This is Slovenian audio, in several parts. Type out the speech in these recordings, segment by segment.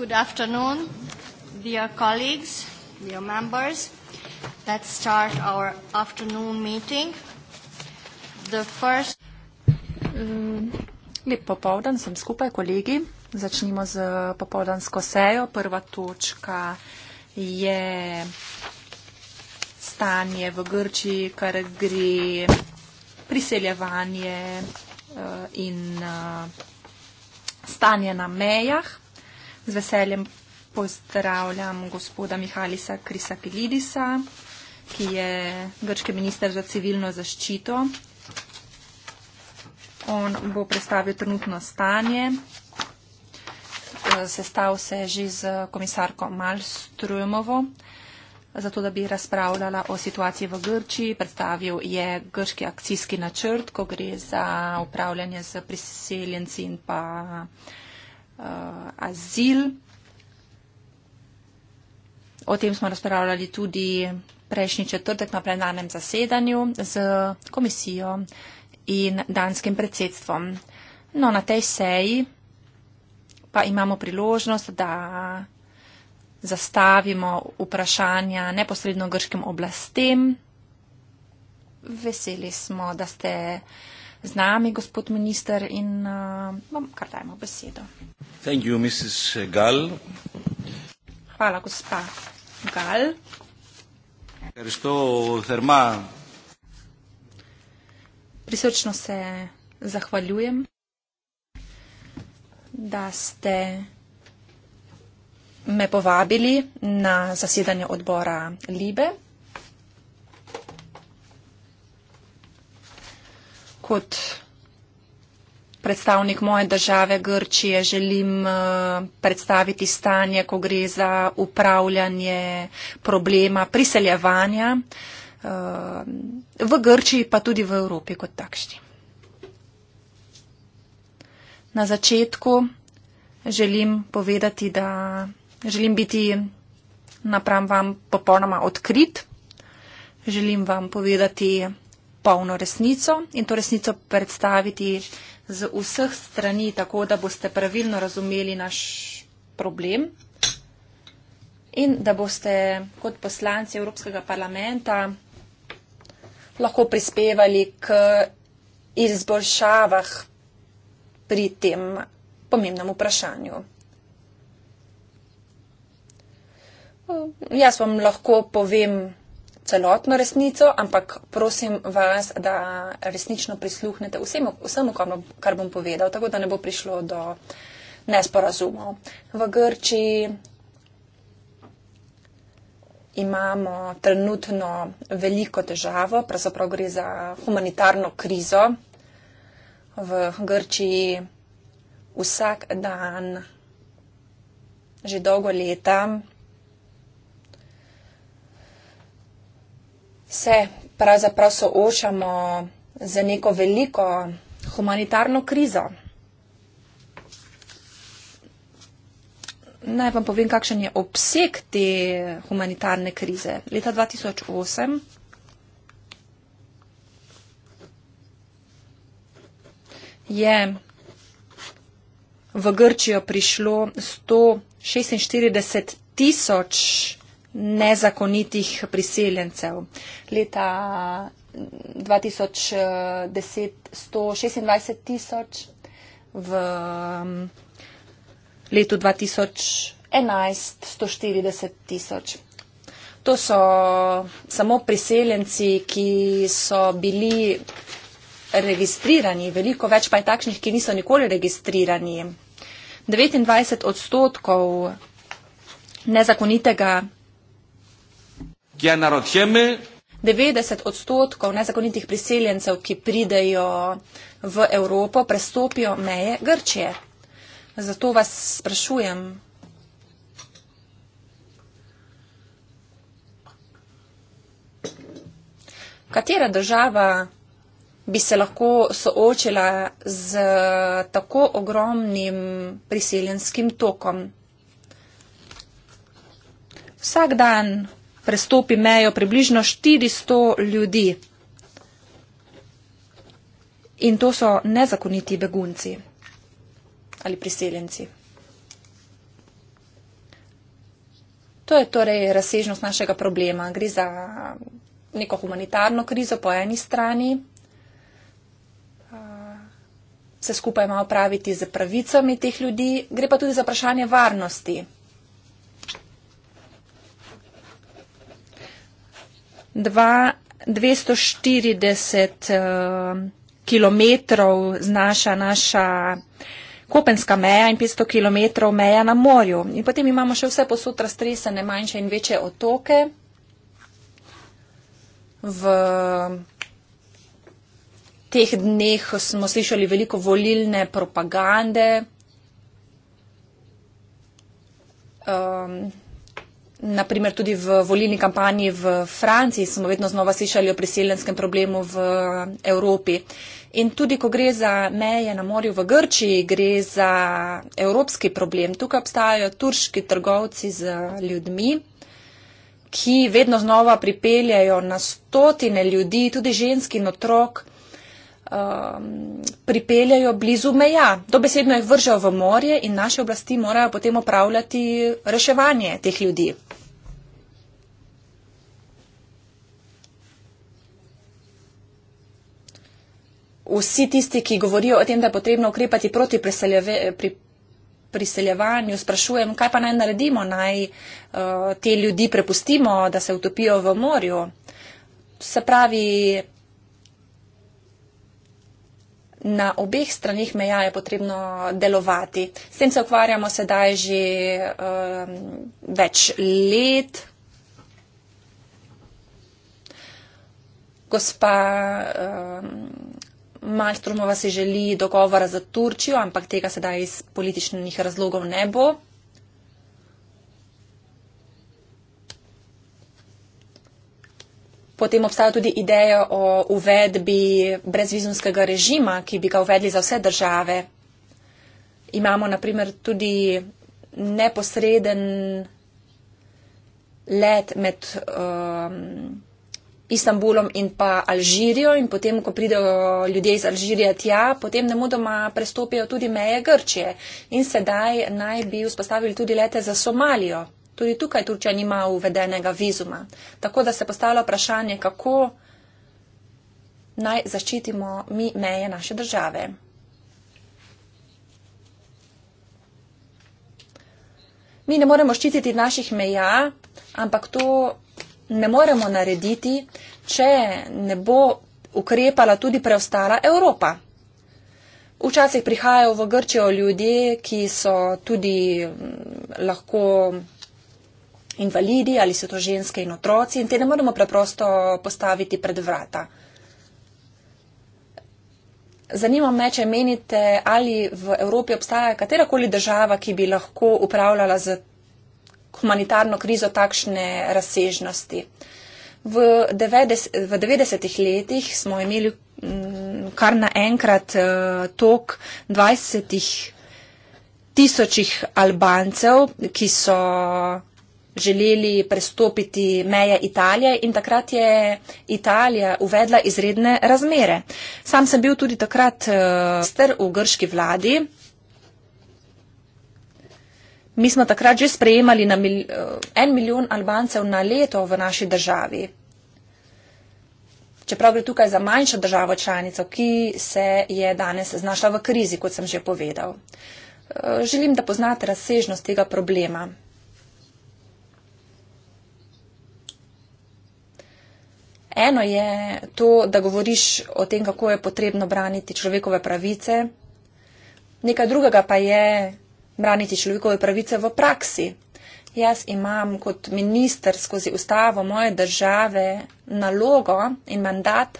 Good afternoon, dear colleagues, dear members. Let's start our afternoon meeting. The first... Um, lep popovdan, sem skupaj, kolegi. Začnimo z popovdansko sejo. Prva točka je stanje v Grčiji, kar gre priseljevanje uh, in uh, stanje na mejah. Z veseljem pozdravljam gospoda Mihalisa Krisapilidisa, ki je grški minister za civilno zaščito. On bo predstavil trenutno stanje. Sestav se je že z komisarko Malstrumovo, zato da bi razpravljala o situaciji v Grčiji. Predstavil je grški akcijski načrt, ko gre za upravljanje z priseljenci in pa. Uh, Eh, azil. O tem smo razpravljali tudi prejšnji četrtek na plenarnem zasedanju z komisijo in danskim predsedstvom. No, na tej seji pa imamo priložnost, da zastavimo vprašanja neposredno grškim oblastem. Veseli smo, da ste z nami, gospod minister, in uh, vam uh, kar dajmo besedo. You, Hvala, gospa Gal. Prisrčno se zahvaljujem, da ste me povabili na zasedanje odbora Libe. kot predstavnik moje države Grčije želim eh, predstaviti stanje, ko gre za upravljanje problema priseljevanja eh, v Grčiji, pa tudi v Evropi kot takšni. Na začetku želim povedati, da želim biti napram vam popolnoma odkrit. Želim vam povedati, polno resnico in to resnico predstaviti z vseh strani, tako da boste pravilno razumeli naš problem in da boste kot poslanci Evropskega parlamenta lahko prispevali k izboljšavah pri tem pomembnem vprašanju. Jaz vam lahko povem, celotno resnico, ampak prosim vas, da resnično prisluhnete vsemu, vsemu kar bom povedal, tako da ne bo prišlo do nesporazumov. V Grčiji imamo trenutno veliko težavo, pravzaprav gre za humanitarno krizo. V Grčiji vsak dan že dolgo leta se pravzaprav soočamo z neko veliko humanitarno krizo. Naj vam povem, kakšen je obseg te humanitarne krize. Leta 2008 je v Grčijo prišlo 146 tisoč nezakonitih priseljencev. Leta 2010 mm, 126 eh, tisoč, v mm, letu 2011 140 tisoč. To so samo priseljenci, ki so bili registrirani, veliko več pa je takšnih, ki niso nikoli registrirani. 29 odstotkov nezakonitega ki je narodjeme. 90 odstotkov nezakonitih priseljencev, ki pridejo v Evropo, prestopijo meje Grčije. Zato vas sprašujem. Katera država bi se lahko soočila z tako ogromnim priseljenskim tokom? Vsak dan prestopi mejo približno 400 ljudi. In to so nezakoniti begunci ali priseljenci. To je torej razsežnost našega problema. Gre za neko humanitarno krizo po eni strani. Se skupaj ima opraviti z pravicami teh ljudi, gre pa tudi za vprašanje varnosti. dva, 240 uh, km znaša naša kopenska meja in 500 km meja na morju. In potem imamo še vse posod raztresene manjše in večje otoke v. V teh dneh smo slišali veliko volilne propagande. Um, naprimer tudi v volilni kampanji v Franciji smo vedno znova slišali o priseljenskem problemu v eh, Evropi. In tudi, ko gre za meje na morju v Grčiji, gre za evropski problem. Tukaj obstajajo turški trgovci z ljudmi, ki vedno znova pripeljajo na stotine ljudi, tudi ženski in otrok, um, pripeljajo blizu meja. Dobesedno jih vržejo v morje in naše oblasti morajo potem opravljati reševanje teh ljudi. Vsi tisti, ki govorijo o tem, da je potrebno ukrepati proti pri priseljevanju, sprašujem, kaj pa naj naredimo, naj uh, te ljudi prepustimo, da se utopijo v morju. Se pravi, na obeh stranih meja je potrebno delovati. S tem se ukvarjamo sedaj že um, več let. Gospa um, Malstrumova si želi dogovora za Turčijo, ampak tega sedaj iz političnih razlogov ne bo. Potem obstaja tudi ideja o uvedbi brezvizumskega režima, ki bi ga uvedli za vse države. Imamo naprimer tudi neposreden let med um, Istanbulom in pa Alžirijo in potem, ko pridejo ljudje iz Alžirije tja, potem ne mudoma prestopijo tudi meje Grčije in sedaj naj bi vzpostavili tudi lete za Somalijo. Tudi tukaj Turčija nima uvedenega vizuma. Tako da se postavlja vprašanje, kako naj zaščitimo mi meje naše države. Mi ne moremo ščititi naših meja, ampak to ne moremo narediti, če ne bo ukrepala tudi preostala Evropa. Včasih prihajajo v Grčijo ljudje, ki so tudi mm, lahko invalidi, ali so to ženske in otroci in te ne moremo preprosto postaviti pred vrata. Zanima me, če menite, ali v Evropi obstaja katerakoli država, ki bi lahko upravljala z humanitarno krizo takšne razsežnosti. V 90-ih 90 letih smo imeli mm, kar naenkrat eh, tok 20 tisočih Albancev, ki so želeli prestopiti meje Italije in takrat je Italija uvedla izredne razmere. Sam sem bil tudi takrat eh, minister v grški vladi. Mi smo takrat že sprejemali na mil, eh, en milijon Albancev na leto v naši državi. Čeprav gre tukaj za manjšo državo članico, ki se je danes znašla v krizi, kot sem že povedal. Eh, želim, da poznate razsežnost tega problema. Eno je to, da govoriš o tem, kako je potrebno braniti človekove pravice, nekaj drugega pa je braniti človekove pravice v praksi. Jaz imam kot minister skozi ustavo moje države nalogo in mandat,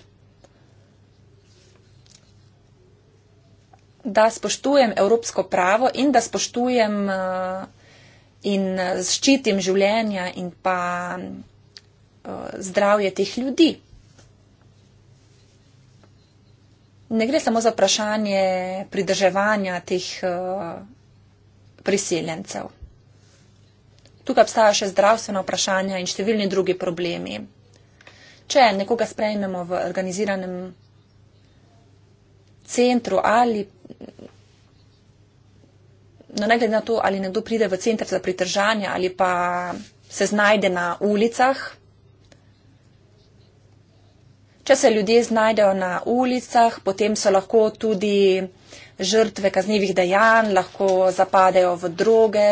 da spoštujem evropsko pravo in da spoštujem eh, in eh, ščitim življenja in pa uh, zdravje teh ljudi. Ne gre samo za vprašanje pridrževanja teh uh, priseljencev. Tukaj obstaja še zdravstvena vprašanja in številni drugi problemi. Če nekoga sprejmemo v organiziranem centru ali, no ne glede na to, ali nekdo pride v center za pridržanje ali pa se znajde na ulicah, Če se ljudje znajdejo na ulicah, potem so lahko tudi žrtve kaznjivih dejanj, lahko zapadejo v droge.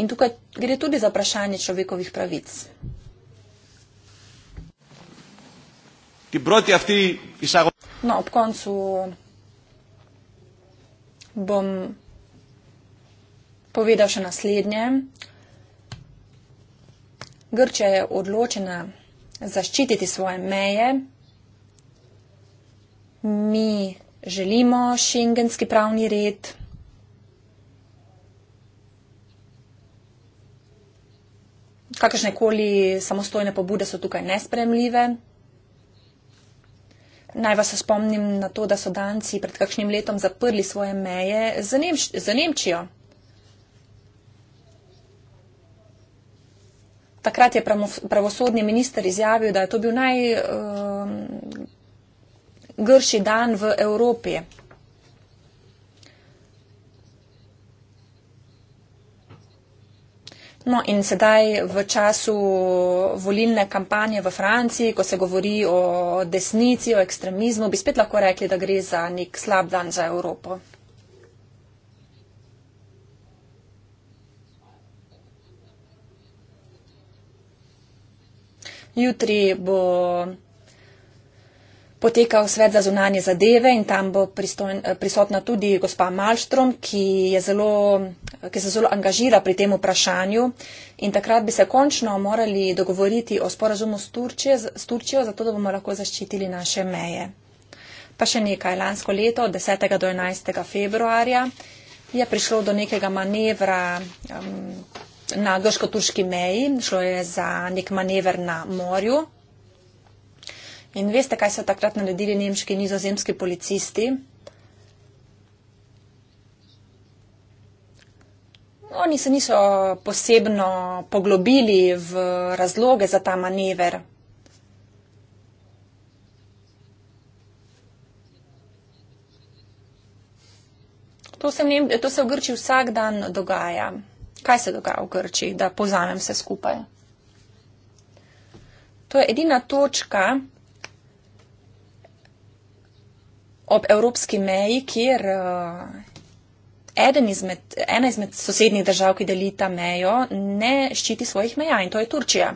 In tukaj gre tudi za vprašanje človekovih pravic. No, ob koncu bom povedal še naslednje. Grčija je odločena zaščititi svoje meje. Mi želimo šengenski pravni red. Kakršne koli samostojne pobude so tukaj nespremljive. Naj vas spomnim na to, da so Danci pred kakšnim letom zaprli svoje meje z, Nemč z Nemčijo. Takrat je pravosodni minister izjavil, da je to bil najgrši um, dan v Evropi. No in sedaj v času volilne kampanje v Franciji, ko se govori o desnici, o ekstremizmu, bi spet lahko rekli, da gre za nek slab dan za Evropo. Jutri bo potekal svet za zunanje zadeve in tam bo pristojn, eh, prisotna tudi gospa Malštrom, ki, eh, ki se zelo angažira pri tem vprašanju. In takrat bi se končno morali dogovoriti o sporazumu s Turčijo, s Turčijo zato da bomo lahko zaščitili naše meje. Pa še nekaj, lansko leto, od 10. do 11. februarja, je prišlo do nekega manevra. Um, na grško-turški meji, šlo je za nek manever na morju. In veste, kaj so takrat naredili nemški in nizozemski policisti? Oni se niso posebno poglobili v razloge za ta manever. To se, v Nem to se v Grči vsak dan dogaja kaj se dogaja v Grči, da povzamem vse skupaj. To je edina točka ob evropski meji, kjer eh, izmed, ena izmed sosednjih držav, ki deli ta mejo, ne ščiti svojih meja in to je Turčija.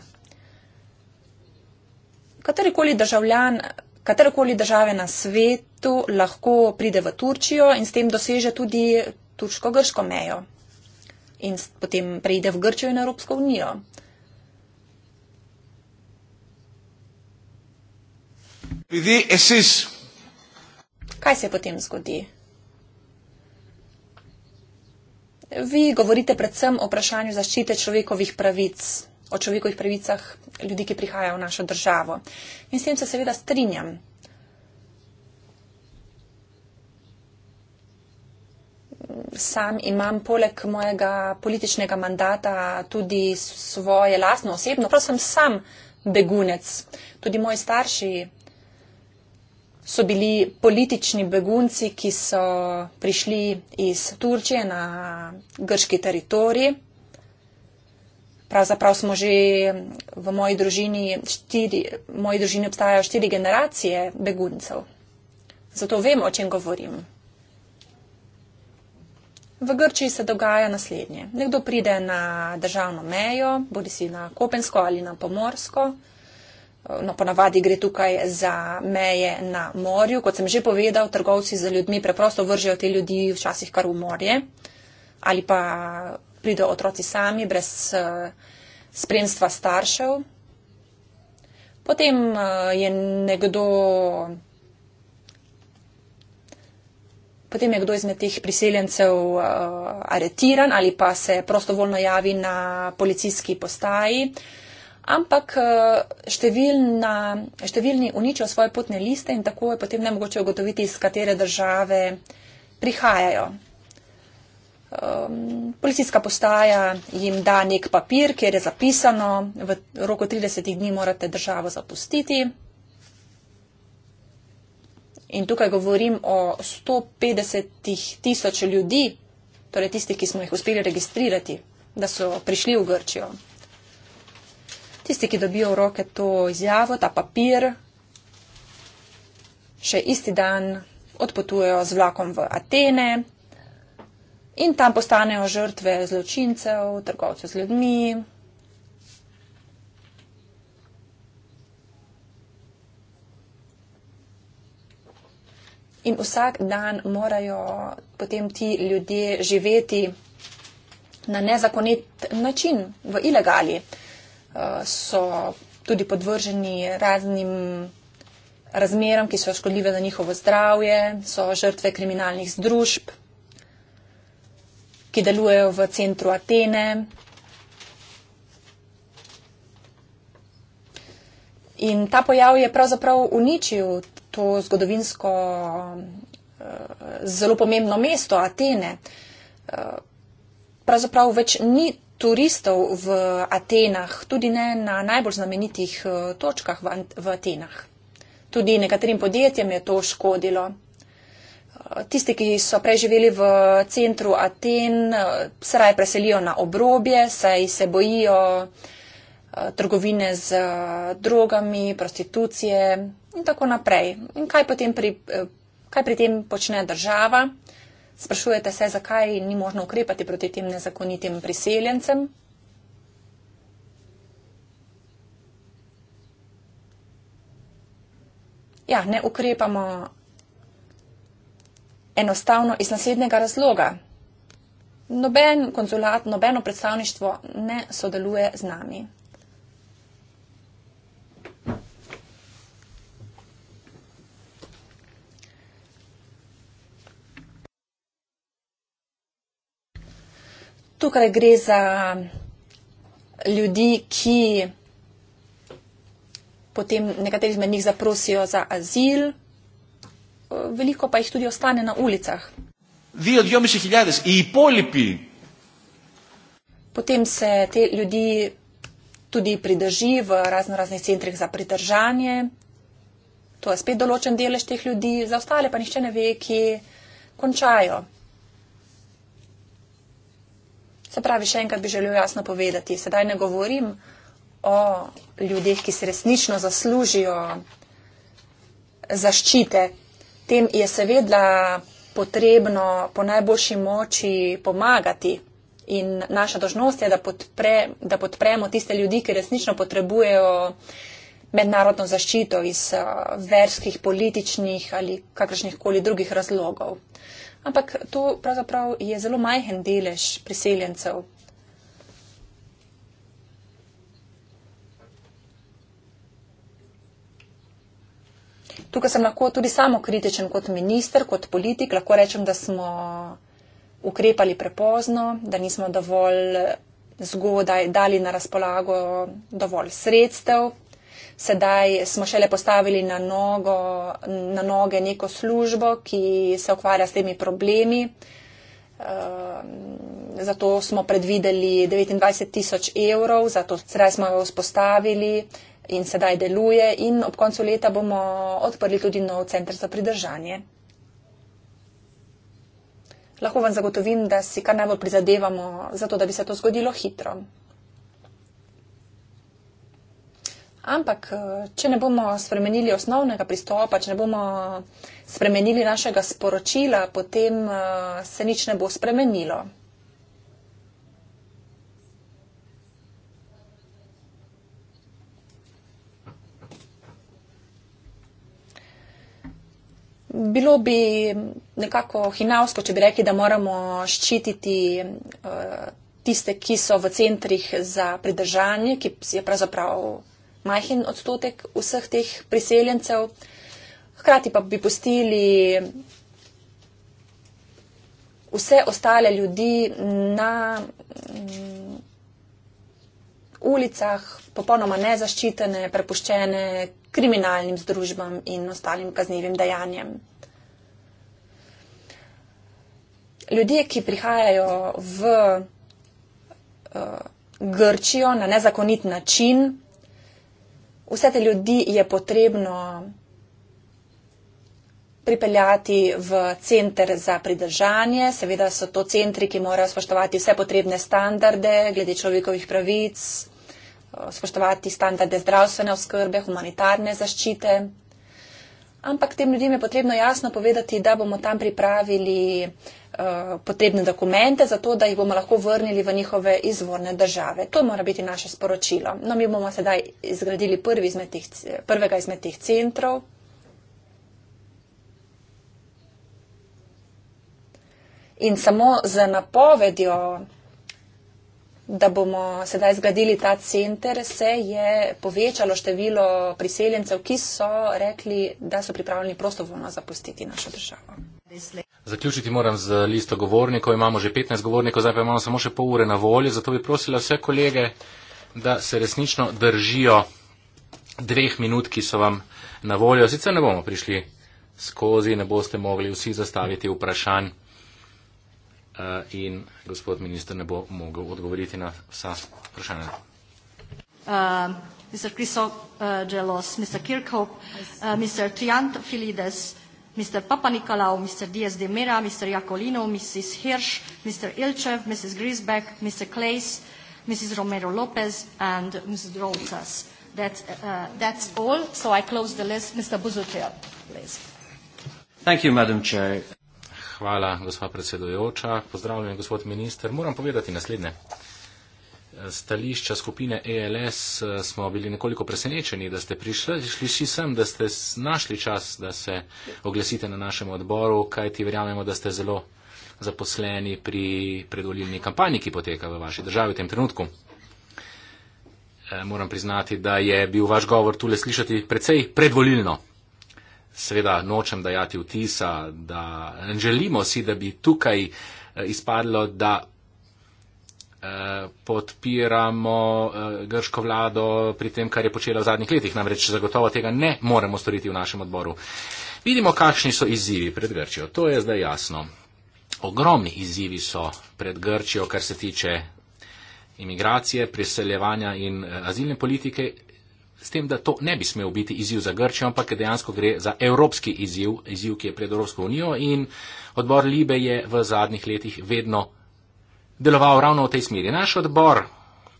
Katerikoli državljan, katerikoli države na svetu lahko pride v Turčijo in s tem doseže tudi turško-grško mejo in potem preide v Grčijo in Evropsko unijo. Kaj se potem zgodi? Vi govorite predvsem o vprašanju zaščite človekovih pravic, o človekovih pravicah ljudi, ki prihajajo v našo državo. In s tem se seveda strinjam. sam imam poleg mojega političnega mandata tudi svoje lastno osebno. Prav sem sam begunec. Tudi moji starši so bili politični begunci, ki so prišli iz Turčije na grški teritorij. Pravzaprav smo že v moji družini, štiri, v moji družini obstajajo štiri generacije beguncev. Zato vemo, o čem govorim. V Grčiji se dogaja naslednje. Nekdo pride na državno mejo, bodi si na Kopensko ali na Pomorsko. No, ponavadi gre tukaj za meje na morju. Kot sem že povedal, trgovci za ljudmi preprosto vržejo te ljudi včasih kar v morje. Ali pa pridejo otroci sami, brez eh, spremstva staršev. Potem eh, je nekdo potem je kdo izmed teh priseljencev uh, aretiran ali pa se prostovoljno javi na policijski postaji. Ampak eh, številna, številni uničijo svoje potne liste in tako je potem ne mogoče ugotoviti, iz katere države prihajajo. Um, policijska postaja jim da nek papir, kjer je zapisano, v roku 30 dni morate državo zapustiti, in tukaj govorim o 150 tisoč ljudi, torej tistih, ki smo jih uspeli registrirati, da so prišli v Grčijo. Tisti, ki dobijo v roke to izjavo, ta papir, še isti dan odpotujejo z vlakom v Atene in tam postanejo žrtve zločincev, trgovcev z ljudmi, In vsak dan morajo potem ti ljudje živeti na nezakonit način, v ilegali. Uh, so tudi podvrženi raznim razmeram, ki so škodljive za njihovo zdravje, so žrtve kriminalnih združb, ki delujejo v centru Atene. In ta pojav je pravzaprav uničil to zgodovinsko eh, zelo pomembno mesto Atene. Eh, pravzaprav več ni turistov v Atenah, tudi ne na najbolj znamenitih eh, točkah v Atenah. Tudi nekaterim podjetjem je to škodilo. Tisti, ki so prej živeli v centru Aten, se raje preselijo na obrobje, saj se bojijo trgovine z drogami, prostitucije, in tako naprej. In kaj potem pri, eh, kaj pri tem počne država? Sprašujete se, zakaj ni možno ukrepati proti tem nezakonitim priseljencem? Ja, ne ukrepamo enostavno iz naslednjega razloga. Noben konzulat, nobeno predstavništvo ne sodeluje z nami. tukaj gre za ljudi, ki potem nekateri izmed njih zaprosijo za azil, veliko pa jih tudi ostane na ulicah. Dio, dio hiljades, potem se te ljudi tudi pridrži v razno raznih centrih za pridržanje. To je spet določen delež teh ljudi, za ostale pa nišče ne ve, ki končajo. Se pravi, še enkrat bi želel jasno povedati, sedaj ne govorim o ljudeh, ki se resnično zaslužijo zaščite. Tem je seveda potrebno po najboljši moči pomagati in naša dožnost je, da, podpre, da podpremo tiste ljudi, ki resnično potrebujejo mednarodno zaščito iz eh, verskih, političnih ali kakršnih koli drugih razlogov ampak to pravzaprav je zelo majhen delež priseljencev. Tukaj sem lahko tudi samo kritičen kot minister, kot politik. Lahko rečem, da smo ukrepali prepozno, da nismo dovolj zgodaj dali na razpolago dovolj sredstev, sedaj smo šele postavili na, nogo, na noge neko službo, ki se ukvarja s temi problemi. Ehm, zato smo predvideli 29 tisoč evrov, zato sedaj smo jo vzpostavili in sedaj deluje in ob koncu leta bomo odprli tudi nov center za pridržanje. Lahko vam zagotovim, da si kar najbolj prizadevamo za to, da bi se to zgodilo hitro. Ampak, eh, če ne bomo spremenili osnovnega pristopa, če ne bomo spremenili našega sporočila, potem eh, se nič ne bo spremenilo. Bilo bi nekako hinavsko, če bi rekli, da moramo ščititi eh, tiste, ki so v centrih za pridržanje, ki je pravzaprav majhen odstotek vseh teh priseljencev, hkrati pa bi pustili vse ostale ljudi na mm, ulicah, popolnoma nezaščitene, prepuščene kriminalnim združbam in ostalim kaznivim dejanjem. Ljudje, ki prihajajo v uh, Grčijo na nezakonit način, vse te ljudi je potrebno pripeljati v center za pridržanje. Seveda so to centri, ki morajo spoštovati vse potrebne standarde glede človekovih pravic, spoštovati standarde zdravstvene oskrbe, humanitarne zaščite ampak tem ljudem je potrebno jasno povedati, da bomo tam pripravili eh, potrebne dokumente za to, da jih bomo lahko vrnili v njihove izvorne države. To mora biti naše sporočilo. No, mi bomo sedaj izgradili prvi izmed tih, prvega izmed teh centrov. In samo z napovedjo da bomo sedaj zgradili ta center, se je povečalo število priseljencev, ki so rekli, da so pripravljeni prostovoljno zapustiti našo državo. Zaključiti moram z listo govornikov. Imamo že 15 govornikov, zdaj pa imamo samo še pol ure na voljo. Zato bi prosila vse kolege, da se resnično držijo dveh minut, ki so vam na voljo. Sicer ne bomo prišli skozi, ne boste mogli vsi zastaviti vprašanj. Eh, in gospod minister ne bo mogel odgovoriti na vsa vprašanja. Uh, um, Mr. Chriso uh, eh, Gelos, Mr. Kirkhope, uh, eh, Mr. Triantafilides, Mr. Papanikolaou, Mr. Diaz de Mera, Mr. Iacolino, Mrs. Hirsch, Mr. Ilchev, Mrs. Grisbeck, Mr. Clays, Mrs. Romero Lopez, and Mrs. Rolzas. That, uh, that's all. So I close the list. Mr. Buzutil, please. Thank you, Madam Chair hvala, gospa predsedujoča. Pozdravljen, gospod minister. Moram povedati naslednje. Stališča skupine ELS eh, smo bili nekoliko presenečeni, da ste prišli sem, da ste našli čas, da se oglesite na našem odboru, kajti verjamemo, da ste zelo zaposleni pri predvoljilni kampanji, ki poteka v vaši državi v tem trenutku. Eh, moram priznati, da je bil vaš govor tule slišati precej predvoljilno seveda nočem dajati vtisa, da želimo si, da bi tukaj eh, izpadlo, da eh, podpiramo eh, grško vlado pri tem, kar je počela v zadnjih letih. Namreč zagotovo tega ne moremo storiti v našem odboru. Vidimo, kakšni so izzivi pred Grčijo. To je zdaj jasno. Ogromni izzivi so pred Grčijo, kar se tiče imigracije, priseljevanja in azilne politike, s tem, da to ne bi smel biti izziv za Grčijo, ampak dejansko gre za evropski izziv, izziv, ki je pred Evropsko unijo in odbor Libe je v zadnjih letih vedno deloval ravno v tej smeri. Naš odbor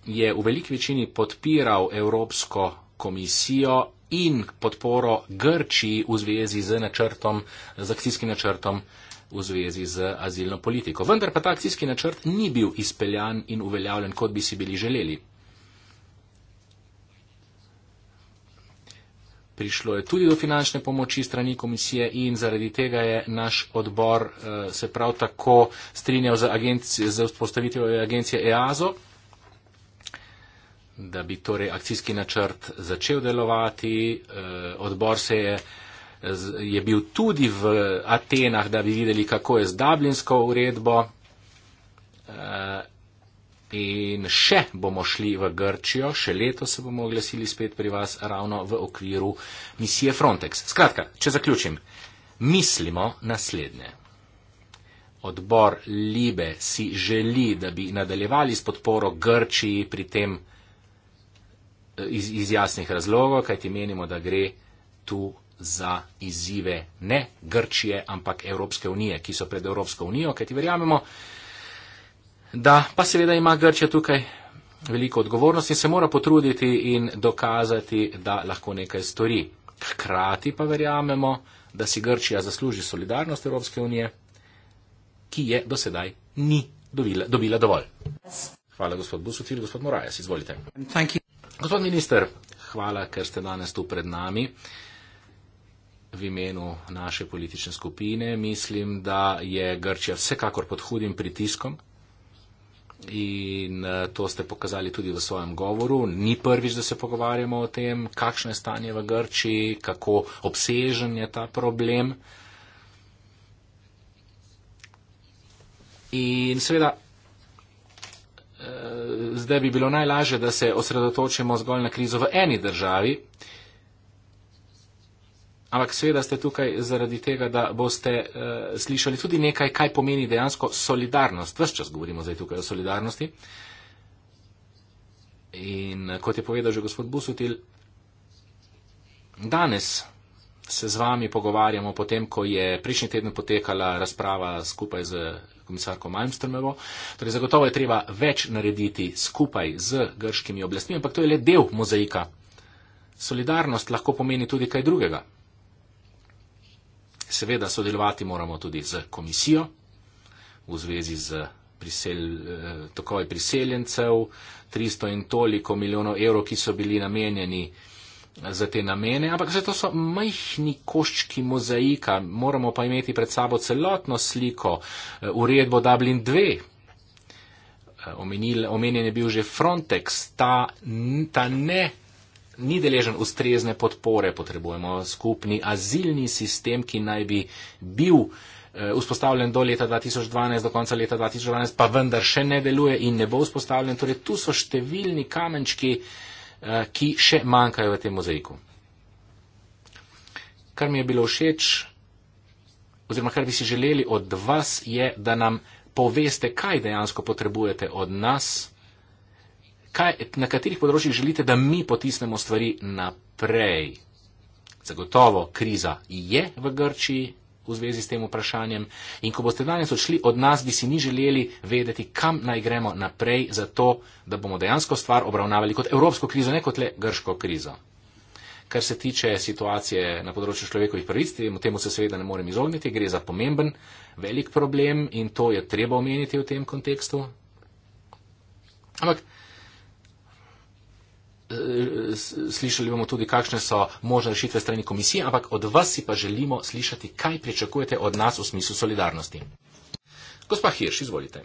je v veliki večini podpiral Evropsko komisijo in podporo Grčiji v zvezi z načrtom, z akcijskim načrtom v zvezi z azilno politiko. Vendar pa ta akcijski načrt ni bil izpeljan in uveljavljen, kot bi si bili želeli. prišlo je tudi do finančne pomoči strani komisije in zaradi tega je naš odbor eh, se prav tako strinjal za, za vzpostavitev agencije EASO, da bi torej akcijski načrt začel delovati. Eh, odbor se je je bil tudi v Atenah, da bi videli, kako je z Dublinsko uredbo. Eh, In še bomo šli v Grčijo, še leto se bomo oglasili spet pri vas ravno v okviru misije Frontex. Skratka, če zaključim, mislimo naslednje. Odbor Libe si želi, da bi nadaljevali s podporo Grčiji pri tem eh, iz, iz jasnih razlogov, kajti menimo, da gre tu za izzive ne Grčije, ampak Evropske unije, ki so pred Evropsko unijo, kajti verjamemo, Da, pa seveda ima Grčija tukaj veliko odgovornosti in se mora potruditi in dokazati, da lahko nekaj stori. Hkrati pa verjamemo, da si Grčija zasluži solidarnost Evropske unije, ki je do sedaj ni dobila, dobila dovolj. Hvala, gospod Busutil, gospod Morajas, izvolite. Gospod minister, hvala, ker ste danes tu pred nami. V imenu naše politične skupine mislim, da je Grčija vsekakor pod hudim pritiskom, in eh, to ste pokazali tudi v svojem govoru. Ni prvič, da se pogovarjamo o tem, kakšno je stanje v Grčiji, kako obsežen je ta problem. In seveda, eh, zdaj bi bilo najlažje, da se osredotočimo zgolj na krizo v eni državi. Ampak seveda ste tukaj zaradi tega, da boste uh, slišali tudi nekaj, kaj pomeni dejansko solidarnost. Ves čas govorimo zdaj tukaj o solidarnosti. In eh, kot je povedal že gospod Busutil, danes se z vami pogovarjamo potem, ko je prejšnji teden potekala razprava skupaj z komisarko Malmstrmevo. Torej zagotovo je treba več narediti skupaj z grškimi oblastmi, ampak to je le del mozaika. Solidarnost lahko pomeni tudi kaj drugega. Seveda sodelovati moramo tudi z komisijo v zvezi z prisel, eh, tokoj priseljencev, 300 in toliko milijonov evrov, ki so bili namenjeni eh, za te namene, ampak vse to so majhni koščki mozaika, moramo pa imeti pred sabo celotno sliko eh, uredbo Dublin 2. Omenil, omenjen je bil že Frontex, ta, ta ne ni deležen ustrezne podpore, potrebujemo skupni azilni sistem, ki naj bi bil eh, vzpostavljen do leta 2012, do konca leta 2012, pa vendar še ne deluje in ne bo vzpostavljen. Torej, tu so številni kamenčki, eh, ki še manjkajo v tem mozaiku. Kar mi je bilo všeč, oziroma kar bi si želeli od vas, je, da nam poveste, kaj dejansko potrebujete od nas kaj, na katerih področjih želite, da mi potisnemo stvari naprej. Zagotovo kriza je v Grčiji v zvezi s tem vprašanjem in ko boste danes odšli od nas, bi si mi želeli vedeti, kam naj gremo naprej, zato da bomo dejansko stvar obravnavali kot evropsko krizo, ne kot le grško krizo. Kar se tiče situacije na področju človekovih pravic, temu se seveda ne morem izogniti, gre za pomemben, velik problem in to je treba omeniti v tem kontekstu. Ampak Eh, slišali bomo tudi, kakšne so možne rešitve strani komisije, ampak od vas si pa želimo slišati, kaj pričakujete od nas v smislu solidarnosti. Gospa Hirš, izvolite.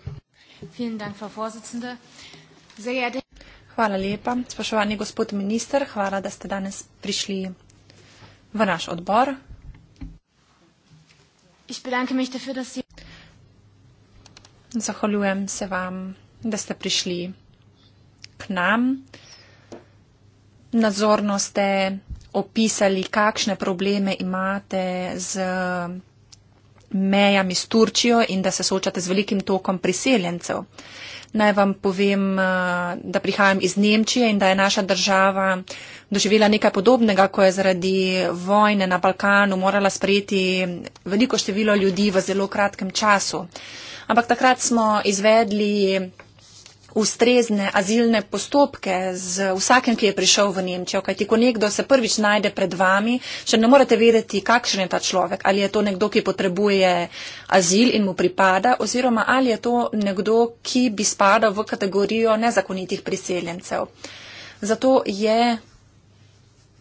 Hvala lepa, spoštovani gospod minister, hvala, da ste danes prišli v naš odbor. Zahvaljujem se vam, da ste prišli k nam nadzorno ste opisali, kakšne probleme imate z mejami s Turčijo in da se soočate z velikim tokom priseljencev. Naj vam povem, eh, da prihajam iz Nemčije in da je naša država doživela nekaj podobnega, ko je zaradi vojne na Balkanu morala sprejeti veliko število ljudi v zelo kratkem času. Ampak takrat smo izvedli ustrezne azilne postopke z vsakem, ki je prišel v Nemčijo. Kaj ti, ko nekdo se prvič najde pred vami, še ne morete vedeti, kakšen je ta človek. Ali je to nekdo, ki potrebuje azil in mu pripada, oziroma ali je to nekdo, ki bi spadal v kategorijo nezakonitih priseljencev. Zato je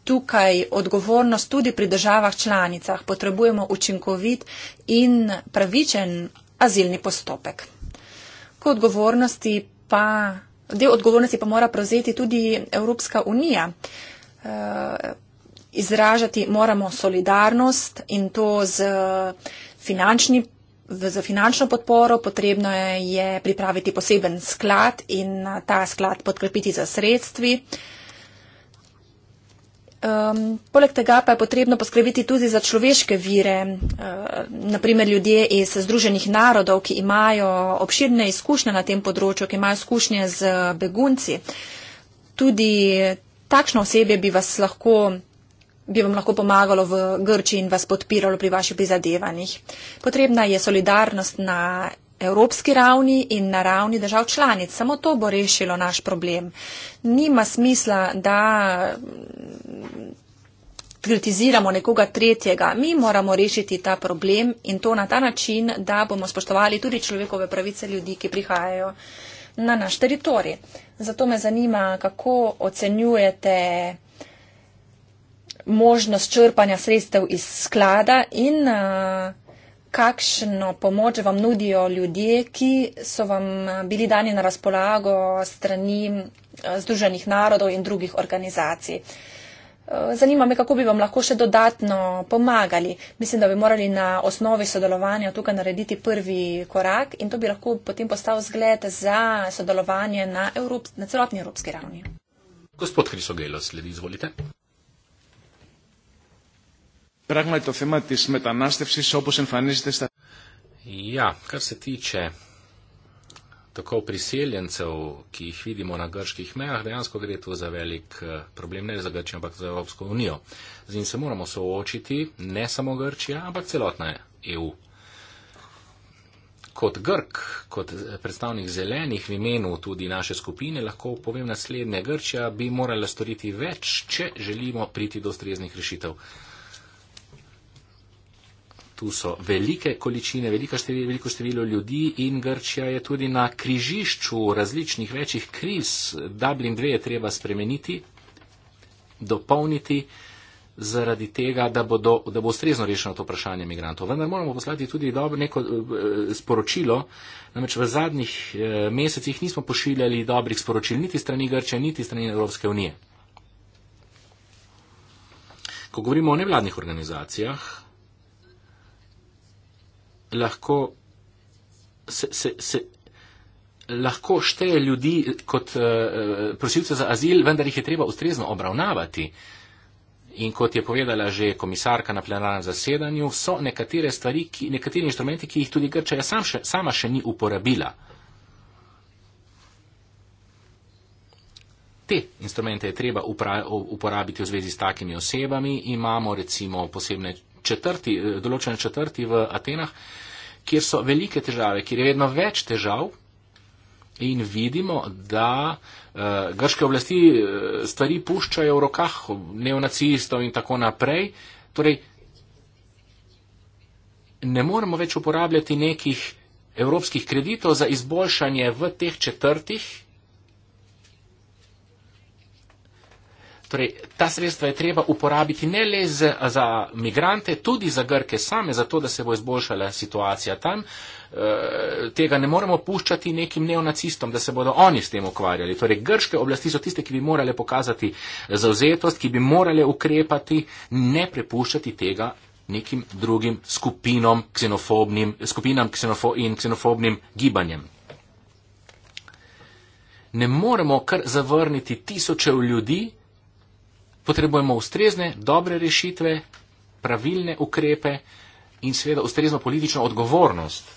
tukaj odgovornost tudi pri državah članicah. Potrebujemo učinkovit in pravičen azilni postopek. Ko odgovornosti pa del odgovornosti pa mora prevzeti tudi Evropska unija. Eh, izražati moramo solidarnost in to z, finančni, z finančno podporo. Potrebno je pripraviti poseben sklad in eh, ta sklad podkrepiti za sredstvi. Uh, Um, poleg tega pa je potrebno poskrbeti tudi za človeške vire, uh, eh, naprimer ljudje iz Združenih narodov, ki imajo obširne izkušnje na tem področju, ki imajo izkušnje z begunci. Tudi takšno osebje bi, lahko, bi vam lahko pomagalo v Grči in vas podpiralo pri vaših prizadevanjih. Potrebna je solidarnost na evropski ravni in na ravni držav članic. Samo to bo rešilo naš problem. Nima smisla, da kritiziramo nekoga tretjega. Mi moramo rešiti ta problem in to na ta način, da bomo spoštovali tudi človekove pravice ljudi, ki prihajajo na naš teritorij. Zato me zanima, kako ocenjujete možnost črpanja sredstev iz sklada in uh, kakšno pomoč vam nudijo ljudje, ki so vam eh, bili dani na razpolago strani eh, Združenih narodov in drugih organizacij. Eh, zanima me, kako bi vam lahko še dodatno pomagali. Mislim, da bi morali na osnovi sodelovanja tukaj narediti prvi korak in to bi lahko potem postal zgled za sodelovanje na, Evrop, na celotni evropski ravni. Gospod Hrisogelo, sledi, izvolite. Πράγμα το θέμα της μετανάστευσης όπως εμφανίζεται στα... Ja, kar se tiče tako priseljencev, ki jih vidimo na grških mejah, dejansko gre tu za velik eh, problem, ne za Grčijo, ampak za Evropsko unijo. Z njim se moramo soočiti, ne samo Grčija, ampak celotna EU. Kot Grk, kot eh, predstavnik zelenih v imenu tudi naše skupine, lahko povem naslednje. Grčija bi morala storiti več, če želimo priti do ustreznih rešitev tu so velike količine, veliko število, veliko število ljudi in Grčija je tudi na križišču različnih večjih kriz. Dublin 2 je treba spremeniti, dopolniti zaradi tega, da bo, do, da bo ustrezno rešeno to vprašanje imigrantov. Vendar moramo poslati tudi dobro neko e, sporočilo, namreč v zadnjih e, mesecih nismo pošiljali dobrih sporočil niti strani Grčije, niti strani Evropske unije. Ko govorimo o nevladnih organizacijah, lahko, se, se, se, lahko šteje ljudi kot uh, prosilce za azil, vendar jih je treba ustrezno obravnavati. In kot je povedala že komisarka na plenarnem zasedanju, so nekatere stvari, ki, nekateri inštrumenti, ki jih tudi Grčija sam še, sama še ni uporabila. Te instrumente je treba uporabiti v zvezi s takimi osebami. Imamo recimo posebne četrti, eh, določene četrti v Atenah, kjer so velike težave, kjer je vedno več težav. In vidimo, da uh, grške oblasti eh, stvari puščajo v rokah neonacistov in tako naprej. Torej, ne moremo več uporabljati nekih evropskih kreditov za izboljšanje v teh četrtih, pre, torej, ta sredstva je treba uporabiti ne le za, za migrante, tudi za Grke same, zato da se bo izboljšala situacija tam. E, tega ne moremo puščati nekim neonacistom, da se bodo oni s tem ukvarjali. Torej, grške oblasti so tiste, ki bi morale pokazati zauzetost, ki bi morale ukrepati, ne prepuščati tega nekim drugim skupinom, ksenofobnim, skupinam ksenofo in ksenofobnim gibanjem. Ne moremo kar zavrniti tisoče ljudi, Potrebujemo ustrezne, dobre rešitve, pravilne ukrepe in seveda ustrezno politično odgovornost.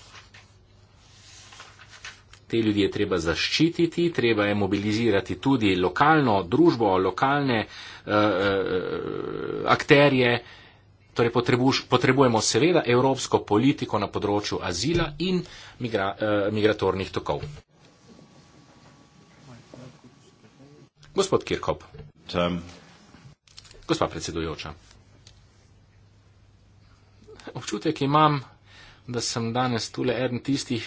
Te ljudi je treba zaščititi, treba je mobilizirati tudi lokalno družbo, lokalne eh, eh, akterje. Torej potrebujemo seveda evropsko politiko na področju azila in migra, eh, migratornih tokov. Gospod Kirkop. Gospa predsedujoča. Občutek imam, da sem danes tule eden tistih,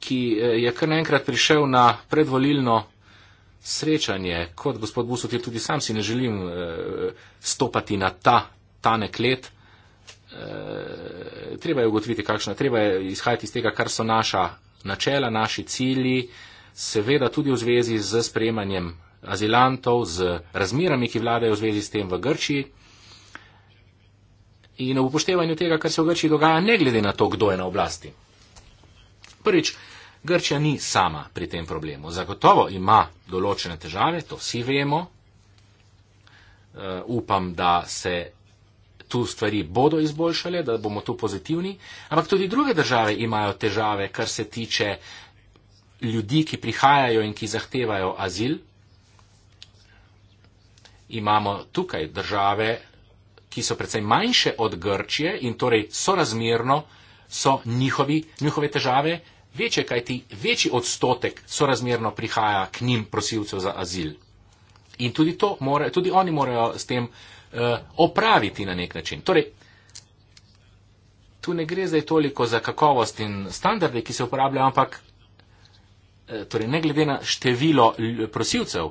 ki eh, je kar naenkrat prišel na predvolilno srečanje, kot gospod Busot, jaz tudi sam si ne želim eh, stopati na ta tanek let. Eh, treba je ugotoviti, kakšno je, treba je izhajati iz tega, kar so naša načela, naši cilji, seveda tudi v zvezi z sprejemanjem azilantov, z razmerami, ki vladajo v zvezi s tem v Grčiji. In ob upoštevanju tega, kar se v Grčiji dogaja, ne glede na to, kdo je na oblasti. Prvič, Grčija ni sama pri tem problemu. Zagotovo ima določene težave, to vsi vemo. Uh, upam, da se tu stvari bodo izboljšale, da bomo tu pozitivni. Ampak tudi druge države imajo težave, kar se tiče ljudi, ki prihajajo in ki zahtevajo azil imamo tukaj države, ki so precej manjše od Grčije in torej sorazmerno so njihovi, njihove težave večje, kajti večji odstotek sorazmerno prihaja k njim prosilcev za azil. In tudi, more, tudi oni morajo s tem uh, opraviti na nek način. Torej, tu ne gre zdaj toliko za kakovost in standarde, ki se uporabljajo, ampak eh, torej, ne glede na število prosilcev,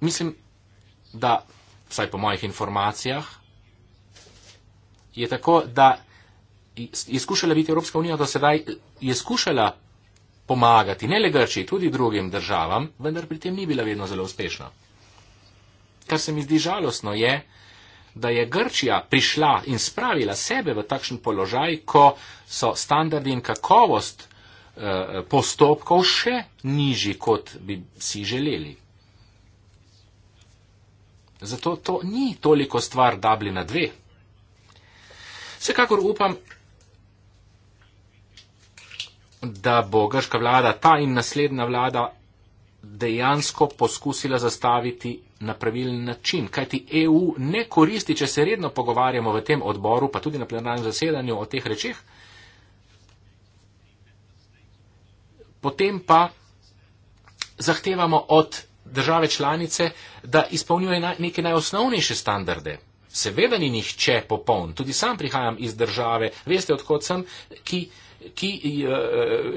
mislim, da, vsaj po mojih informacijah, je tako, da je skušala biti Evropska unija do sedaj, je skušala pomagati ne le Grčiji, tudi drugim državam, vendar pri tem ni bila vedno zelo uspešna. Kar se mi zdi žalostno je, da je Grčija prišla in spravila sebe v takšen položaj, ko so standardi in kakovost eh, postopkov še nižji, kot bi si želeli. Zato to ni toliko stvar Dublina 2. Vsekakor upam, da bo grška vlada, ta in naslednja vlada, dejansko poskusila zastaviti na pravilen način. Kajti EU ne koristi, če se redno pogovarjamo v tem odboru, pa tudi na plenarnem zasedanju o teh rečeh, potem pa zahtevamo od države članice, da izpolnjuje neke najosnovnejše standarde. Seveda ni nihče popoln, tudi sam prihajam iz države, veste odkot sem, ki, ki eh, eh,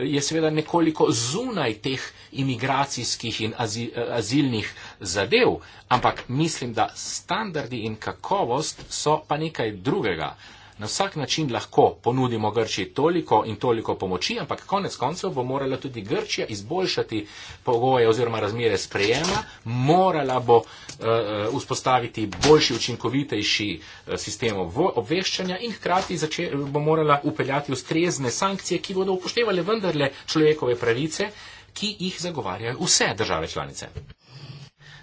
je seveda nekoliko zunaj teh imigracijskih in eh, azilnih zadev, ampak mislim, da standardi in kakovost so pa nekaj drugega na vsak način lahko ponudimo Grčiji toliko in toliko pomoči, ampak konec koncev bo morala tudi Grčija izboljšati pogoje oziroma razmere sprejema, morala bo uh, vzpostaviti boljši, učinkovitejši eh, sistem obveščanja in hkrati zače, bo morala upeljati ustrezne sankcije, ki bodo upoštevali vendarle človekove pravice, ki jih zagovarjajo vse države članice.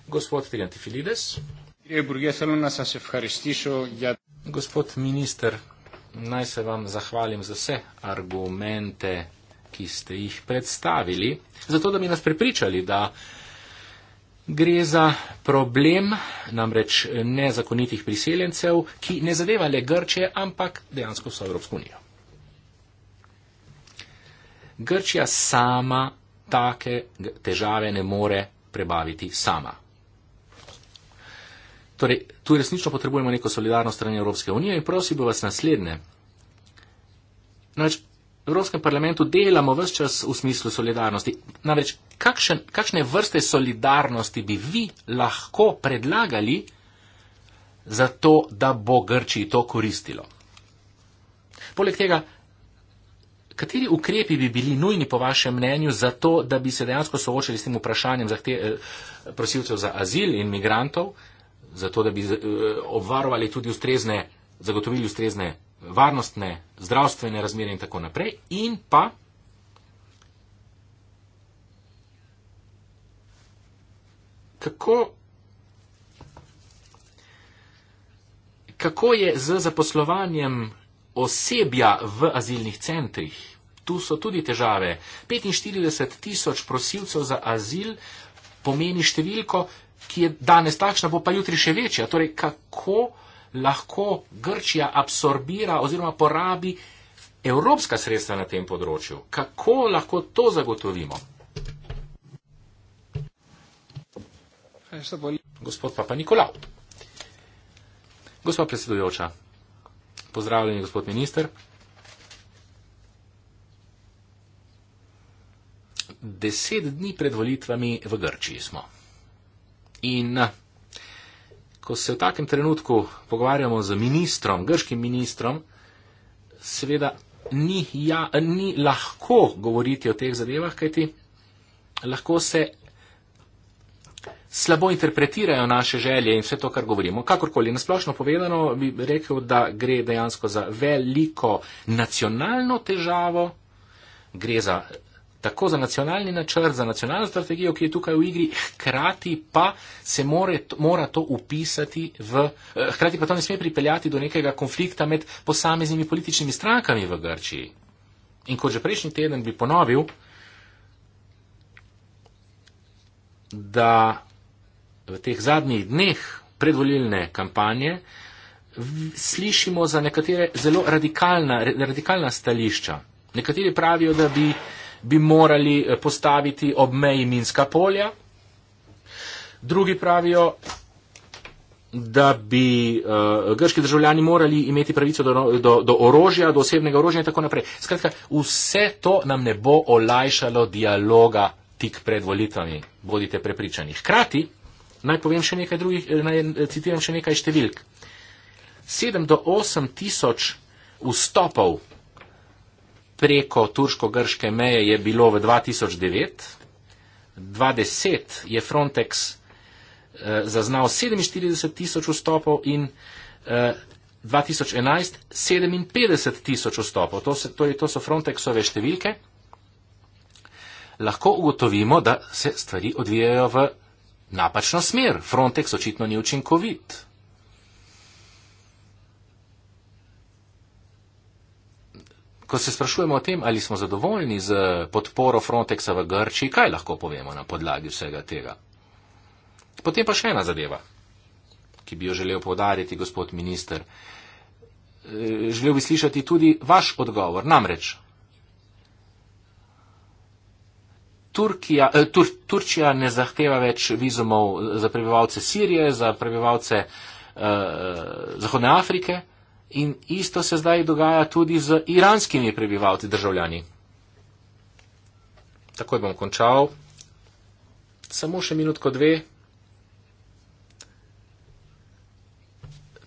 Gospod Triantifilides. Κύριε Υπουργέ, θέλω να σας ευχαριστήσω για Gospod minister, naj se vam zahvalim za vse argumente, ki ste jih predstavili, zato da bi nas prepričali, da gre za problem namreč nezakonitih priseljencev, ki ne zadeva le Grče, ampak dejansko vso Evropsko unijo. Grčija sama take težave ne more prebaviti sama. Torej, tu resnično potrebujemo neko solidarnost strani Evropske unije in prosim bi vas naslednje. Namreč v Evropskem parlamentu delamo vse čas v smislu solidarnosti. Namreč, kakšen, kakšne vrste solidarnosti bi vi lahko predlagali za to, da bo Grčiji to koristilo? Poleg tega, kateri ukrepi bi bili nujni po vašem mnenju za to, da bi se dejansko soočili s tem vprašanjem eh, prosilcev za azil in migrantov? zato da bi eh, obvarovali tudi ustrezne, zagotovili ustrezne varnostne, zdravstvene razmere in tako naprej. In pa kako, kako je z zaposlovanjem osebja v azilnih centrih. Tu so tudi težave. 45 tisoč prosilcev za azil pomeni številko, ki je danes takšna, bo pa jutri še večja. Torej, kako lahko Grčija absorbira oziroma porabi evropska sredstva na tem področju? Kako lahko to zagotovimo? Gospod Papa Nikolav. Gospod predsedujoča, pozdravljeni gospod minister. Deset dni pred volitvami v Grčiji smo. In eh, ko se v takem trenutku pogovarjamo z ministrom, grškim ministrom, seveda ni, ja, ni lahko govoriti o teh zadevah, kajti lahko se slabo interpretirajo naše želje in vse to, kar govorimo. Kakorkoli, nasplošno povedano bi rekel, da gre dejansko za veliko nacionalno težavo, gre za tako za nacionalni načrt, za nacionalno strategijo, ki je tukaj v igri, hkrati pa se more, mora to upisati v, eh, hkrati pa to ne sme pripeljati do nekega konflikta med posameznimi političnimi strankami v Grčiji. In kot že prejšnji teden bi ponovil, da v teh zadnjih dneh predvolilne kampanje slišimo za nekatere zelo radikalna, radikalna stališča. Nekateri pravijo, da bi bi morali eh, postaviti ob meji minska polja. Drugi pravijo, da bi uh, grški državljani morali imeti pravico do, do, do orožja, do osebnega orožja in tako naprej. Skratka, vse to nam ne bo olajšalo dialoga tik pred volitvami, bodite prepričani. Hkrati naj povem še nekaj drugih, eh, naj citiram še nekaj številk. 7 do 8 tisoč vstopov preko turško-grške meje je bilo v 2009, 2010 je Frontex eh, zaznal 47 tisoč vstopov in 2011 eh, 57 tisoč vstopov. To, se, torej to so Frontexove številke. Lahko ugotovimo, da se stvari odvijajo v napačno smer. Frontex očitno ni učinkovit. ko se sprašujemo o tem, ali smo zadovoljni z podporo Frontexa v Grčiji, kaj lahko povemo na podlagi vsega tega? Potem pa še ena zadeva, ki bi jo želel povdariti, gospod minister. E, želel bi slišati tudi vaš odgovor. Namreč, Turkija, eh, Tur, Turčija ne zahteva več vizumov za prebivalce Sirije, za prebivalce eh, Zahodne Afrike. In isto se zdaj dogaja tudi z iranskimi prebivalci državljani. Takoj bom končal. Samo še minutko dve.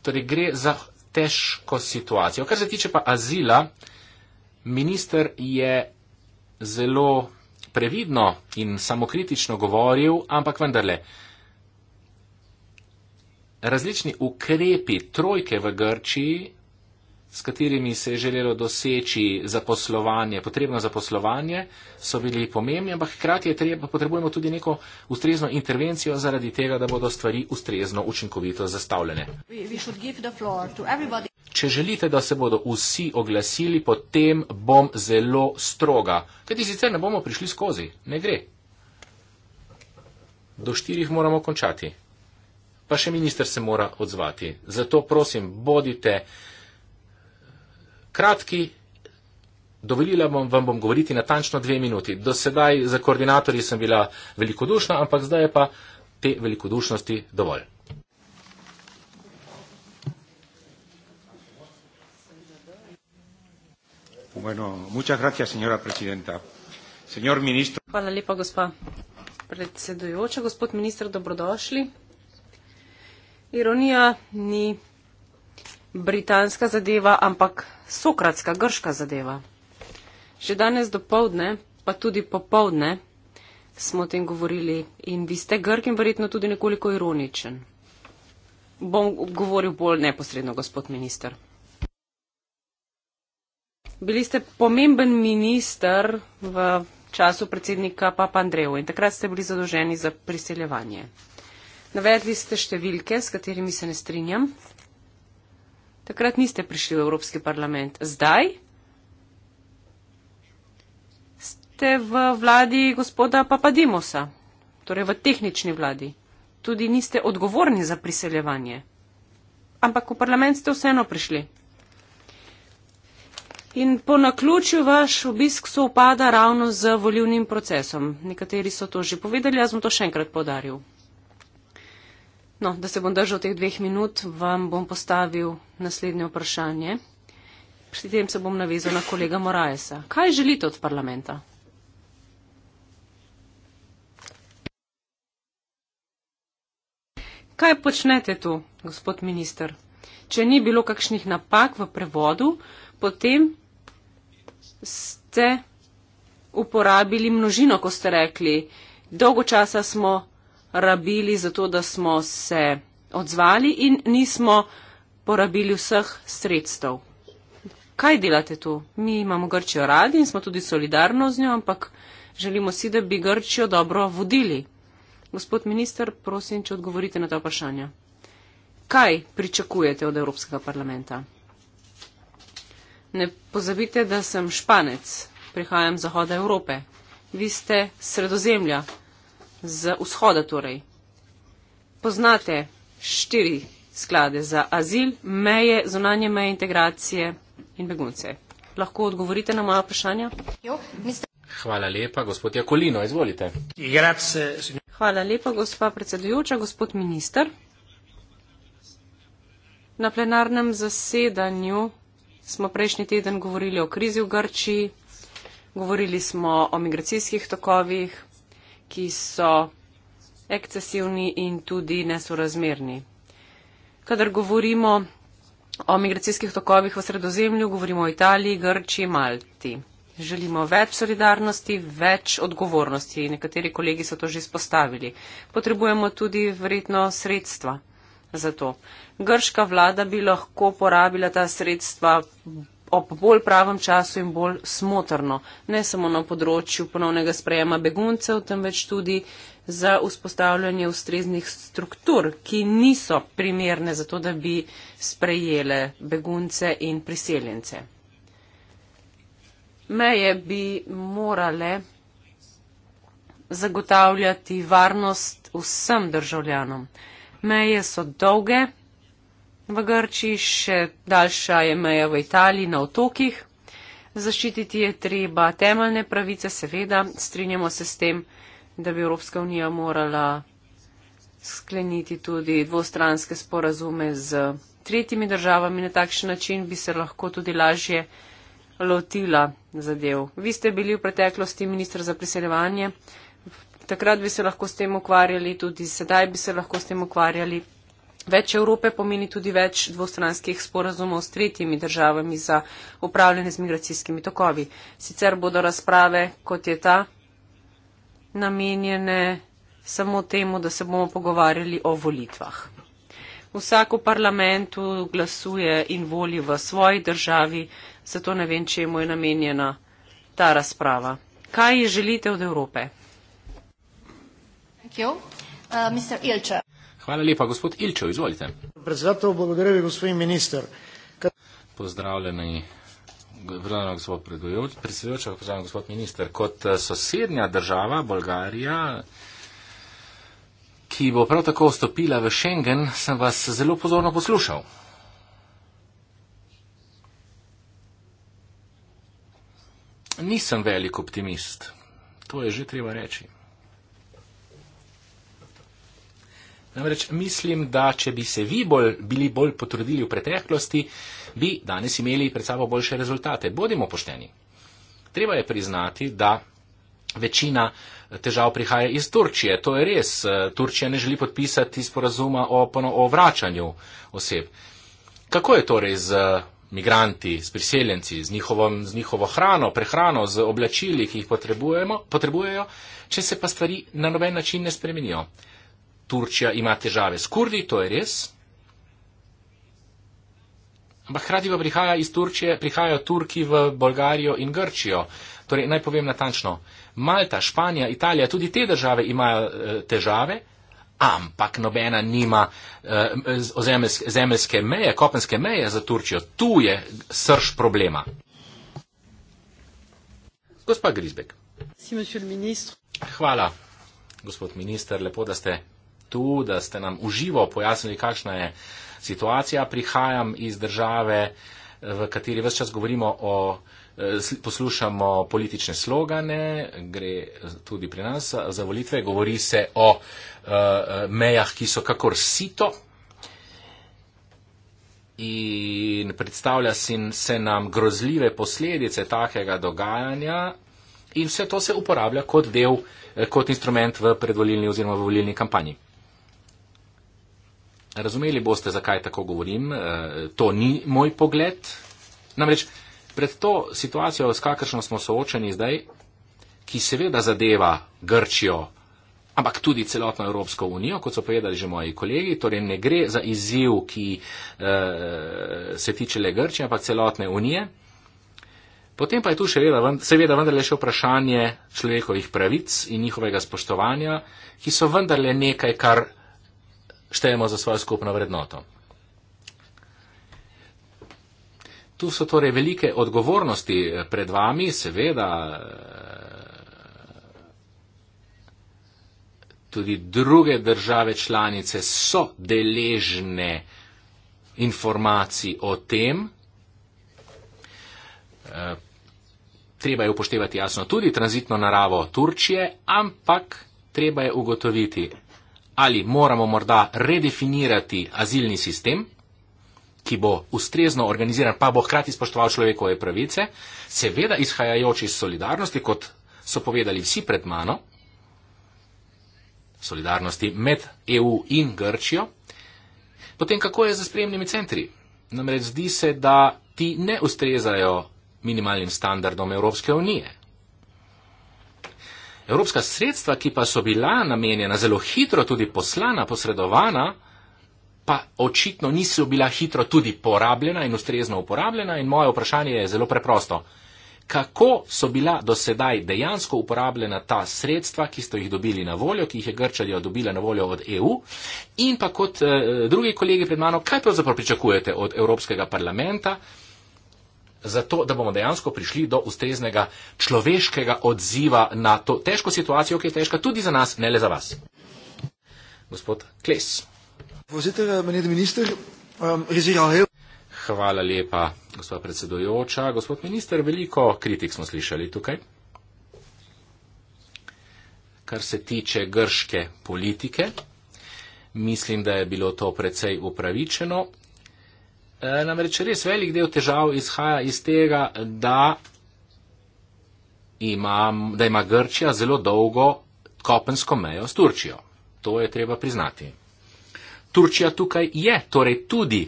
Torej gre za težko situacijo. Kar se tiče pa azila, minister je zelo previdno in samokritično govoril, ampak vendarle različni ukrepi trojke v Grčiji, s katerimi se je želelo doseči zaposlovanje, potrebno zaposlovanje, so bili pomembni, ampak hkrati je treba, potrebujemo tudi neko ustrezno intervencijo zaradi tega, da bodo stvari ustrezno učinkovito zastavljene. Če želite, da se bodo vsi oglasili, potem bom zelo stroga, ker ti sicer ne bomo prišli skozi, ne gre. Do štirih moramo končati pa še minister se mora odzvati. Zato prosim, bodite kratki. Dovolila bom vam bom govoriti natančno dve minuti. Do sedaj za koordinatorji sem bila velikodušna, ampak zdaj je pa te velikodušnosti dovolj. Bueno, gracias, Señor ministro... Hvala lepa, gospa predsedujoča. Gospod minister, dobrodošli. Ironija ni britanska zadeva, ampak sokratska grška zadeva. Že danes do povdne, pa tudi popovdne, smo o tem govorili in vi ste grk in verjetno tudi nekoliko ironičen. Bom govoril bolj neposredno, gospod minister. Bili ste pomemben minister v času predsednika Papa Andreju in takrat ste bili zadolženi za priseljevanje. Navedli ste številke, s katerimi se ne strinjam. Takrat niste prišli v Evropski parlament. Zdaj ste v vladi gospoda Papadimosa, torej v tehnični vladi. Tudi niste odgovorni za priseljevanje. Ampak v parlament ste vseeno prišli. In po naključju vaš obisk so upada ravno z volivnim procesom. Nekateri so to že povedali, jaz bom to še enkrat podaril. No, da se bom držal teh dveh minut, vam bom postavil naslednje vprašanje. Pri tem se bom navezal na kolega Moraesa. Kaj želite od parlamenta? Kaj počnete tu, gospod minister? Če ni bilo kakšnih napak v prevodu, potem ste uporabili množino, ko ste rekli, dolgo časa smo rabili za to, da smo se odzvali in nismo porabili vseh sredstev. Kaj delate tu? Mi imamo Grčijo radi in smo tudi solidarno z njo, ampak želimo si, da bi Grčijo dobro vodili. Gospod minister, prosim, če odgovorite na ta vprašanja. Kaj pričakujete od Evropskega parlamenta? Ne pozabite, da sem španec, prihajam z zahoda Evrope. Vi ste sredozemlja, z vzhoda torej. Poznate štiri sklade za azil, meje, zunanje meje, integracije in begunce. Lahko odgovorite na moja vprašanja? Hvala lepa, gospod Jakolino, izvolite. Hvala lepa, gospa predsedujoča, gospod minister. Na plenarnem zasedanju smo prejšnji teden govorili o krizi v Grčiji, govorili smo o migracijskih tokovih, ki so ekscesivni in tudi nesorazmerni. Kadar govorimo o migracijskih tokovih v sredozemlju, govorimo o Italiji, Grči, Malti. Želimo več solidarnosti, več odgovornosti. Nekateri kolegi so to že izpostavili. Potrebujemo tudi verjetno sredstva za to. Grška vlada bi lahko porabila ta sredstva ob bolj pravem času in bolj smotrno, ne samo na področju ponovnega sprejema beguncev, temveč tudi za vzpostavljanje ustreznih struktur, ki niso primerne za to, da bi sprejele begunce in priseljence. Meje bi morale zagotavljati varnost vsem državljanom. Meje so dolge, v Grči, še daljša je meja v Italiji na otokih. Zaščititi je treba temeljne pravice, seveda, strinjamo se s tem, da bi Evropska unija morala skleniti tudi dvostranske sporazume z tretjimi državami. Na takšen način bi se lahko tudi lažje lotila zadev. Vi ste bili v preteklosti ministr za priseljevanje, takrat bi se lahko s tem ukvarjali, tudi sedaj bi se lahko s tem ukvarjali. Več Evrope pomeni tudi več dvostranskih sporazumov s tretjimi državami za upravljanje z migracijskimi tokovi. Sicer bodo razprave, kot je ta, namenjene samo temu, da se bomo pogovarjali o volitvah. Vsak v parlamentu glasuje in voli v svoji državi, zato ne vem, čemu je namenjena ta razprava. Kaj želite od Evrope? Hvala. Uh, Mr. Ilče. Hvala lepa, gospod Ilčev, izvolite. Predsedatelj, blagodarim, gospod minister. Kad... Pozdravljeni. Pozdravljeno, gospod predsedujoča, pozdravljeno, gospod minister. Kot eh, sosednja država, Bolgarija, ki bo prav tako vstopila v Schengen, sem vas zelo pozorno poslušal. Nisem velik optimist, to je že treba reči. Namreč mislim, da če bi se vi bolj, bili bolj potrudili v preteklosti, bi danes imeli pred sabo boljše rezultate. Bodimo pošteni. Treba je priznati, da večina težav prihaja iz Turčije. To je res. Turčija ne želi podpisati sporazuma o, o vračanju oseb. Kako je torej z eh, migranti, z priseljenci, z, njihovom, z njihovo hrano, prehrano, z oblačili, ki jih potrebujemo, potrebujejo, če se pa stvari na noben način ne spremenijo? Turčija ima težave s kurdi, to je res. Ampak hkrati pa prihaja iz Turčije, prihajajo Turki v Bolgarijo in Grčijo. Torej, naj povem natančno, Malta, Španija, Italija, tudi te države imajo eh, težave, ampak nobena nima eh, zemeljske meje, kopenske meje za Turčijo. Tu je srž problema. Gospa Grizbek. Hvala, gospod minister, lepo, da ste tu, da ste nam uživo pojasnili, kakšna je situacija. Prihajam iz države, v kateri vse čas govorimo o, e, poslušamo politične slogane, gre tudi pri nas za volitve, govori se o e, e, mejah, ki so kakor sito. In predstavlja se nam grozljive posledice takega dogajanja. In vse to se uporablja kot del, kot instrument v predvolilni oziroma v volilni kampanji. Razumeli boste, zakaj tako govorim. Eh, to ni moj pogled. Namreč pred to situacijo, s kakršno smo soočeni zdaj, ki seveda zadeva Grčijo, ampak tudi celotno Evropsko unijo, kot so povedali že moji kolegi, torej ne gre za izziv, ki eh, se tiče le Grčije, ampak celotne unije. Potem pa je tu seveda, seveda vendarle še vprašanje človekovih pravic in njihovega spoštovanja, ki so vendarle nekaj, kar štejemo za svojo skupno vrednoto. Tu so torej velike odgovornosti eh, pred vami, seveda eh, tudi druge države članice so deležne informacij o tem. Eh, treba je upoštevati jasno tudi tranzitno naravo Turčije, ampak treba je ugotoviti, ali moramo morda redefinirati azilni sistem, ki bo ustrezno organiziran, pa bo hkrati spoštoval človekove pravice, seveda izhajajoč iz solidarnosti, kot so povedali vsi pred mano, solidarnosti med EU in Grčijo, potem kako je z spremnimi centri? Namreč zdi se, da ti ne ustrezajo minimalnim standardom Evropske unije evropska sredstva, ki pa so bila namenjena zelo hitro, tudi poslana, posredovana, pa očitno niso bila hitro tudi porabljena in ustrezno uporabljena. In moje vprašanje je zelo preprosto. Kako so bila do sedaj dejansko uporabljena ta sredstva, ki ste jih dobili na voljo, ki jih je Grčija dobila na voljo od EU? In pa kot eh, drugi kolegi pred mano, kaj pravzaprav pričakujete od Evropskega parlamenta? zato da bomo dejansko prišli do ustreznega človeškega odziva na to težko situacijo, ki je težka tudi za nas, ne le za vas. Gospod Kles. Eh, ehm, er Hvala lepa, gospod predsedujoča. Gospod minister, veliko kritik smo slišali tukaj. Kar se tiče grške politike, mislim, da je bilo to precej upravičeno. Eh, namreč res velik del težav izhaja iz tega, da, imam, da ima Grčija zelo dolgo kopensko mejo s Turčijo. To je treba priznati. Turčija tukaj je torej tudi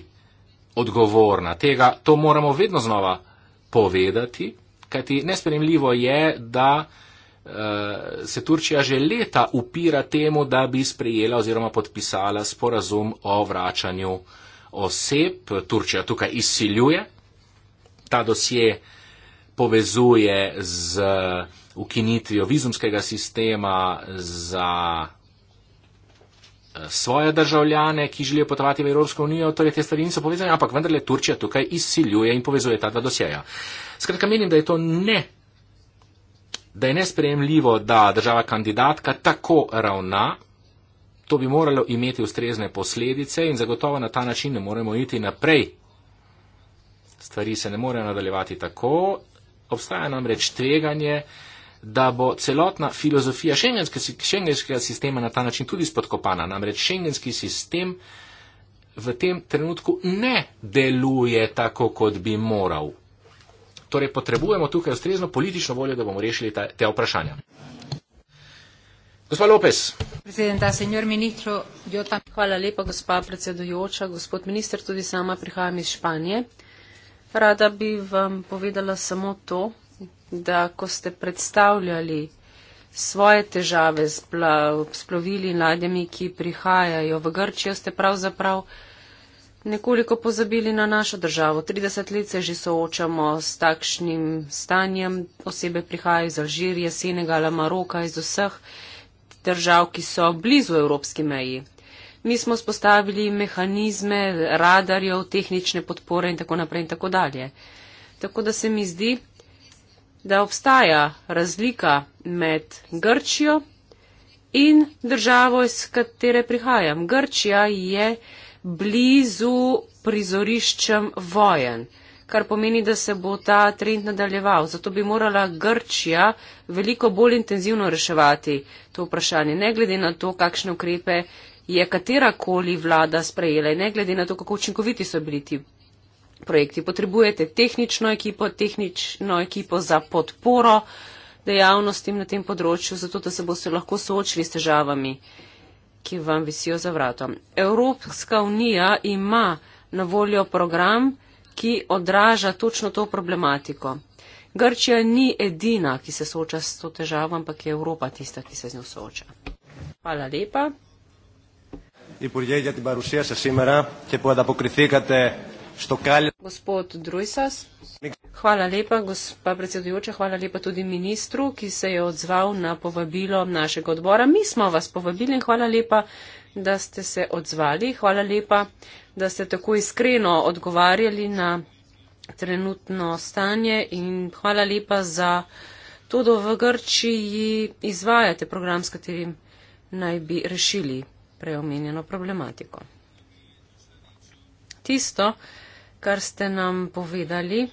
odgovorna tega, to moramo vedno znova povedati, kajti nespremljivo je, da eh, se Turčija že leta upira temu, da bi sprejela oziroma podpisala sporazum o vračanju oseb, Turčija tukaj izsiljuje. Ta dosje povezuje z ukinitvijo vizumskega sistema za eh, svoje državljane, ki želijo potovati v Evropsko unijo, torej te stvari niso povezane, ampak vendarle Turčija tukaj izsiljuje in povezuje ta dva dosjeja. Skratka, menim, da je to ne, da je nesprejemljivo, da država kandidatka tako ravna, To bi moralo imeti ustrezne posledice in zagotovo na ta način ne moremo iti naprej. Stvari se ne morejo nadaljevati tako. Obstaja namreč tveganje, da bo celotna filozofija šengenskega sistema na ta način tudi spodkopana. Namreč šengenski sistem v tem trenutku ne deluje tako, kot bi moral. Torej potrebujemo tukaj ustrezno politično voljo, da bomo rešili te vprašanja. Gospa Lopes. Predsednica, senjor ministro, Jota. Hvala lepa, gospa predsedujoča, gospod minister, tudi sama prihajam iz Španije. Rada bi vam povedala samo to, da ko ste predstavljali svoje težave s splovili ladjami, ki prihajajo v Grčijo, ste pravzaprav nekoliko pozabili na našo državo. 30 let se že soočamo s takšnim stanjem. Osebe prihajajo iz Alžirije, Senegala, Maroka, iz vseh držav, ki so blizu evropski meji. Mi smo spostavili mehanizme, radarjev, tehnične podpore in tako naprej in tako dalje. Tako da se mi zdi, da obstaja razlika med Grčijo in državo, iz katere prihajam. Grčija je blizu prizoriščem vojen kar pomeni, da se bo ta trend nadaljeval. Zato bi morala Grčija veliko bolj intenzivno reševati to vprašanje, ne glede na to, kakšne ukrepe je katerakoli vlada sprejela in ne glede na to, kako učinkoviti so bili ti projekti. Potrebujete tehnično ekipo, tehnično ekipo za podporo dejavnostim na tem področju, zato da se boste lahko soočili s težavami, ki vam visijo za vratom. Evropska unija ima na voljo program, ki odraža točno to problematiko. Grčija ni edina, ki se sooča s to težavo, ampak je Evropa tista, ki se z njo sooča. Hvala lepa. Gospod Drujsas, hvala lepa, gospa predsedujoča, hvala lepa tudi ministru, ki se je odzval na povabilo našega odbora. Mi smo vas povabili in hvala lepa, da ste se odzvali. Hvala lepa da ste tako iskreno odgovarjali na trenutno stanje in hvala lepa za to, da v Grčiji izvajate program, s katerim naj bi rešili preomenjeno problematiko. Tisto, kar ste nam povedali,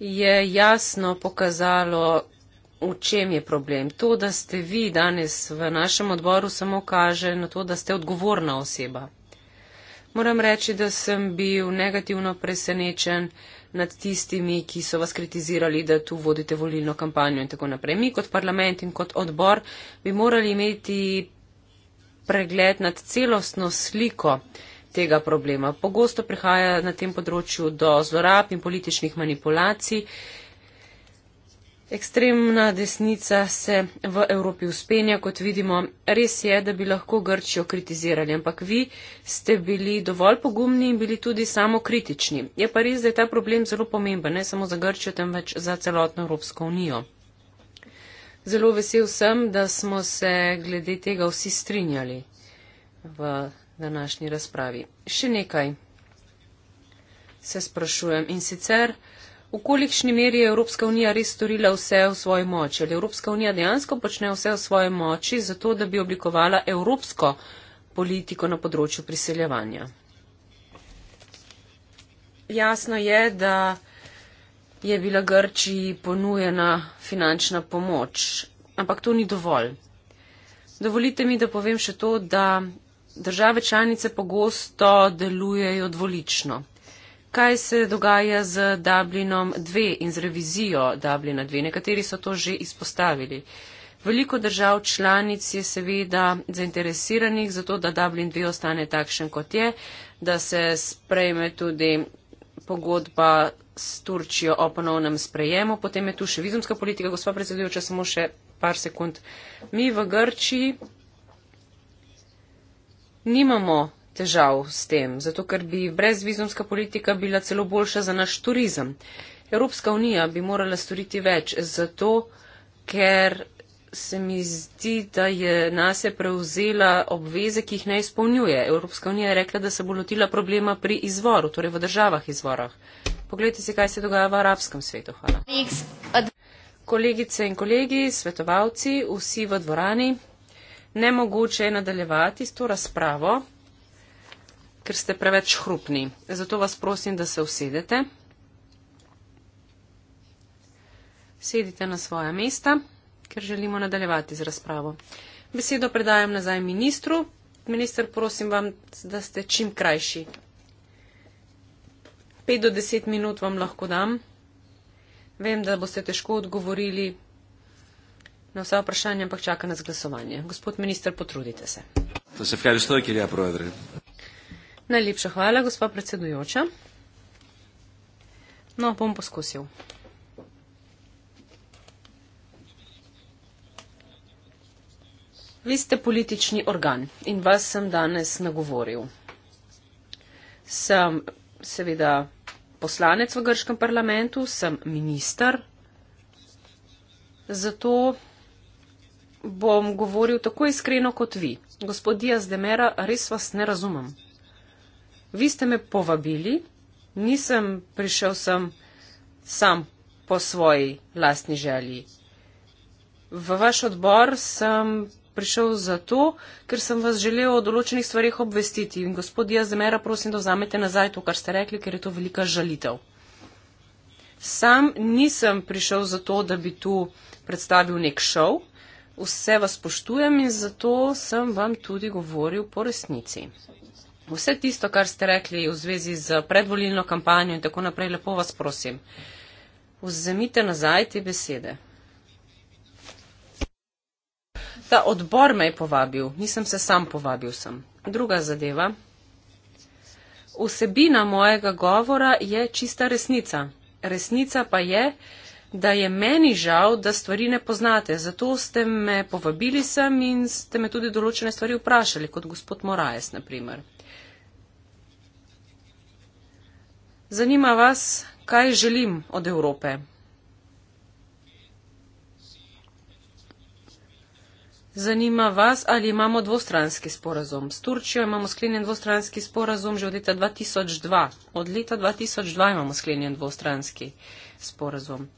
je jasno pokazalo, v čem je problem. To, da ste vi danes v našem odboru, samo kaže na to, da ste odgovorna oseba. Moram reči, da sem bil negativno presenečen nad tistimi, ki so vas kritizirali, da tu vodite volilno kampanjo in tako naprej. Mi kot parlament in kot odbor bi morali imeti pregled nad celostno sliko tega problema. Pogosto prihaja na tem področju do zlorab in političnih manipulacij. Uh, Ekstremna desnica se v Evropi uspenja, kot vidimo. Res je, da bi lahko Grčijo kritizirali, ampak vi ste bili dovolj pogumni in bili tudi samo kritični. Je pa res, da je ta problem zelo pomemben, ne samo za Grčijo, temveč za celotno Evropsko unijo. Zelo vesel sem, da smo se glede tega vsi strinjali v današnji razpravi. Še nekaj se sprašujem in sicer v kolikšni meri je Evropska unija res storila vse v svoji moči. Ali Evropska unija dejansko počne vse v svoji moči za to, da bi oblikovala evropsko politiko na področju priseljevanja? Jasno je, da je bila Grčiji ponujena finančna pomoč, ampak to ni dovolj. Dovolite mi, da povem še to, da države članice pogosto delujejo dvolično. Kaj se dogaja z Dublinom 2 in z revizijo Dublina 2? Nekateri so to že izpostavili. Veliko držav članic je seveda zainteresiranih za to, da Dublin 2 ostane takšen, kot je, da se sprejme tudi pogodba s Turčijo o ponovnem sprejemu. Potem je tu še vizumska politika. Gospa predsedujoča, samo še par sekund. Mi v Grčiji nimamo težav s tem, zato ker bi brezvizumska politika bila celo boljša za naš turizem. Evropska unija bi morala storiti več, zato ker se mi zdi, da je nas je prevzela obveze, ki jih ne izpolnjuje. Evropska unija je rekla, da se bo lotila problema pri izvoru, torej v državah izvorah. Poglejte si, kaj se dogaja v arabskem svetu. Hvala. Kolegice in kolegi, svetovalci, vsi v dvorani, nemogoče je nadaljevati s to razpravo ker ste preveč hrupni. Zato vas prosim, da se usedete. Sedite na svoje mesta, ker želimo nadaljevati z razpravo. Besedo predajam nazaj ministru. Minister, prosim vam, da ste čim krajši. 5 do 10 minut vam lahko dam. Vem, da boste težko odgovorili na vsa vprašanja, ampak čaka nas glasovanje. Gospod minister, potrudite se. To se vkaj ustoji, ker je aprovedre. Najlepša hvala, gospa predsedujoča. No, bom poskusil. Vi ste politični organ in vas sem danes nagovoril. Sem seveda poslanec v grškem parlamentu, sem minister, zato bom govoril tako iskreno kot vi. Gospod Diaz Demera, res vas ne razumem vi ste me povabili, nisem prišel sem sam po svoji lastni želji. V vaš odbor sem prišel zato, ker sem vas želel o določenih stvarih obvestiti. In gospod Jazemera, prosim, da vzamete nazaj to, kar ste rekli, ker je to velika žalitev. Sam nisem prišel zato, da bi tu predstavil nek šov. Vse vas poštujem in zato sem vam tudi govoril po resnici vse tisto, kar ste rekli v zvezi z predvolilno kampanjo in tako naprej, lepo vas prosim, vzemite nazaj te besede. Ta odbor me je povabil, nisem se sam povabil sem. Druga zadeva. Vsebina mojega govora je čista resnica. Resnica pa je, da je meni žal, da stvari ne poznate. Zato ste me povabili sem in ste me tudi določene stvari vprašali, kot gospod Moraes, na primer. Zanima vas, kaj želim od Evrope? Zanima vas, ali imamo dvostranski sporazum. S Turčijo imamo sklenjen dvostranski sporazum že od leta 2002. Od leta 2002 imamo sklenjen dvostranski sporazum.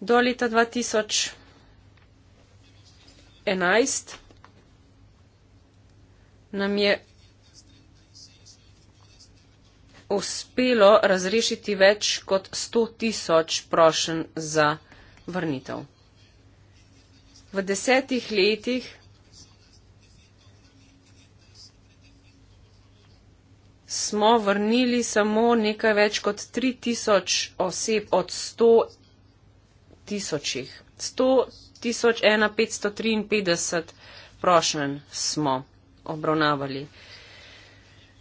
Do leta 2011 nam je uspelo razrešiti več kot 100 tisoč prošen za vrnitev. V desetih letih smo vrnili samo nekaj več kot 3000 oseb od 100 tisočih. 100 tisoč 1553 prošen smo obravnavali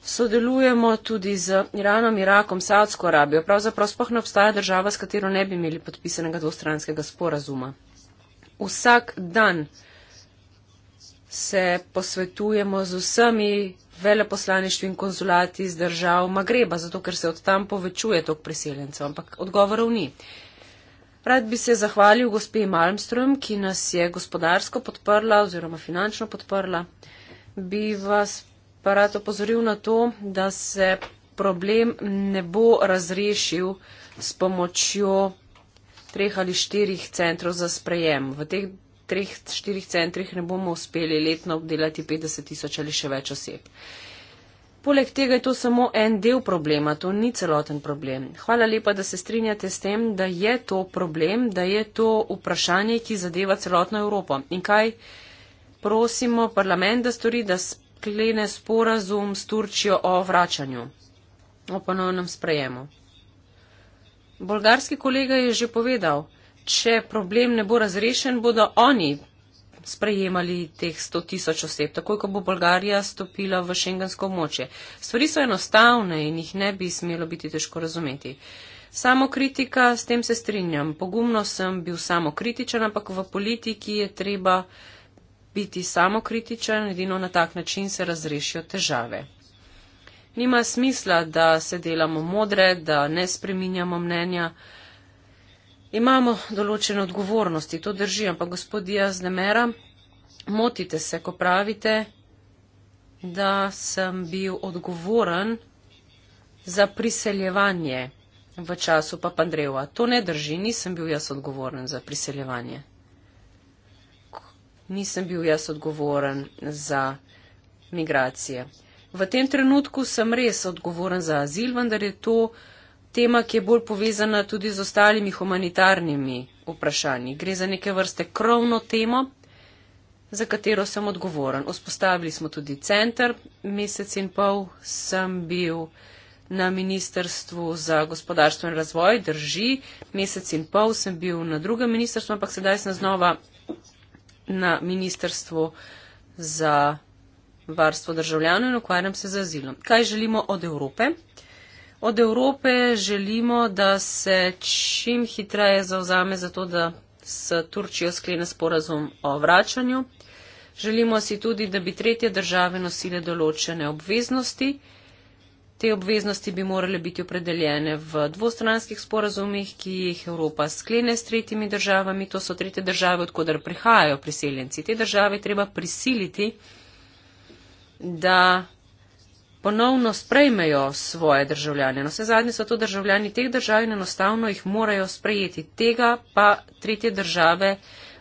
sodelujemo tudi z Iranom, Irakom, Saudsko Arabijo. Pravzaprav spoh ne obstaja država, s katero ne bi imeli podpisanega dvostranskega sporazuma. Vsak dan se posvetujemo z vsemi veleposlaništvi in konzulati iz držav Magreba, zato ker se od tam povečuje tok priseljencev, ampak odgovorov ni. Rad bi se zahvalil gospe Malmström, ki nas je gospodarsko podprla oziroma finančno podprla. Bi vas pa rad opozoril na to, da se problem ne bo razrešil s pomočjo treh ali štirih centrov za sprejem. V teh treh, štirih centrih ne bomo uspeli letno obdelati 50 tisoč ali še več oseb. Poleg tega je to samo en del problema, to ni celoten problem. Hvala lepa, da se strinjate s tem, da je to problem, da je to vprašanje, ki zadeva celotno Evropo. In kaj prosimo parlament, da stori, da sklene sporazum s Turčijo o vračanju, o ponovnem sprejemu. Bolgarski kolega je že povedal, če problem ne bo razrešen, bodo oni sprejemali teh 100 tisoč oseb, takoj ko bo Bolgarija stopila v šengensko moče. Stvari so enostavne in jih ne bi smelo biti težko razumeti. Samo kritika, s tem se strinjam. Pogumno sem bil samo kritičen, ampak v politiki je treba biti samokritičen, edino na tak način se razrešijo težave. Nima smisla, da se delamo modre, da ne spreminjamo mnenja. Imamo določene odgovornosti, to drži, ampak gospod Jaz ne mera, motite se, ko pravite, da sem bil odgovoren za priseljevanje v času Papandreva. To ne drži, nisem bil jaz odgovoren za priseljevanje nisem bil jaz odgovoren za migracije. V tem trenutku sem res odgovoren za azil, vendar je to tema, ki je bolj povezana tudi z ostalimi humanitarnimi vprašanji. Gre za neke vrste krovno temo, za katero sem odgovoren. Vzpostavili smo tudi center. Mesec in pol sem bil na Ministrstvu za gospodarstvo in razvoj, drži. Mesec in pol sem bil na drugem ministrstvu, ampak sedaj sem znova na Ministrstvu za varstvo državljanov in ukvarjam se z azilom. Kaj želimo od Evrope? Od Evrope želimo, da se čim hitreje zauzame za to, da s Turčijo sklene sporazum o vračanju. Želimo si tudi, da bi tretje države nosile določene obveznosti. Te obveznosti bi morale biti opredeljene v dvostranskih sporazumih, ki jih Evropa sklene s tretjimi državami. To so tretje države, odkudar prihajajo priseljenci. Te države treba prisiliti, da ponovno sprejmejo svoje državljane. Na no, vse zadnje so to državljani teh držav in enostavno jih morajo sprejeti. Tega pa tretje države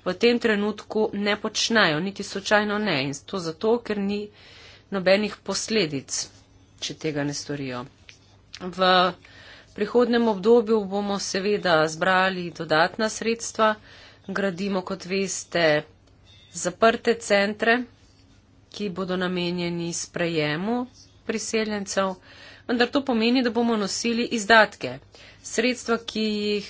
v tem trenutku ne počnejo, niti slučajno ne. In to zato, ker ni nobenih posledic če tega ne storijo. V prihodnem obdobju bomo seveda zbrali dodatna sredstva, gradimo, kot veste, zaprte centre, ki bodo namenjeni sprejemu priseljencev, vendar to pomeni, da bomo nosili izdatke. Sredstva, ki jih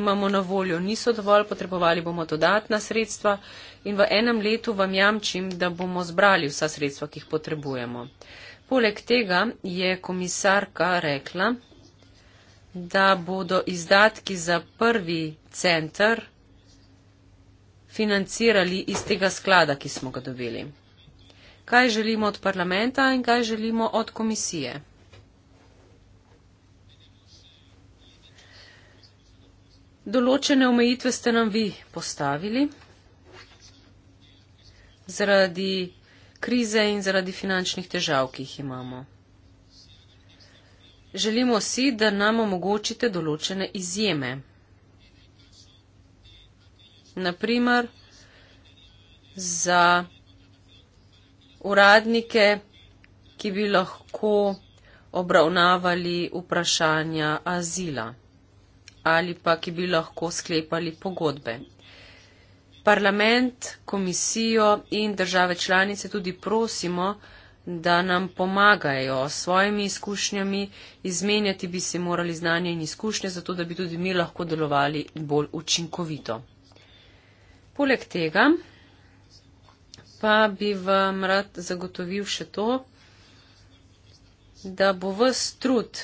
imamo na voljo, niso dovolj, potrebovali bomo dodatna sredstva in v enem letu vam jamčim, da bomo zbrali vsa sredstva, ki jih potrebujemo. Poleg tega je komisarka rekla, da bodo izdatki za prvi centr financirali iz tega sklada, ki smo ga dobili. Kaj želimo od parlamenta in kaj želimo od komisije? Določene omejitve ste nam vi postavili zaradi krize in zaradi finančnih težav, ki jih imamo. Želimo si, da nam omogočite določene izjeme. Naprimer, za uradnike, ki bi lahko obravnavali vprašanja azila ali pa ki bi lahko sklepali pogodbe parlament, komisijo in države članice tudi prosimo, da nam pomagajo s svojimi izkušnjami, izmenjati bi se morali znanje in izkušnje, zato da bi tudi mi lahko delovali bolj učinkovito. Poleg tega pa bi vam rad zagotovil še to, da bo vse trud,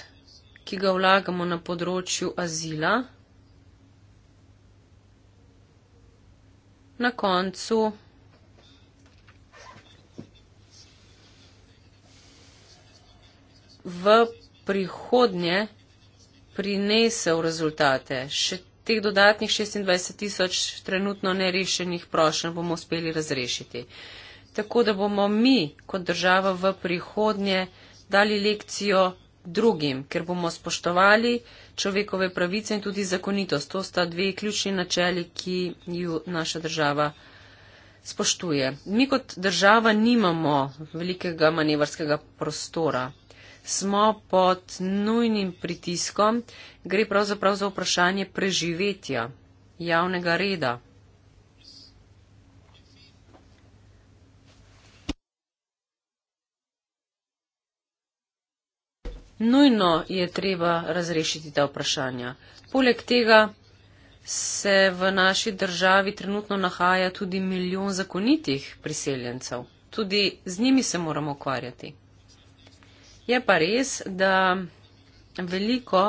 ki ga vlagamo na področju azila, na koncu v prihodnje prinesel rezultate. Še teh dodatnih 26 tisoč trenutno nerešenih prošenj bomo uspeli razrešiti. Tako da bomo mi kot država v prihodnje dali lekcijo drugim, ker bomo spoštovali človekove pravice in tudi zakonitost. To sta dve ključni načeli, ki ju naša država spoštuje. Mi kot država nimamo velikega manevrskega prostora. Smo pod nujnim pritiskom, gre pravzaprav za vprašanje preživetja javnega reda. Nujno je treba razrešiti ta vprašanja. Poleg tega se v naši državi trenutno nahaja tudi milijon zakonitih priseljencev. Tudi z njimi se moramo ukvarjati. Je pa res, da veliko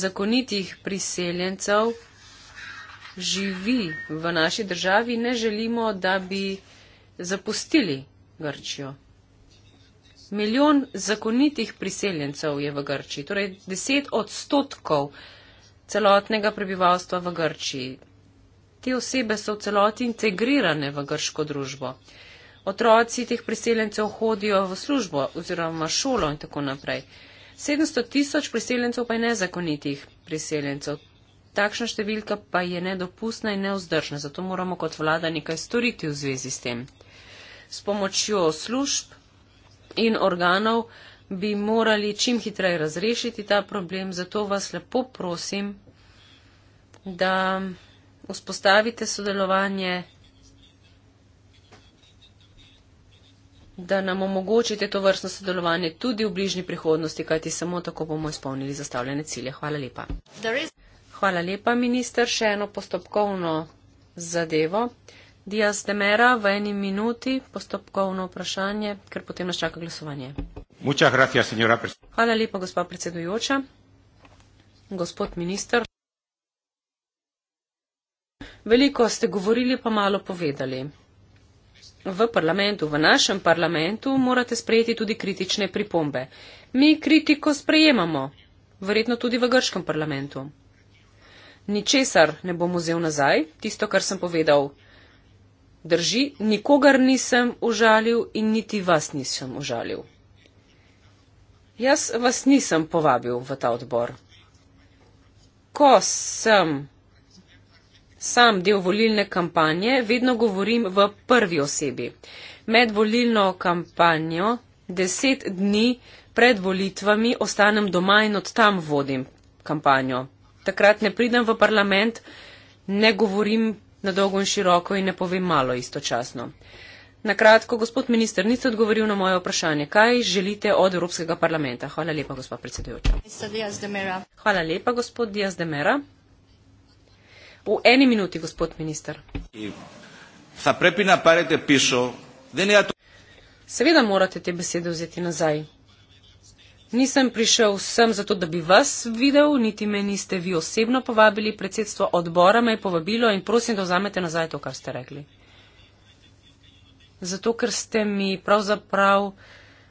zakonitih priseljencev živi v naši državi in ne želimo, da bi zapustili Grčijo. Milijon zakonitih priseljencev je v Grčiji, torej deset odstotkov celotnega prebivalstva v Grčiji. Te osebe so v celoti integrirane v grško družbo. Otroci teh priseljencev hodijo v službo oziroma šolo in tako naprej. 700 tisoč priseljencev pa je nezakonitih priseljencev. Takšna številka pa je nedopustna in neozdržna, zato moramo kot vlada nekaj storiti v zvezi s tem. S pomočjo služb, in organov bi morali čim hitreje razrešiti ta problem, zato vas lepo prosim, da vzpostavite sodelovanje, da nam omogočite to vrstno sodelovanje tudi v bližnji prihodnosti, kajti samo tako bomo izpolnili zastavljene cilje. Hvala lepa. Hvala lepa, minister, še eno postopkovno zadevo. Dias de Mera v eni minuti postopkovno vprašanje, ker potem nas čaka glasovanje. Gracias, Hvala lepa, gospod predsedujoča. Gospod minister. Veliko ste govorili, pa malo povedali. V parlamentu, v našem parlamentu morate sprejeti tudi kritične pripombe. Mi kritiko sprejemamo, verjetno tudi v grškem parlamentu. Ničesar ne bom vzel nazaj, tisto, kar sem povedal, Drži, nikogar nisem užalil in niti vas nisem užalil. Jaz vas nisem povabil v ta odbor. Ko sem sam del volilne kampanje, vedno govorim v prvi osebi. Med volilno kampanjo deset dni pred volitvami ostanem doma in od tam vodim kampanjo. Takrat ne pridem v parlament, ne govorim na dolgo in široko in ne povem malo istočasno. Na kratko, gospod minister, niste odgovoril na moje vprašanje. Kaj želite od Evropskega parlamenta? Hvala lepa, gospod predsedujoča. Hvala lepa, gospod Diaz de Mera. V eni minuti, gospod minister. Ja Seveda morate te besede vzeti nazaj. Nisem prišel sem zato, da bi vas videl, niti me niste vi osebno povabili, predsedstvo odbora me je povabilo in prosim, da vzamete nazaj to, kar ste rekli. Zato, ker ste mi pravzaprav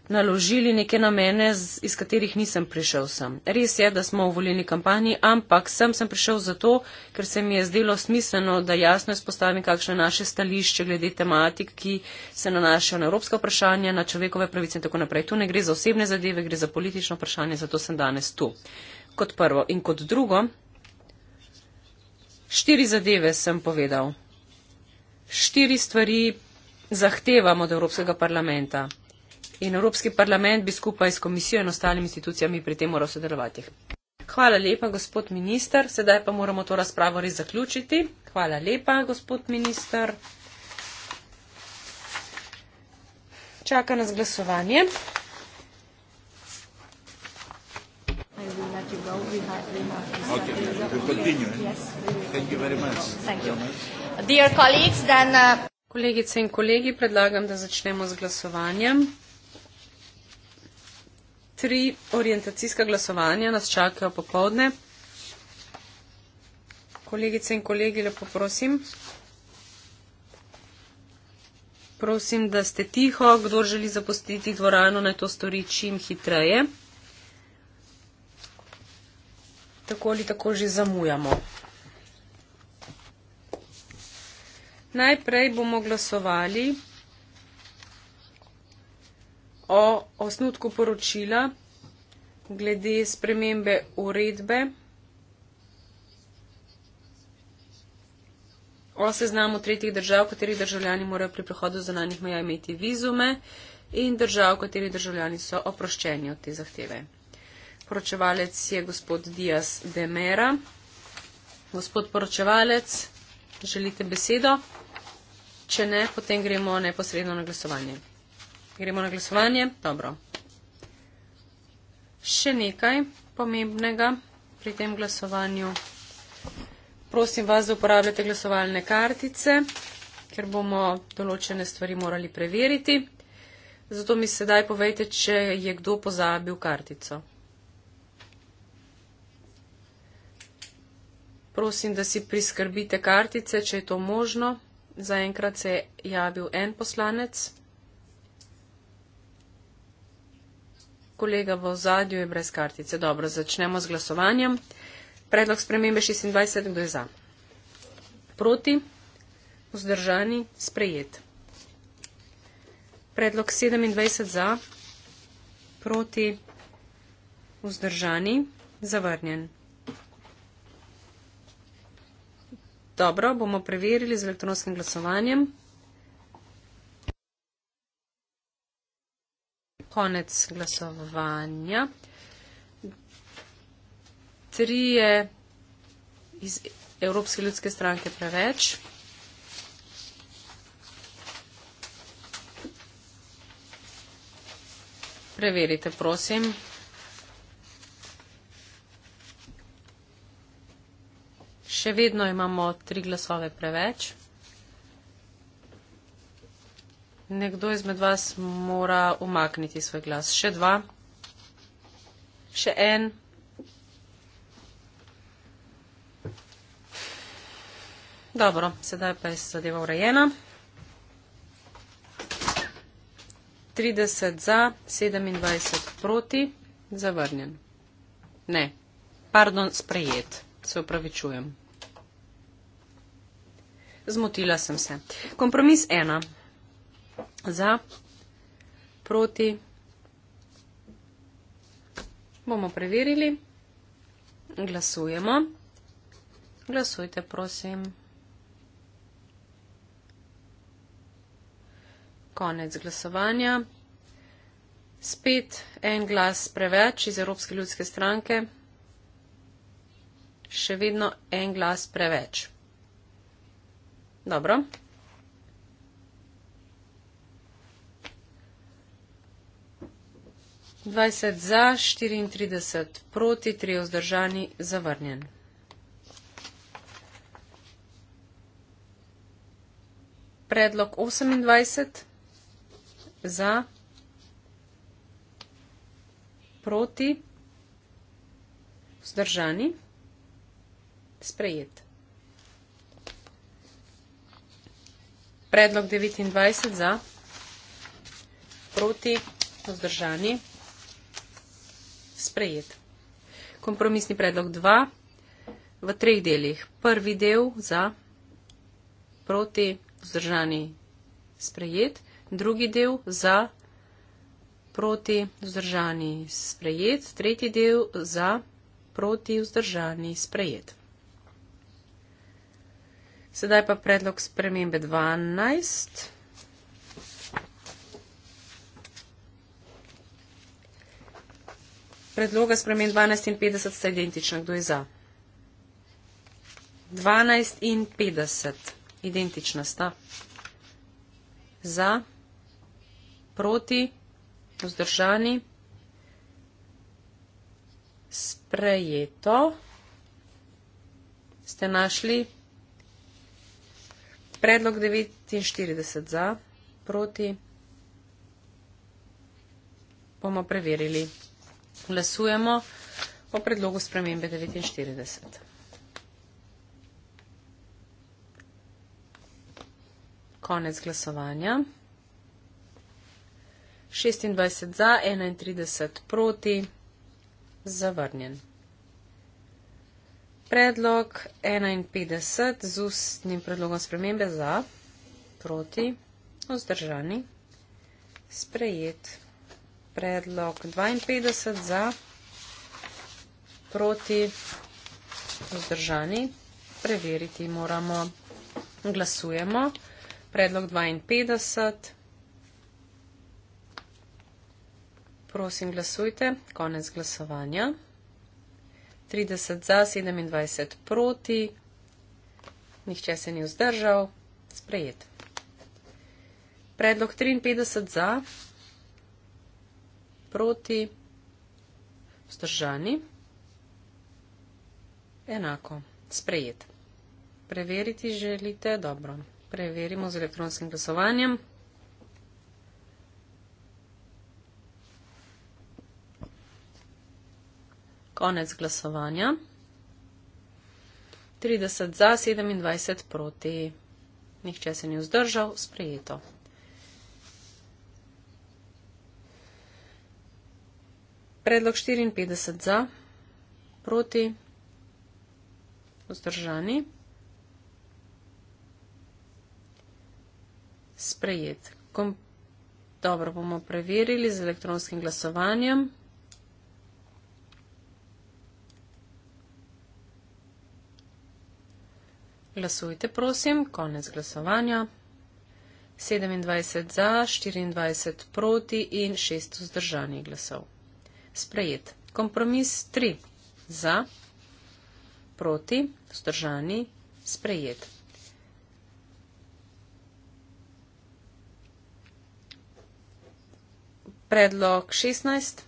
naložili neke namene, iz katerih nisem prišel sem. Res je, da smo v volilni kampanji, ampak sem, sem prišel zato, ker se mi je zdelo smiselno, da jasno izpostavim, kakšno je naše stališče glede tematik, ki se nanašajo na evropske vprašanja, na človekove pravice in tako naprej. Tu ne gre za osebne zadeve, gre za politično vprašanje, zato sem danes tu. Kot prvo in kot drugo, štiri zadeve sem povedal. Štiri stvari zahtevam od Evropskega parlamenta in Evropski parlament bi skupaj s komisijo in ostalimi institucijami pri tem moral sodelovati. Hvala lepa, gospod minister. Sedaj pa moramo to razpravo res zaključiti. Hvala lepa, gospod minister. Čaka nas glasovanje. Uh, Kolegice in kolegi, predlagam, da začnemo z glasovanjem tri orientacijska glasovanja nas čakajo popovdne. Kolegice in kolegi, lepo prosim. Prosim, da ste tiho, kdo želi zapustiti dvorano, naj to stori čim hitreje. Tako ali tako že zamujamo. Najprej bomo glasovali o osnutku poročila glede spremembe uredbe o seznamu tretjih držav, katerih državljani morajo pri prehodu zonanih meja imeti vizume in držav, katerih državljani so oproščeni od te zahteve. Poročevalec je gospod Dias Demera. Gospod poročevalec, želite besedo? Če ne, potem gremo neposredno na glasovanje. Gremo na glasovanje. Dobro. Še nekaj pomembnega pri tem glasovanju. Prosim vas, da uporabljate glasovalne kartice, ker bomo določene stvari morali preveriti. Zato mi sedaj povejte, če je kdo pozabil kartico. Prosim, da si priskrbite kartice, če je to možno. Zaenkrat se je javil en poslanec. kolega v zadju je brez kartice. Dobro, začnemo z glasovanjem. Predlog spremembe 26, kdo je za? Proti, vzdržani, sprejet. Predlog 27 za, proti, vzdržani, zavrnjen. Dobro, bomo preverili z elektronskim glasovanjem. konec glasovanja. Trije iz Evropske ljudske stranke preveč. Preverite, prosim. Še vedno imamo tri glasove preveč. Nekdo izmed vas mora umakniti svoj glas. Še dva. Še en. Dobro, sedaj pa je zadeva urejena. 30 za, 27 proti, zavrnjen. Ne, pardon, sprejet. Se upravičujem. Zmotila sem se. Kompromis ena za, proti. Bomo preverili. Glasujemo. Glasujte, prosim. Konec glasovanja. Spet en glas preveč iz Evropske ljudske stranke. Še vedno en glas preveč. Dobro. 20 za, 34 proti, 3 vzdržani, zavrnjen. Predlog 28 za, proti, vzdržani, sprejet. Predlog 29 za, proti, vzdržani, sprejet sprejet. Kompromisni predlog 2 v treh delih. Prvi del za proti vzdržani sprejet, drugi del za proti vzdržani sprejet, tretji del za proti vzdržani sprejet. Sedaj pa predlog spremembe 12. predloga spremen 12 in 50 sta identična. Kdo je za? 12 in 50 identična sta. Za, proti, vzdržani, sprejeto. Ste našli predlog 49 za, proti. Bomo preverili. Glasujemo o predlogu spremembe 49. Konec glasovanja. 26 za, 31 proti, zavrnjen. Predlog 51 z ustnim predlogom spremembe za, proti, vzdržani, sprejet predlog 52 za proti vzdržani. Preveriti moramo. Glasujemo. Predlog 52. Prosim, glasujte. Konec glasovanja. 30 za, 27 proti. Nihče se ni vzdržal. Sprejet. Predlog 53 za proti, vzdržani, enako, sprejet. Preveriti želite, dobro, preverimo z elektronskim glasovanjem. Konec glasovanja. 30 za, 27 proti. Nihče se ni vzdržal, sprejeto. Predlog 54 za, proti, vzdržani. Sprejet. Kom Dobro bomo preverili z elektronskim glasovanjem. Glasujte, prosim, konec glasovanja. 27 za, 24 proti in 6 vzdržanih glasov sprejet. Kompromis 3. Za, proti, vzdržani, sprejet. Predlog 16.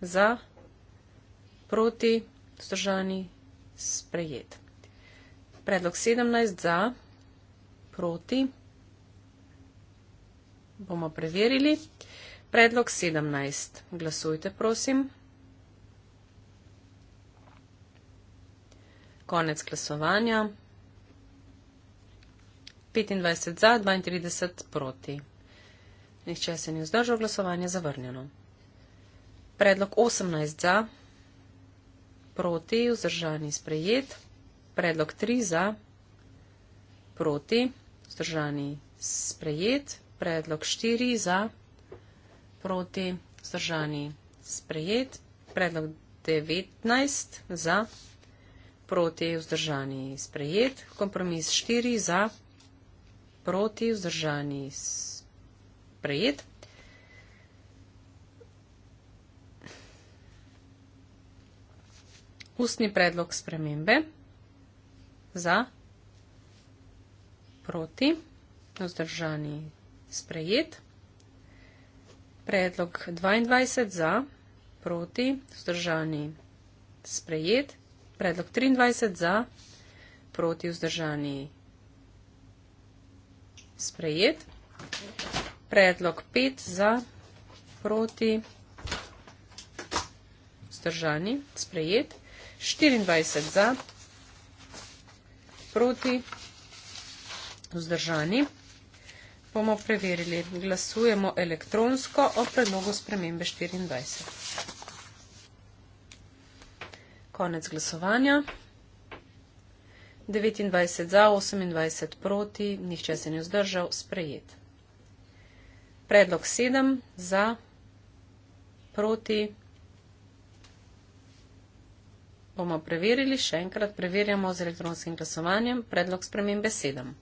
Za, proti, vzdržani, sprejet. Predlog 17. Za, proti, bomo preverili. Predlog 17. Predlog 17. Glasujte, prosim. Konec glasovanja. 25 za, 32 proti. Nihče se ni vzdržal glasovanja, zavrnjeno. Predlog 18 za, proti, vzdržani sprejet. Predlog 3 za, proti, vzdržani sprejet. Predlog 4 za, proti proti, vzdržani sprejet. Predlog 19 za, proti, vzdržani sprejet. Kompromis 4 za, proti, vzdržani sprejet. Ustni predlog spremembe za, proti, vzdržani sprejet. Sprejet. Predlog 22 za, proti, vzdržani, sprejet. Predlog 23 za, proti, vzdržani, sprejet. Predlog 5 za, proti, vzdržani, sprejet. 24 za, proti, vzdržani, sprejet bomo preverili. Glasujemo elektronsko o predlogu spremembe 24. Konec glasovanja. 29 za, 28 proti, nihče se ni vzdržal, sprejet. Predlog 7 za, proti, bomo preverili, še enkrat preverjamo z elektronskim glasovanjem, predlog spremembe 7.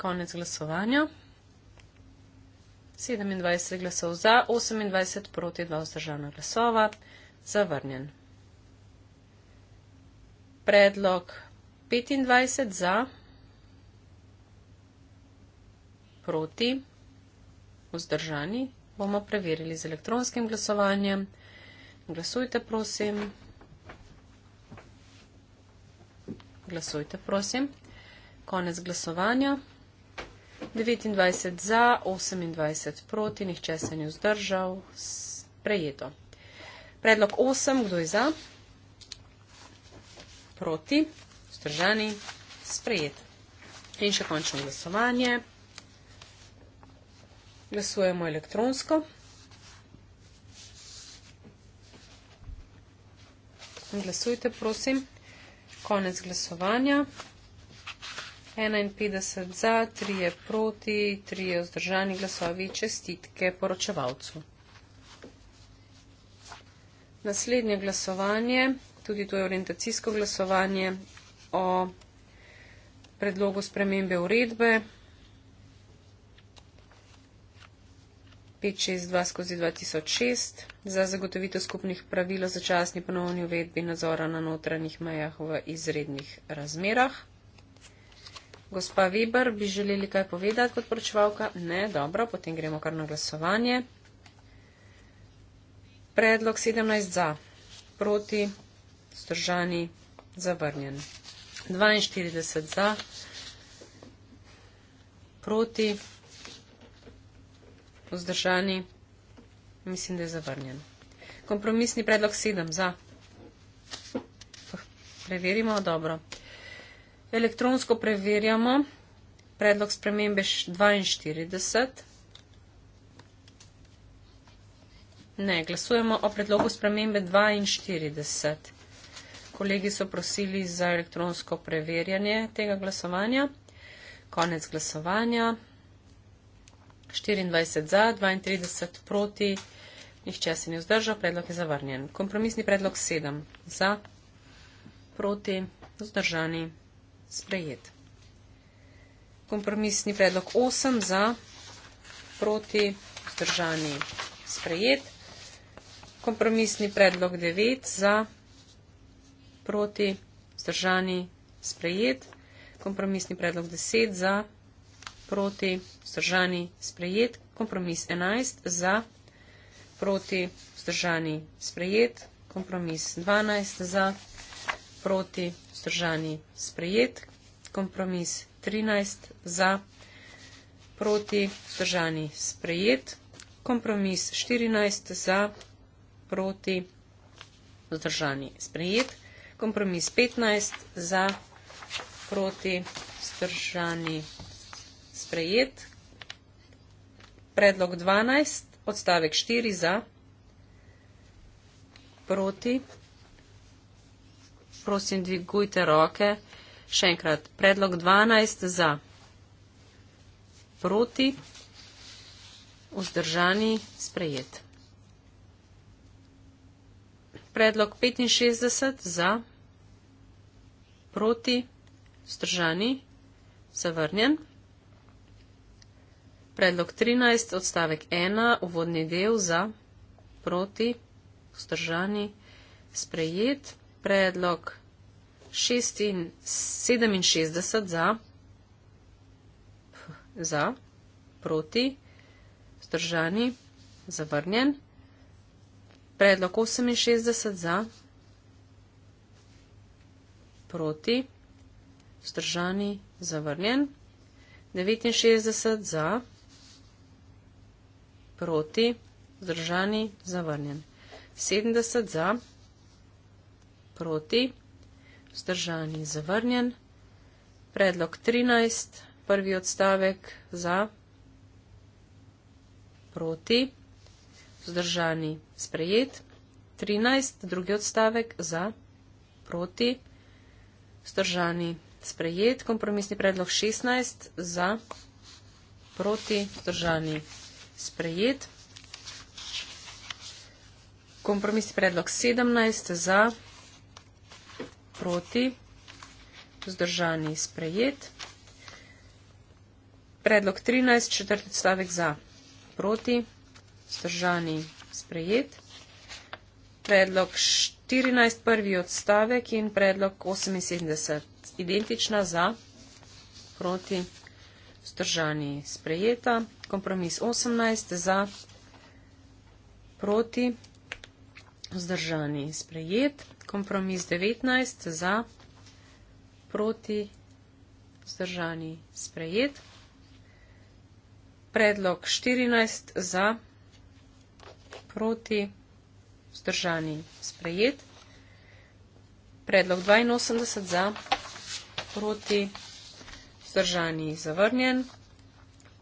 konec glasovanja. 27 glasov za, 28 proti, 2 vzdržana glasova, zavrnjen. Predlog 25 za, proti, vzdržani, bomo preverili z elektronskim glasovanjem. Glasujte, prosim. Glasujte, prosim. Konec glasovanja. 29 za, 28 proti, nihče se ni vzdržal, sprejeto. Predlog 8, kdo je za? Proti, vzdržani, sprejet. In še končno glasovanje. Glasujemo elektronsko. Glasujte, prosim. Konec glasovanja. 51 za, 3 je proti, 3 je vzdržani glasovi čestitke poročevalcu. Naslednje glasovanje, tudi to je orientacijsko glasovanje o predlogu spremembe uredbe 562 skozi 2006 za zagotovitev skupnih pravil o začasni ponovni uvedbi nadzora na notranjih mejah v izrednih razmerah. Gospa Weber, bi želeli kaj povedati kot poročevalka? Ne, dobro, potem gremo kar na glasovanje. Predlog 17 za, proti, stržani, zavrnjen. 42 za, proti, vzdržani, mislim, da je zavrnjen. Kompromisni predlog 7 za. Preverimo, dobro elektronsko preverjamo predlog spremembe 42. Ne, glasujemo o predlogu spremembe 42. Kolegi so prosili za elektronsko preverjanje tega glasovanja. Konec glasovanja. 24 za, 32 proti. Nihče se ni vzdržal, predlog je zavrnjen. Kompromisni predlog 7 za, proti, vzdržani sprejet. Kompromisni predlog 8 za, proti, vzdržani, sprejet. Kompromisni predlog 9 za, proti, vzdržani, sprejet. Kompromisni predlog 10 za, proti, vzdržani, sprejet. Kompromis 11 za, proti, vzdržani, sprejet. Kompromis 12 za, proti, vzdržani sprejet, kompromis 13 za, proti vzdržani sprejet, kompromis 14 za, proti vzdržani sprejet, kompromis 15 za, proti vzdržani sprejet, predlog 12, odstavek 4 za, proti vzdržani sprejet. Prosim, dvigujte roke. Še enkrat, predlog 12 za proti, vzdržani, sprejet. Predlog 65 za proti, vzdržani, zavrnjen. Predlog 13, odstavek 1, uvodni del za proti, vzdržani, sprejet. Sprejet predlog 67 za, za, proti, vzdržani, zavrnjen. Predlog 68 za, proti, vzdržani, zavrnjen. 69 za, proti, vzdržani, zavrnjen. 70 za, proti proti, vzdržan in zavrnjen. Predlog 13, prvi odstavek za, proti, vzdržan in sprejet. 13, drugi odstavek za, proti, vzdržan in sprejet. Kompromisni predlog 16, za, proti, vzdržan in sprejet. Kompromisni predlog 17 za, proti proti, vzdržani sprejet. Predlog 13, četrti odstavek za proti, vzdržani sprejet. Predlog 14, prvi odstavek in predlog 78, identična za proti, vzdržani sprejeta. Kompromis 18 za proti, vzdržani sprejet kompromis 19 za, proti, vzdržani, sprejet. Predlog 14 za, proti, vzdržani, sprejet. Predlog 82 za, proti, vzdržani, zavrnjen.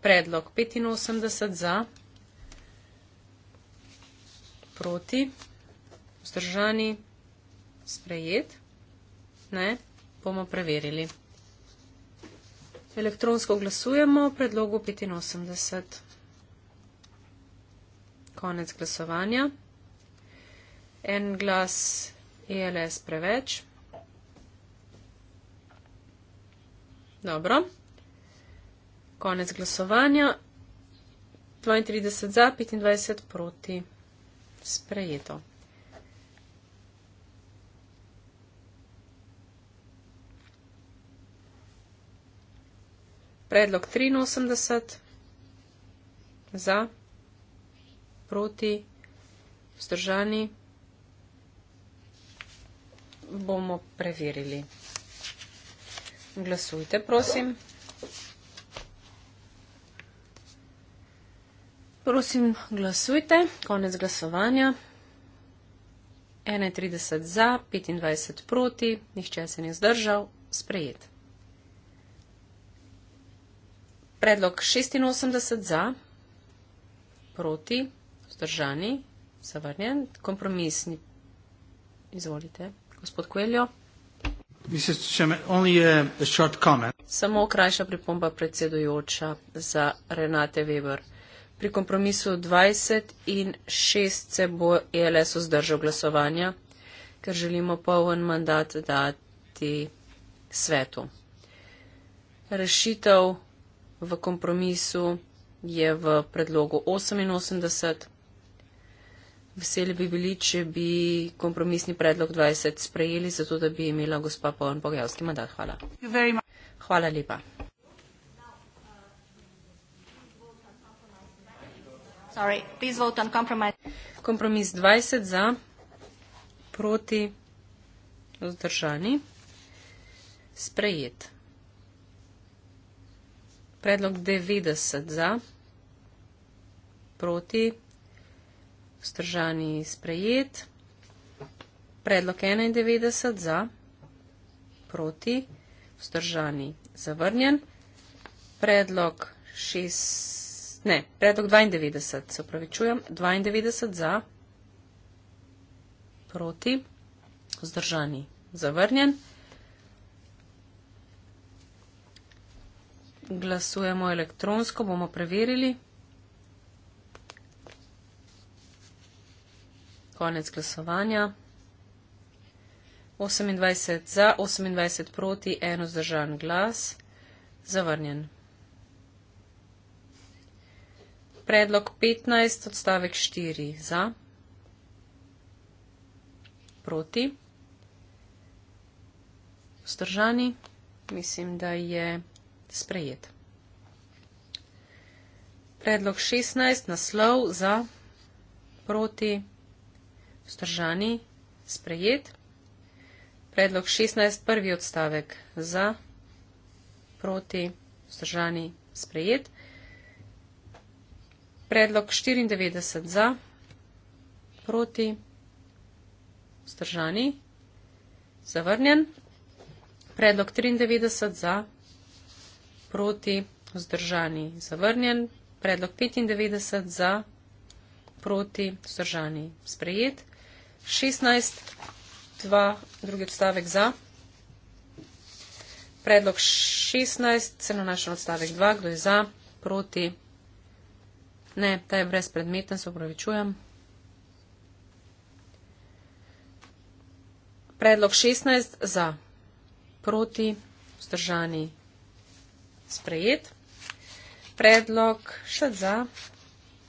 Predlog 85 za, proti, vzdržani, sprejet sprejet, ne, bomo preverili. Elektronsko glasujemo o predlogu 85. Konec glasovanja. En glas ELS preveč. Dobro. Konec glasovanja. 32 za, 25 proti. Sprejeto. Predlog 83 za, proti, vzdržani bomo preverili. Glasujte, prosim. Prosim, glasujte. Konec glasovanja. 31 za, 25 proti, nihče se ni zdržal, sprejet. Predlog 86 za, proti, vzdržani, zavrnjen, kompromisni. Izvolite, gospod Kueljo. Samo krajša pripomba predsedujoča za Renate Weber. Pri kompromisu 20 in 6 se bo ELS vzdržal glasovanja, ker želimo poln mandat dati svetu. Rešitev v kompromisu je v predlogu 88. Veseli bi bili, če bi kompromisni predlog 20 sprejeli, zato da bi imela gospa Povn Bogajovski mandat. Hvala. Hvala lepa. Kompromis 20 za, proti, vzdržani, sprejet. Predlog 90 za, proti, vzdržani sprejet. Predlog 91 za, proti, vzdržani zavrnjen. Predlog, šest, ne, predlog 92, se upravičujem, 92 za, proti, vzdržani zavrnjen. glasujemo elektronsko, bomo preverili. Konec glasovanja. 28 za, 28 proti, eno zdržan glas. Zavrnjen. Predlog 15 odstavek 4 za, proti, vzdržani. Mislim, da je sprejet. Predlog 16, naslov za proti vzdržani, sprejet. Predlog 16, prvi odstavek za proti vzdržani, sprejet. Predlog 94 za proti vzdržani, zavrnjen. Predlog 93 za proti vzdržani proti, vzdržani, zavrnjen, predlog 95 za, proti, vzdržani, sprejet, 16, 2, drugi odstavek za, predlog 16, se nanaša na odstavek 2, kdo je za, proti, ne, ta je brezpredmeten, se upravičujem. Predlog 16 za, proti, vzdržani, sprejet. Predlog še za,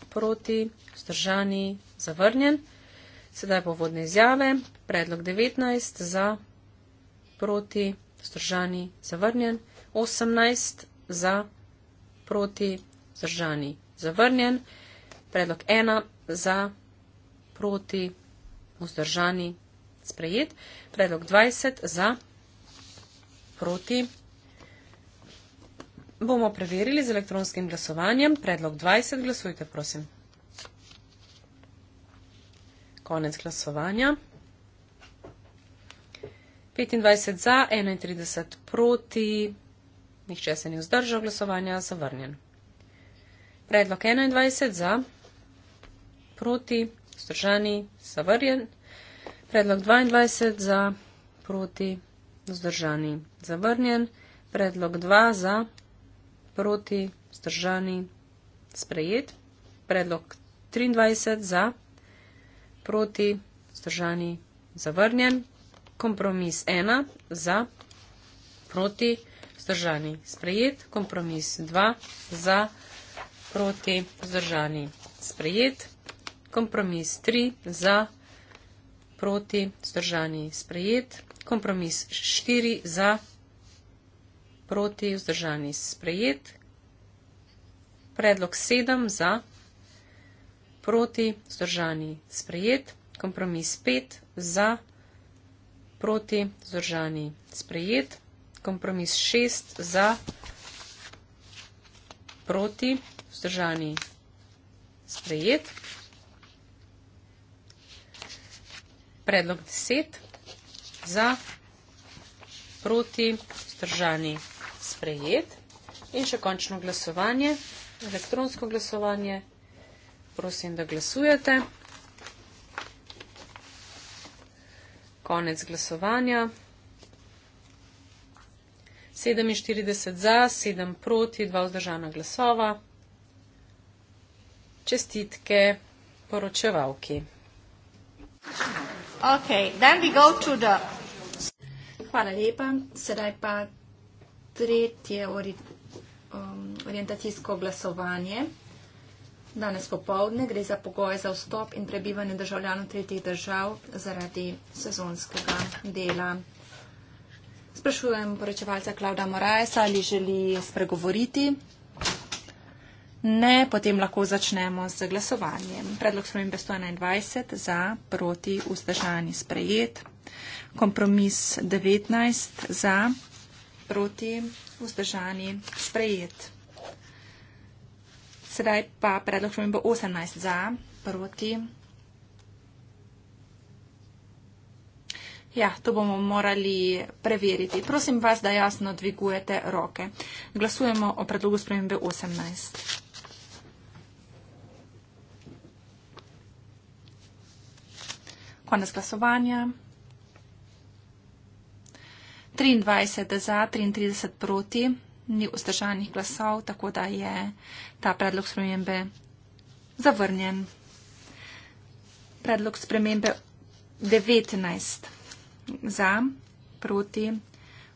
proti, vzdržani, zavrnjen. Sedaj bo vodne izjave. Predlog 19 za, proti, vzdržani, zavrnjen. 18 za, proti, vzdržani, zavrnjen. Predlog 1 za, proti, vzdržani, sprejet. Predlog 20 za, proti, vzdržani bomo preverili z elektronskim glasovanjem. Predlog 20, glasujte, prosim. Konec glasovanja. 25 za, 31 proti, nihče se ni vzdržal glasovanja, zavrnjen. Predlog 21 za, proti, vzdržani, zavrnjen. Predlog 22 za, proti, vzdržani, zavrnjen. Predlog 2 za, proti, vzdržani, sprejet. Predlog 23 za, proti, vzdržani, zavrnjen. Kompromis 1 za, proti, vzdržani, sprejet. Kompromis 2 za, proti, vzdržani, sprejet. Kompromis 3 za, proti, vzdržani, sprejet. Kompromis 4 za, proti, vzdržani, sprejet proti, vzdržani sprejet. Predlog sedem za, proti, vzdržani sprejet. Kompromis pet za, proti, vzdržani sprejet. Kompromis šest za, proti, vzdržani sprejet. Predlog deset za, proti, vzdržani sprejet sprejet. In še končno glasovanje, elektronsko glasovanje. Prosim, da glasujete. Konec glasovanja. 47 za, 7 proti, 2 vzdržana glasova. Čestitke poročevalki. Okay, then we go to the... Hvala lepa, sedaj pa tretje ori, um, orientacijsko glasovanje. Danes popovdne gre za pogoje za vstop in prebivanje državljanov tretjih držav zaradi sezonskega dela. Sprašujem poročevalca Klauda Morajsa, ali želi spregovoriti. Ne, potem lahko začnemo z glasovanjem. Predlog spremembe 121 za proti vzdržani sprejet. Kompromis 19 za proti, vzdržani, sprejet. Sedaj pa predlog šumim bo 18 za, proti. Ja, to bomo morali preveriti. Prosim vas, da jasno dvigujete roke. Glasujemo o predlogu spremembe 18. Konec glasovanja. 23 za, 33 proti, ni vzdržanih glasov, tako da je ta predlog spremembe zavrnjen. Predlog spremembe 19 za, proti,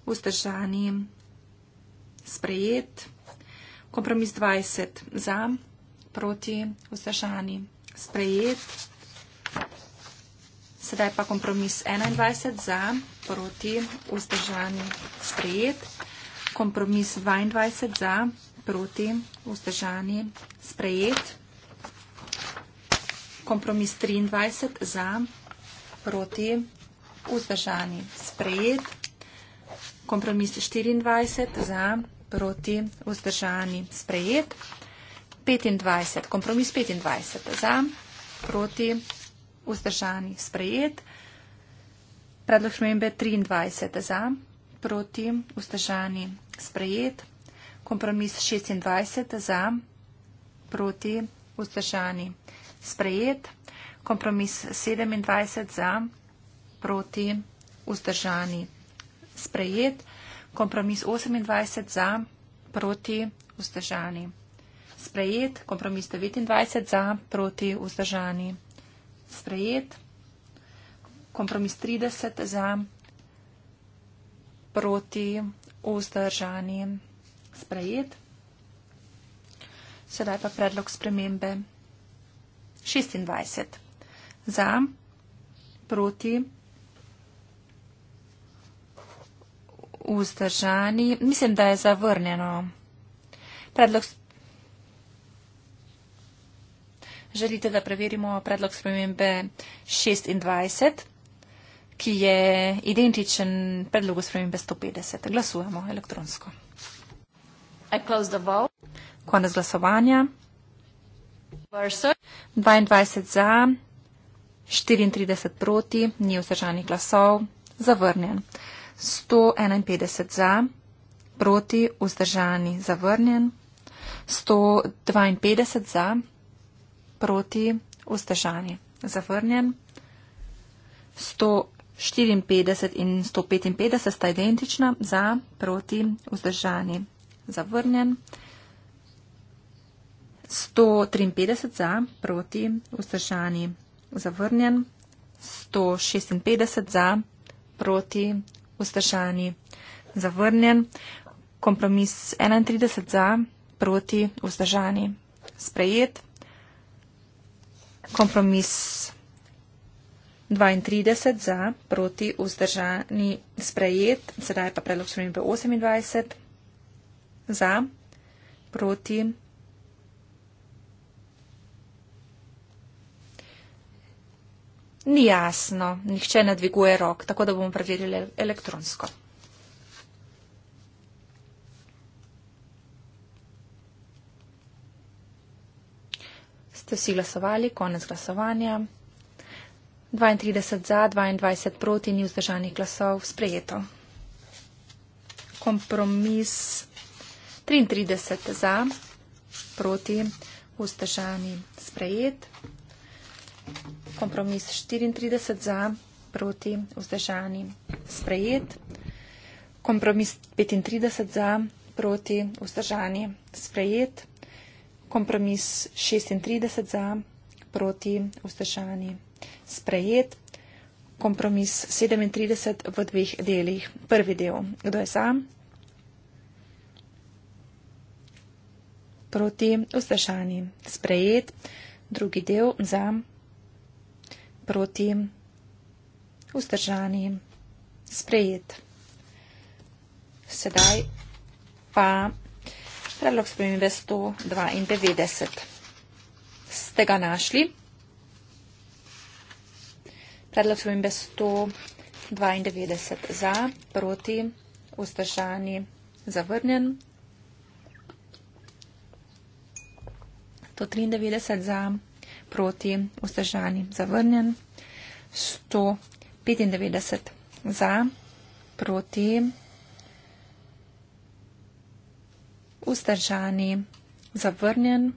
vzdržani, sprejet. Kompromis 20 za, proti, vzdržani, sprejet. Sedaj pa kompromis 21 za, proti, vzdržan, sprejet. Kompromis 22 za, proti, vzdržan, sprejet. Kompromis 23 za, proti, vzdržan, sprejet. Kompromis 24 za, proti, vzdržan, sprejet. 25. Kompromis 25 za, proti, vzdržani, sprejet. Predlog šmembe 23 za, proti, vzdržani, sprejet. Kompromis 26 za, proti, vzdržani, sprejet. Kompromis 27 za, proti, vzdržani, sprejet. Kompromis 28 za, proti, vzdržani, sprejet. Kompromis 29 za, proti, vzdržani, sprejet sprejet, kompromis 30 za, proti, vzdržani, sprejet. Sedaj pa predlog spremembe 26 za, proti, vzdržani, mislim, da je zavrnjeno. Predlog spremembe. želite, da preverimo predlog spremembe 26, ki je identičen predlogu spremembe 150. Glasujemo elektronsko. Konec glasovanja. 22 za, 34 proti, ni vzdržanih glasov, zavrnjen. 151 za, proti, vzdržani, zavrnjen. 152 za, proti vzdržani. Zavrnjen. 154 in 155 sta identična za proti vzdržani. Zavrnjen. 153 za proti vzdržani. Zavrnjen. 156 za proti vzdržani. Zavrnjen. Kompromis 31 za proti vzdržani. Sprejet kompromis 32 za, proti vzdržani sprejet, sedaj pa predlog spremembe 28 za, proti ni jasno, nihče ne dviguje rok, tako da bomo preverili elektronsko. ste vsi glasovali, konec glasovanja. 32 za, 22 proti, ni vzdržanih glasov, sprejeto. Kompromis 33 za, proti, vzdržani, sprejet. Kompromis 34 za, proti, vzdržani, sprejet. Kompromis 35 za, proti, vzdržani, sprejet kompromis 36 za proti vzdržani sprejet. Kompromis 37 v dveh delih. Prvi del. Kdo je za? Proti vzdržani sprejet. Drugi del za. Proti vzdržani sprejet. Sedaj pa predlog spremembe 192. Ste ga našli? Predlog spremembe 192 za, proti, vzdržani, zavrnjen. 193 za, proti, vzdržani, zavrnjen. 195 za, proti, vzdržani. vzdržani, zavrnjen,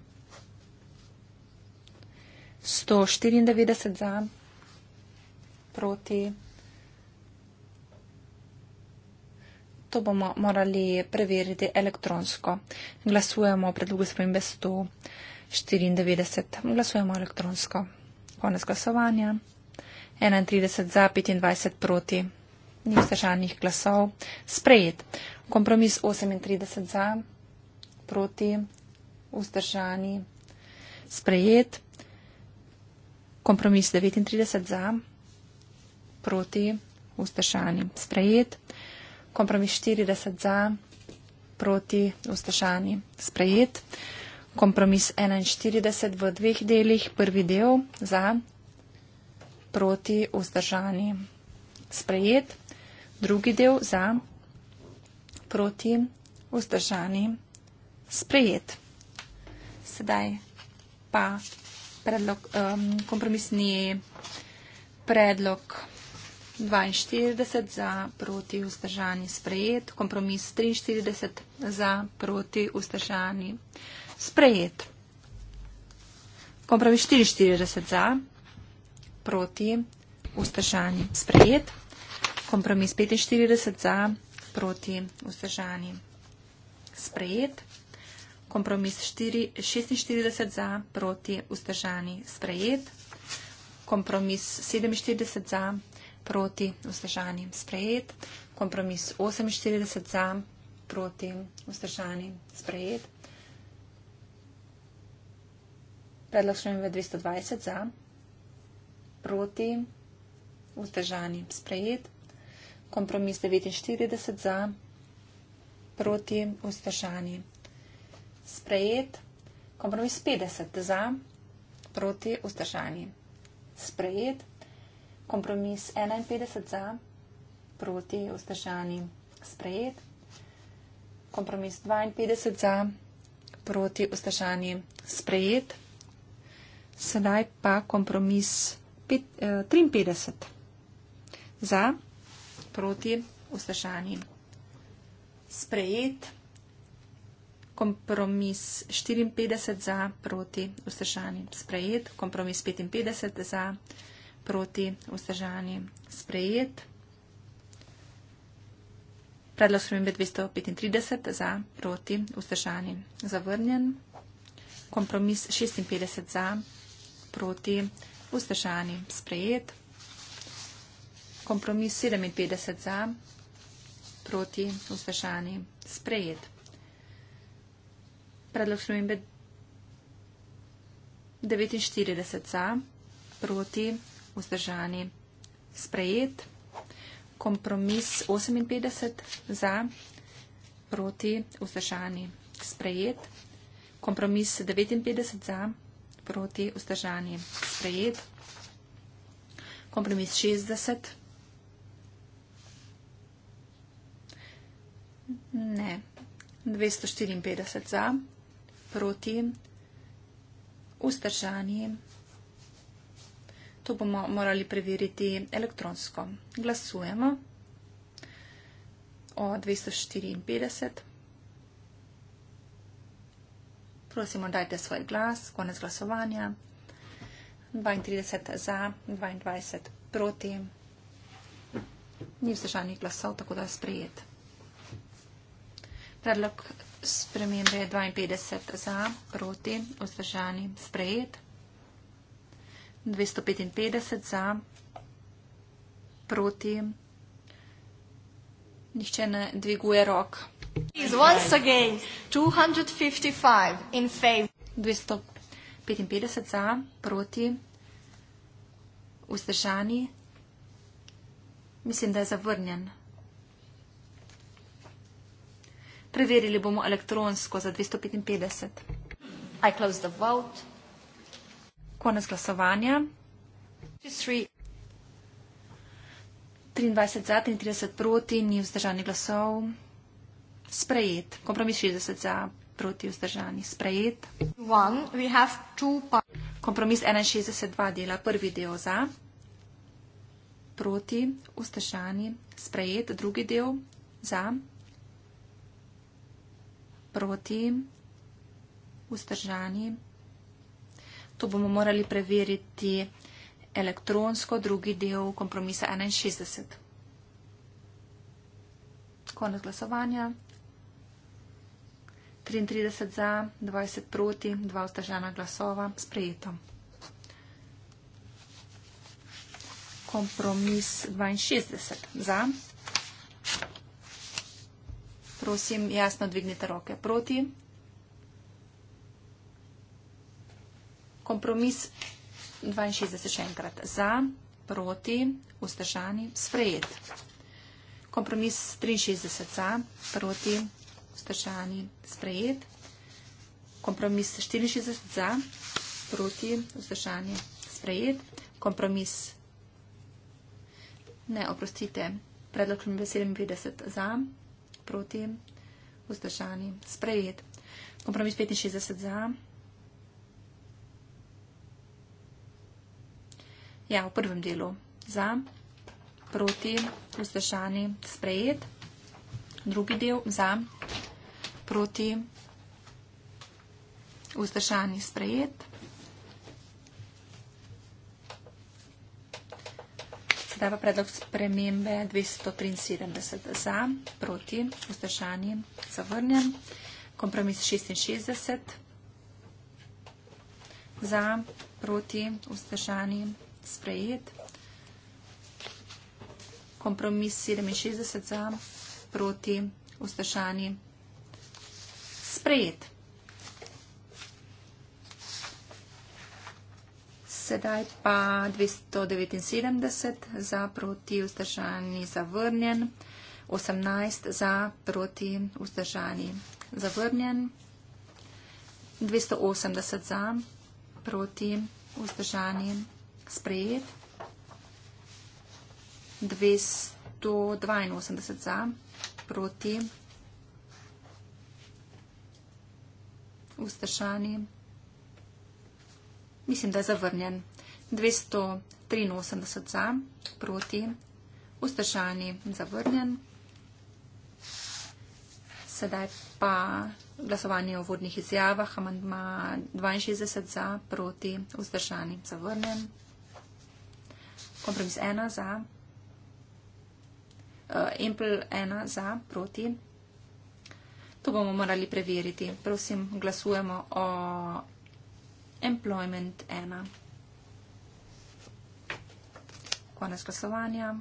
194 za, proti. To bomo morali preveriti elektronsko. Glasujemo o predlogu spremembe 194. Glasujemo elektronsko. Konec glasovanja. 31 za, 25 proti. Ni vzdržanih glasov. Sprejet. Kompromis 38 za proti, vzdržani, sprejet, kompromis 39 za, proti, vzdržani, sprejet, kompromis 40 za, proti, vzdržani, sprejet, kompromis 41 v dveh delih, prvi del za, proti, vzdržani, sprejet, drugi del za, proti, vzdržani, sprejet sprejet. Sedaj pa predlog, um, kompromisni predlog 42 za proti vzdržani sprejet, kompromis 43 za proti vzdržani sprejet. Kompromis 44 za proti vzdržani sprejet, kompromis 45 za proti vzdržani sprejet kompromis 4, 46 za, proti, vzdržani, sprejet. Kompromis 47 za, proti, vzdržani, sprejet. Kompromis 48 za, proti, vzdržani, sprejet. Predlog šlo je 220 za, proti, vzdržani, sprejet. Kompromis 49 za, proti, vzdržani, sprejet sprejet, kompromis 50 za, proti vzdržani. Sprejet, kompromis 51 za, proti vzdržani. Sprejet, kompromis 52 za, proti vzdržani. Sprejet, sedaj pa kompromis 53 eh, za, proti vzdržani. Sprejet kompromis 54 za proti vzdržani sprejet, kompromis 55 za proti vzdržani sprejet. Predlog spremembe 235 za proti vzdržani zavrnjen. Kompromis 56 za proti vzdržani sprejet. Kompromis 57 za proti vzdržani sprejet predlog spremembe 49 za, proti, vzdržani, sprejet. Kompromis 58 za, proti, vzdržani, sprejet. Kompromis 59 za, proti, vzdržani, sprejet. Kompromis 60. Ne, 254 za, proti ustržani. To bomo morali preveriti elektronsko. Glasujemo o 254. Prosimo, dajte svoj glas, konec glasovanja. 32 za, 22 proti. Ni vzdržanih glasov, tako da je sprejet. Predlog Spremembe je 52 za, proti, vzdržani, sprejet. 255 za, proti, nihče ne dviguje rok. Once again, 255 in favor. 255 za, proti, vzdržani. Mislim, da je zavrnjen. Preverili bomo elektronsko za 255. Konec glasovanja. 23 za, 33 proti, ni vzdržani glasov. Sprejet. Kompromis 60 za, proti vzdržani. Sprejet. Kompromis 61, dva dela. Prvi del za, proti vzdržani. Sprejet. Drugi del za proti, vzdržani. To bomo morali preveriti elektronsko, drugi del kompromisa 61. Konec glasovanja. 33 za, 20 proti, 2 vzdržana glasova, sprejeto. Kompromis 62 za prosim, jasno dvignite roke proti. Kompromis 62 še enkrat za, proti, vzdržani, sprejet. Kompromis 63 za, proti, vzdržani, sprejet. Kompromis 64 za, proti, vzdržani, sprejet. Kompromis. Ne, oprostite, predlog 57 za, proti, vzdržani, sprejet. Kompromis 65 za. Ja, v prvem delu za, proti, vzdržani, sprejet. Drugi del za, proti, vzdržani, sprejet. Sedaj predlog spremembe 273 za, proti, vzdržani, zavrnjen. Kompromis 66 za, proti, vzdržani, sprejet. Kompromis 67 za, proti, vzdržani, sprejet. sedaj pa 279 za proti vzdržani zavrnjen, 18 za proti vzdržani zavrnjen, 280 za proti vzdržani sprejet, 282 za proti vzdržani sprejet mislim, da je zavrnjen. 283 za, proti, ustrašani zavrnjen. Sedaj pa glasovanje o vodnih izjavah, amandma 62 za, proti, ustrašani zavrnjen. Kompromis 1 za, uh, eh, impl 1 za, proti. To bomo morali preveriti. Prosim, glasujemo o employment 1. Konec glasovanja.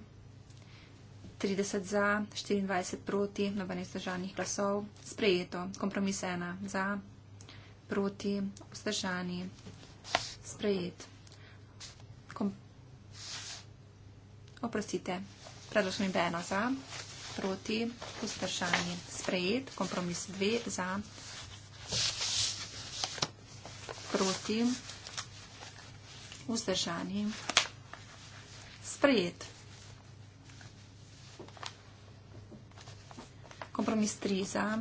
30 za, 24 proti, nobene zdržanih glasov. Sprejeto. Kompromis 1 za, proti, vzdržani. Sprejet. Kom Oprostite. Predlog mi 1 za, proti, vzdržani. Sprejet. Kompromis 2 za, proti sproti, vzdržani, sprejet. Kompromis 3 za,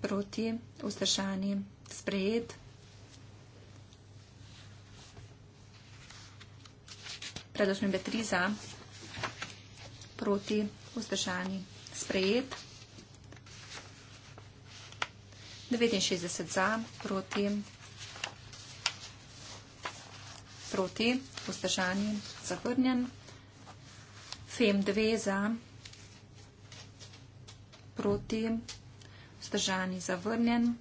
proti, vzdržani, sprejet. Predložno je 3 za, proti, vzdržani, sprejet. 69 za, proti, vzdržani, sprejet proti, vzdržani, zavrnjen. Fem 2 za, proti, vzdržani, zavrnjen.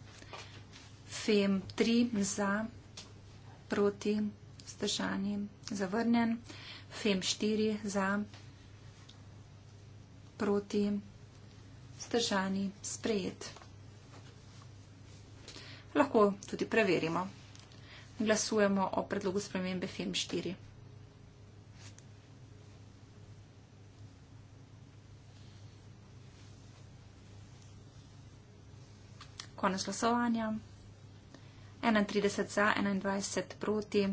Fem 3 za, proti, vzdržani, zavrnjen. Fem 4 za, proti, vzdržani, sprejet. Lahko tudi preverimo glasujemo o predlogu spremembe FEM 4. Konec glasovanja. 31 za, 21 proti,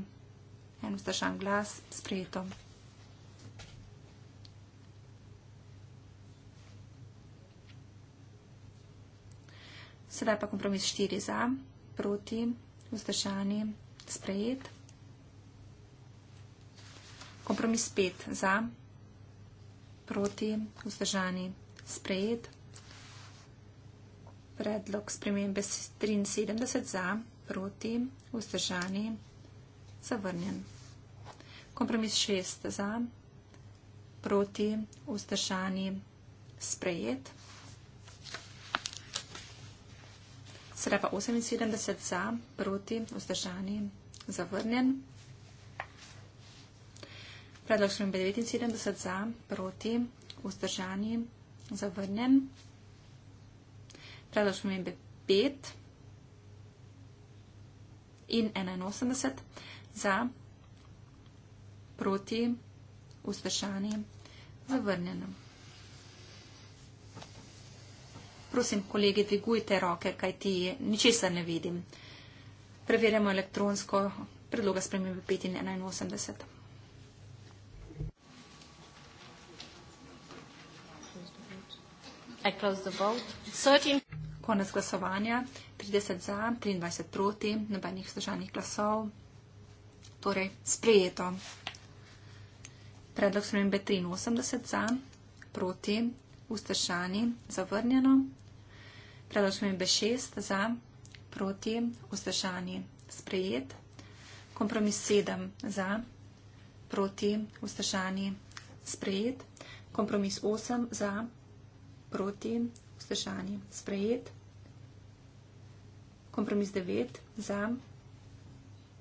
en vzdržan glas, sprejeto. Sedaj pa kompromis 4 za, proti, vzdržani, sprejet. Kompromis 5 za, proti, vzdržani, sprejet. Predlog spremembe 73 za, proti, vzdržani, zavrnjen. Kompromis 6 za, proti, vzdržani, sprejet. Sprejet. Sedaj pa 78 za, proti, vzdržani, zavrnjen. Predlog smo 79 za, proti, vzdržani, zavrnjen. Predlog smo 5 in 81 za, proti, vzdržani, zavrnjen. Okay. Prosim, kolegi, dvigujte roke, kaj ti ničesar ne vidim. Preverjamo elektronsko predloga spremembe 581. Konec glasovanja, 30 za, 23 proti, nobenih vzdržanih glasov, torej sprejeto. Predlog spremembe 83 za, proti, vzdržani, zavrnjeno. Predlagam B6 za proti vzdržani sprejet. Kompromis 7 za proti vzdržani sprejet. Kompromis 8 za proti vzdržani sprejet. Kompromis 9 za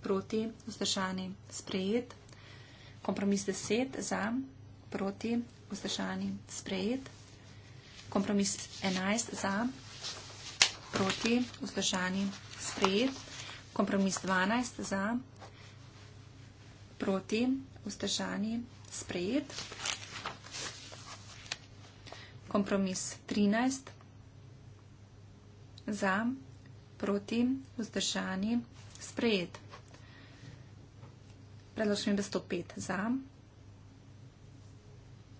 proti vzdržani sprejet. Kompromis 10 za proti vzdržani sprejet. Kompromis 11 za proti vzdržani sprejet proti, vzdržani, sprejet. Kompromis 12 za, proti, vzdržani, sprejet. Kompromis 13 za, proti, vzdržani, sprejet. Predložen je 105 za,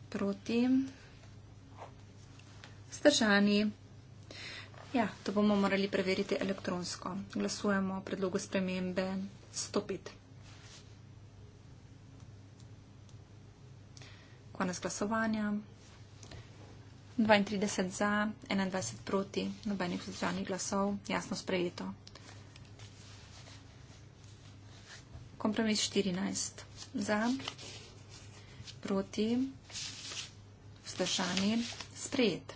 proti, vzdržani, sprejet. Ja, to bomo morali preveriti elektronsko. Glasujemo o predlogu spremembe 105. Konec glasovanja. 32 za, 21 proti, nobenih vzdržanih glasov, jasno sprejeto. Kompromis 14 za, proti, vzdržani, sprejeto.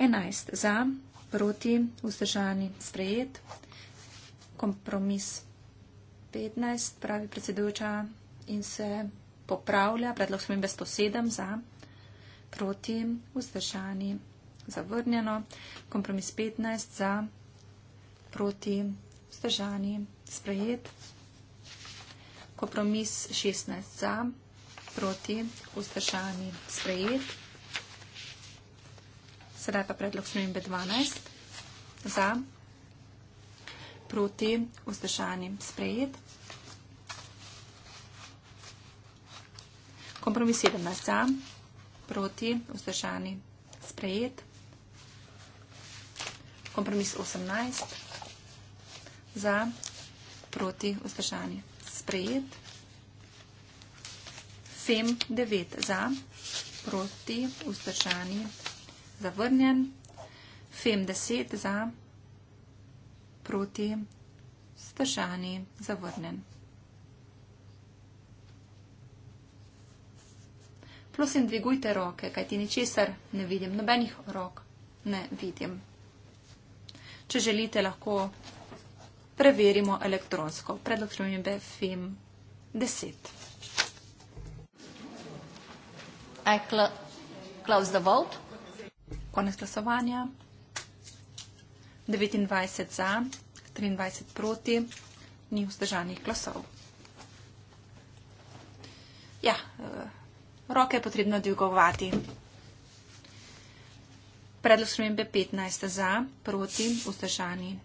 11 za, proti, vzdržani, sprejet, kompromis 15, pravi predsedujoča in se popravlja, predlog smo imeli 107 za, proti, vzdržani, zavrnjeno, kompromis 15 za, proti, vzdržani, sprejet, kompromis 16 za, proti, vzdržani, sprejet. Sedaj pa predlog smembe 12. Za, proti, vzdržanim, sprejet. Kompromis 17. Za, proti, vzdržanim, sprejet. Kompromis 18. Za, proti, vzdržanim, sprejet. 7, 9 za, proti, vzdržanim, sprejet zavrnjen, fem deset za, proti, stršani, zavrnjen. Prosim, dvigujte roke, kajti ničesar ne vidim, nobenih rok ne vidim. Če želite, lahko preverimo elektronsko. Predlog spremembe FIM 10. I cl close the vote. Konec glasovanja. 29 za, 23 proti, ni vzdržanih glasov. Ja, eh, roke je potrebno dvigovati. Predlog spremembe 15 za, proti, vzdržani.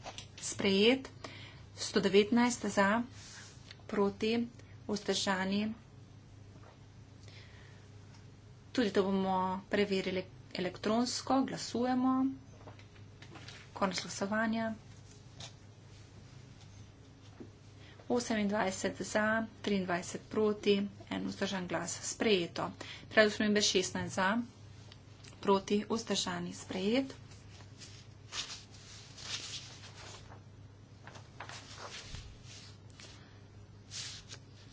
Sprejet. 119 za, proti, vzdržani. Tudi to bomo preverili elektronsko, glasujemo, konec glasovanja. 28 za, 23 proti, en vzdržan glas sprejeto. Predlog spremembe 16 za, proti, vzdržani sprejet.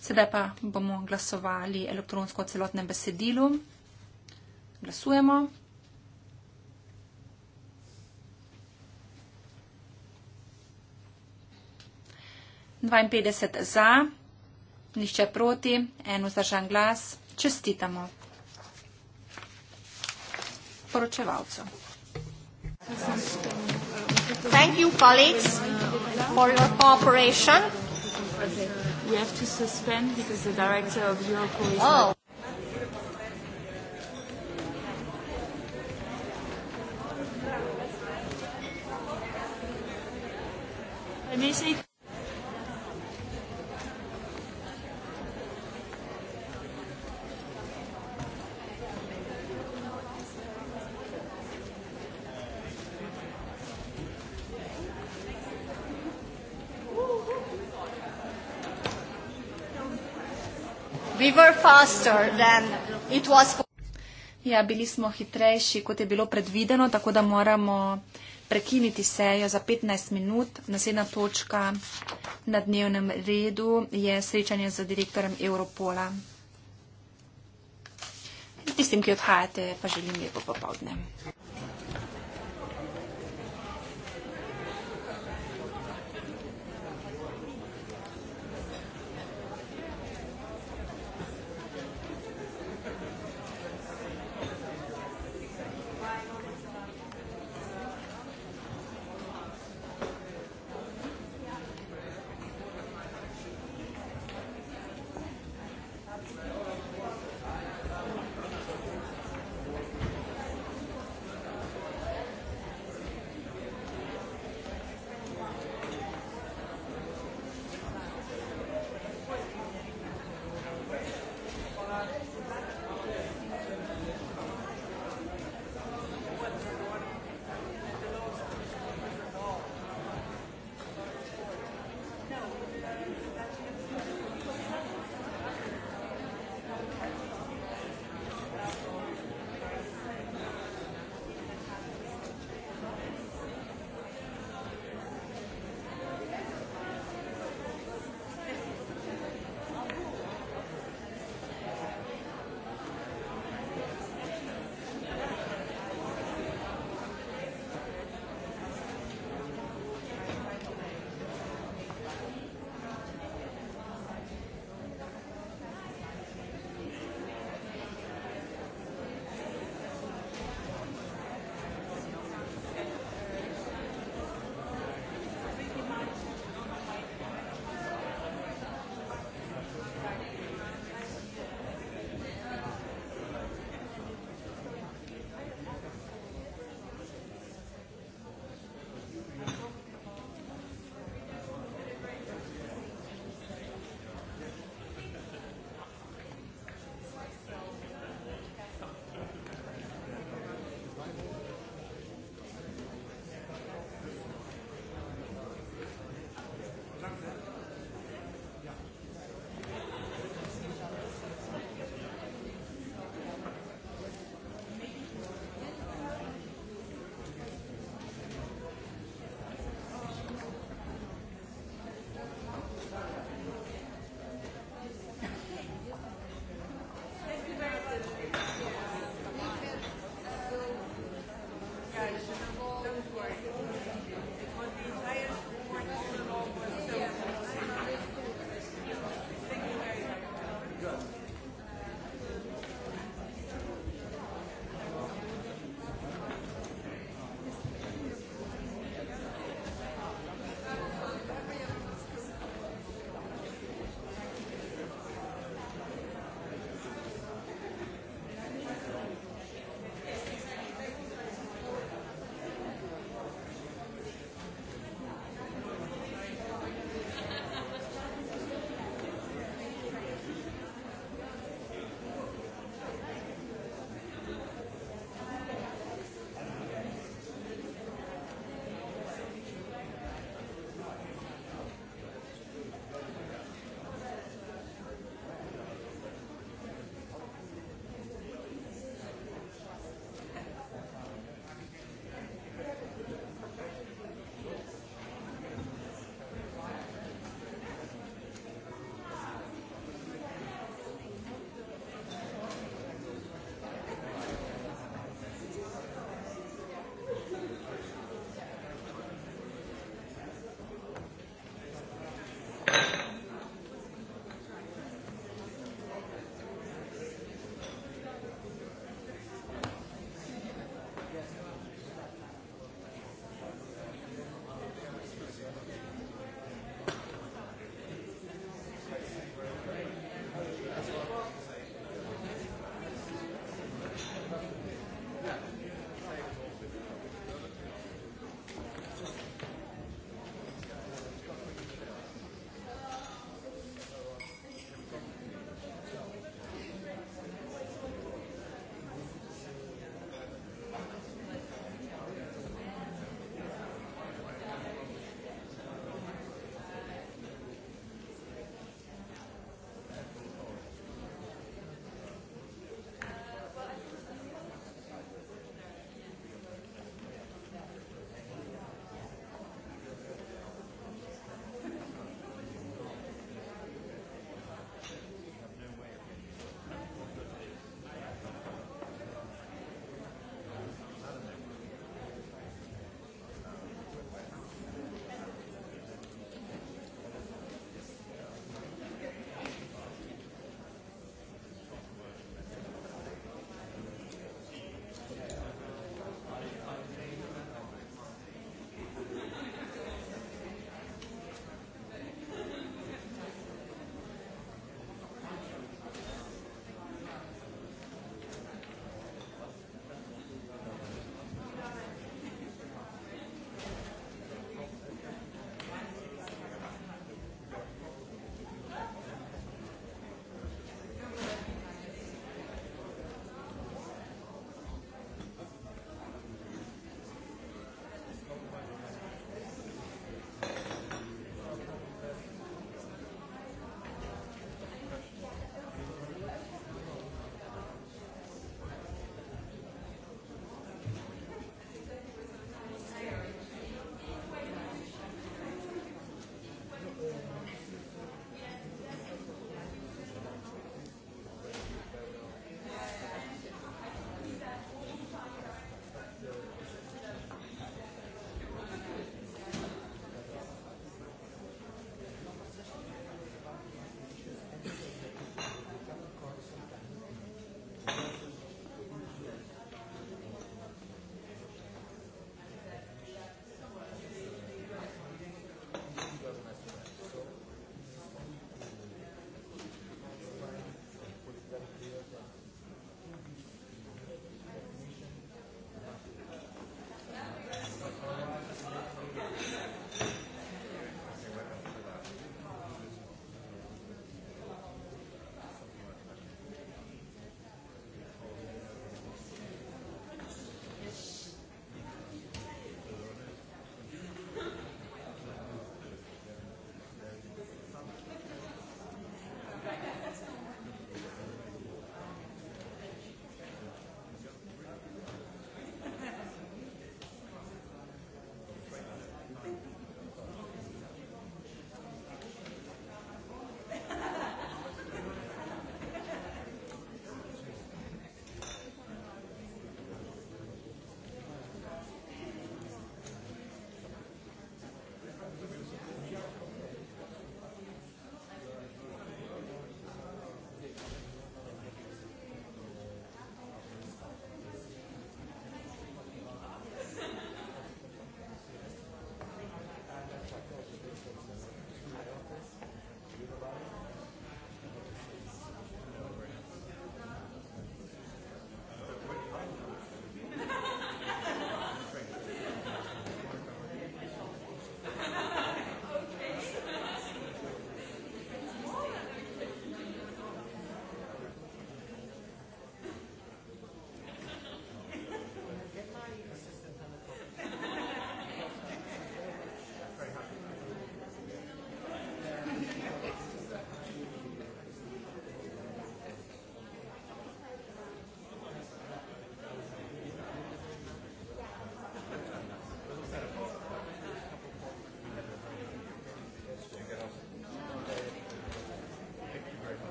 Sedaj pa bomo glasovali elektronsko o celotnem besedilu. Glasujemo. 52 za, nišče proti, en vzdržan glas. Čestitamo poročevalcu. Thank you, colleagues, for your cooperation. We have to suspend because the director of Europol is... Oh. I may say... Ja, bili smo hitrejši, kot je bilo predvideno, tako da moramo prekiniti sejo za 15 minut. Naslednja točka na dnevnem redu je srečanje z direktorem Europola. Tistim, ki odhajate, pa želim lepo popovdne.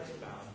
Afghanistan.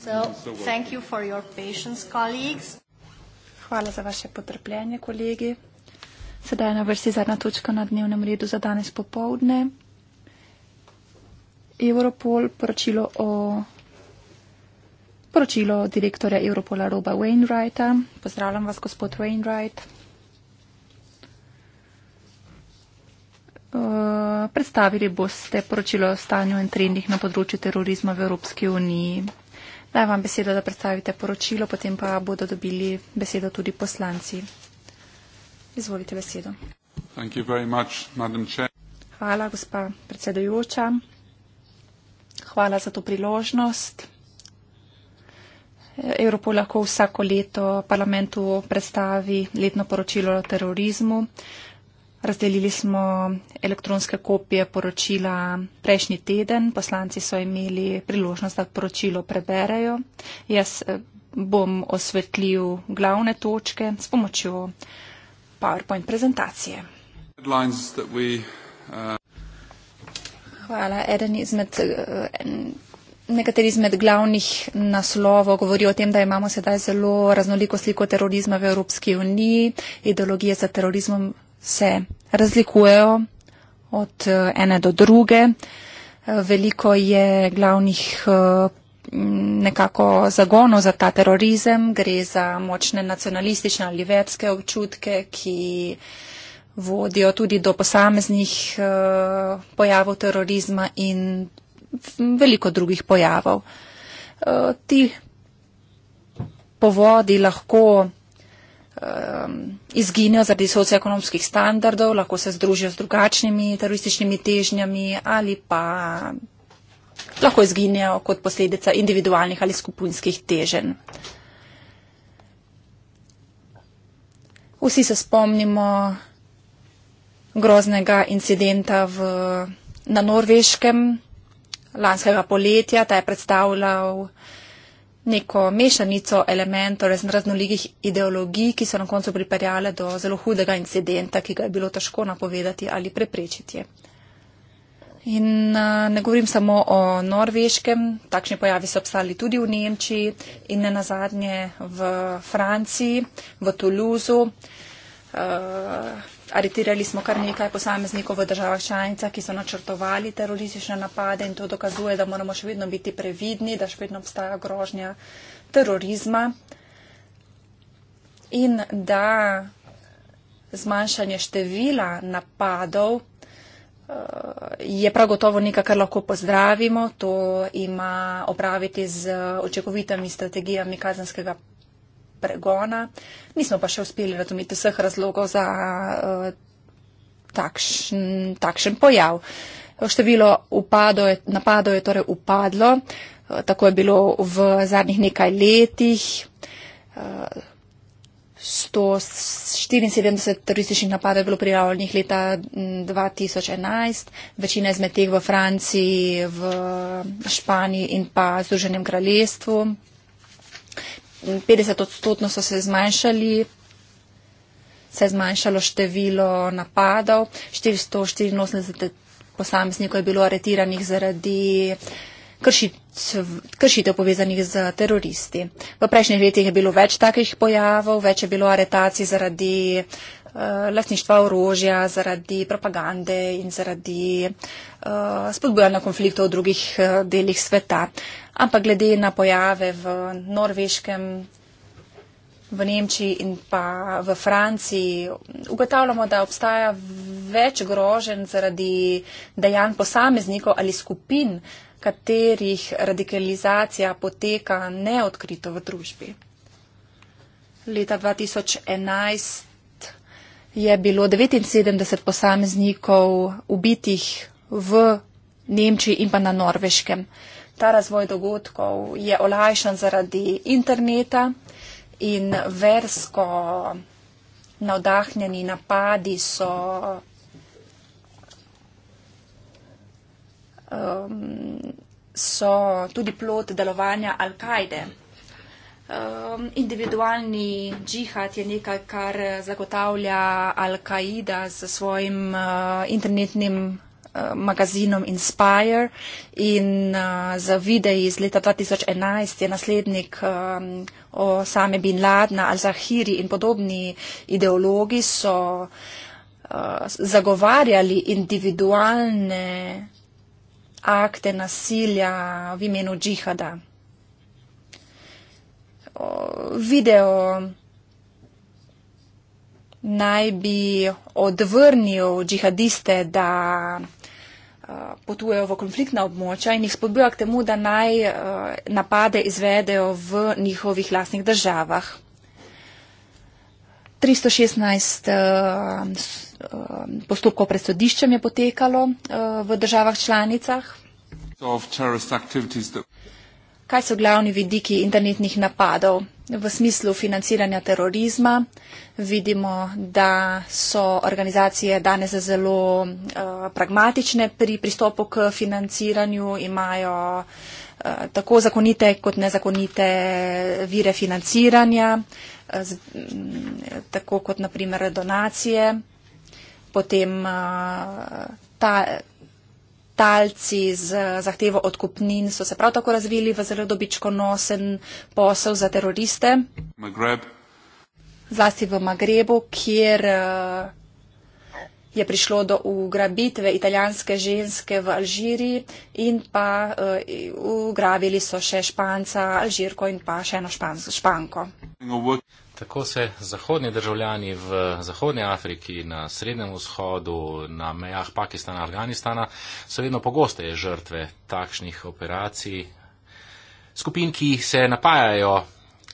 Thank you for your patience, colleagues. Hvala za vaše potrpljenje, kolegi. Sedaj je na vrsti zadnja točka na dnevnem redu za danes popovdne. Europol poročilo o poročilo direktorja Europola Roba Wainwrighta. Pozdravljam vas, gospod Wainwright. Uh, predstavili boste poročilo o stanju in trendih na področju terorizma v Evropski uniji. Daj vam besedo, da predstavite poročilo, potem pa bodo dobili besedo tudi poslanci. Izvolite besedo. Much, Hvala, gospa predsedojoča. Hvala za to priložnost. Evropol lahko vsako leto parlamentu predstavi letno poročilo o terorizmu. Razdelili smo elektronske kopije poročila prejšnji teden. Poslanci so imeli priložnost, da poročilo preberejo. Jaz eh, bom osvetljil glavne točke s pomočjo PowerPoint prezentacije. Uh, Hvala. Izmed, eh, nekateri izmed glavnih naslovov govorijo o tem, da imamo sedaj zelo raznoliko sliko terorizma v Evropski uniji. Ideologije za terorizmom se razlikujejo od eh, ene do druge. Eh, veliko je glavnih eh, nekako zagonov za ta terorizem, gre za močne nacionalistične ali verske občutke, ki vodijo tudi do posameznih pojavov terorizma in veliko drugih pojavov. Ti povodi lahko um, izginejo zaradi socioekonomskih standardov, lahko se združijo z drugačnimi terorističnimi težnjami ali pa lahko izginejo kot posledica individualnih ali skupinskih teženj. Vsi se spomnimo groznega incidenta v, na norveškem lanskega poletja. Ta je predstavljal uh, neko mešanico elementov torej raznolikih ideologij, ki so na koncu pripeljale do zelo hudega incidenta, ki ga je bilo težko napovedati ali preprečiti. In ne govorim samo o norveškem, takšni pojavi so obstali tudi v Nemčiji in ne nazadnje v Franciji, v Toulouseu. Aretirali smo kar nekaj posameznikov v državah članicah, ki so načrtovali teroristične napade in to dokazuje, da moramo še vedno biti previdni, da še vedno obstaja grožnja terorizma in da zmanjšanje števila napadov eh, je prav gotovo nekaj, kar lahko pozdravimo. To ima opraviti z očekovitami strategijami kazanskega pregona. Nismo pa še uspeli razumeti vseh razlogov za uh, takšen, takšen pojav. Število je, napadov je torej upadlo, eh, tako je bilo v zadnjih nekaj letih. 174 eh, terorističnih napadov je bilo prijavljenih leta 2011, mm, večina izmed teh v Franciji, v Španiji in pa Združenem kraljestvu. 50 odstotno so se zmanjšali, se je zmanjšalo število napadov, 484 posameznikov je bilo aretiranih zaradi kršitev povezanih z teroristi. V prejšnjih letih je bilo več takih pojavov, več je bilo aretacij zaradi Eh, lastništva orožja zaradi propagande in zaradi eh, spodbujanja konfliktov v drugih eh, delih sveta. Ampak glede na pojave v norveškem, v Nemčiji in pa v Franciji, ugotavljamo, da obstaja več grožen zaradi dejanj posameznikov ali skupin, katerih radikalizacija poteka neodkrito v družbi. Leta 2011 je bilo 79 posameznikov ubitih v Nemčiji in pa na Norveškem. Ta razvoj dogodkov je olajšan zaradi interneta in versko navdahnjeni napadi so um, so tudi plot delovanja Al-Kaide. Um, individualni džihad je nekaj, kar eh, zagotavlja Al-Qaida s svojim uh, internetnim uh, magazinom Inspire in uh, za videi iz leta 2011 je naslednik um, Osame Bin Ladna, Al-Zahiri in podobni ideologi so uh, zagovarjali individualne akte nasilja v imenu džihada video naj bi odvrnil džihadiste, da potujejo v konfliktna območja in jih spodbuja k temu, da naj napade izvedejo v njihovih lastnih državah. 316 postopkov pred sodiščem je potekalo v državah članicah kaj so glavni vidiki internetnih napadov v smislu financiranja terorizma. Vidimo, da so organizacije danes zelo uh, pragmatične pri pristopu k financiranju, imajo uh, tako zakonite kot nezakonite vire financiranja, uh, tako kot naprimer donacije. Potem uh, ta talci z zahtevo odkupnin so se prav tako razvili v zelo dobičkonosen posel za teroriste. Magreb. Zlasti v Magrebu, kjer eh, je prišlo do ugrabitve italijanske ženske v Alžiriji in pa eh, ugrabili so še španca Alžirko in pa še eno špansko, španko. Tako se zahodni državljani v Zahodnji Afriki, na Srednjem vzhodu, na mejah Pakistana in Afganistana so vedno pogosteje žrtve takšnih operacij, skupin, ki se napajajo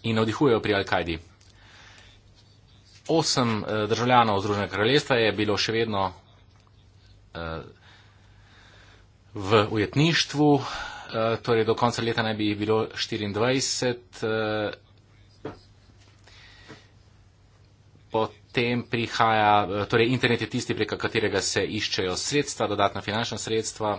in navdihujejo pri Al-Kajdi. Osem eh, državljanov Združenega kraljestva je bilo še vedno eh, v ujetništvu, eh, torej do konca leta naj bi jih bilo 24. potem prihaja, eh, torej internet je tisti, preko katerega se iščejo sredstva, dodatna finančna sredstva,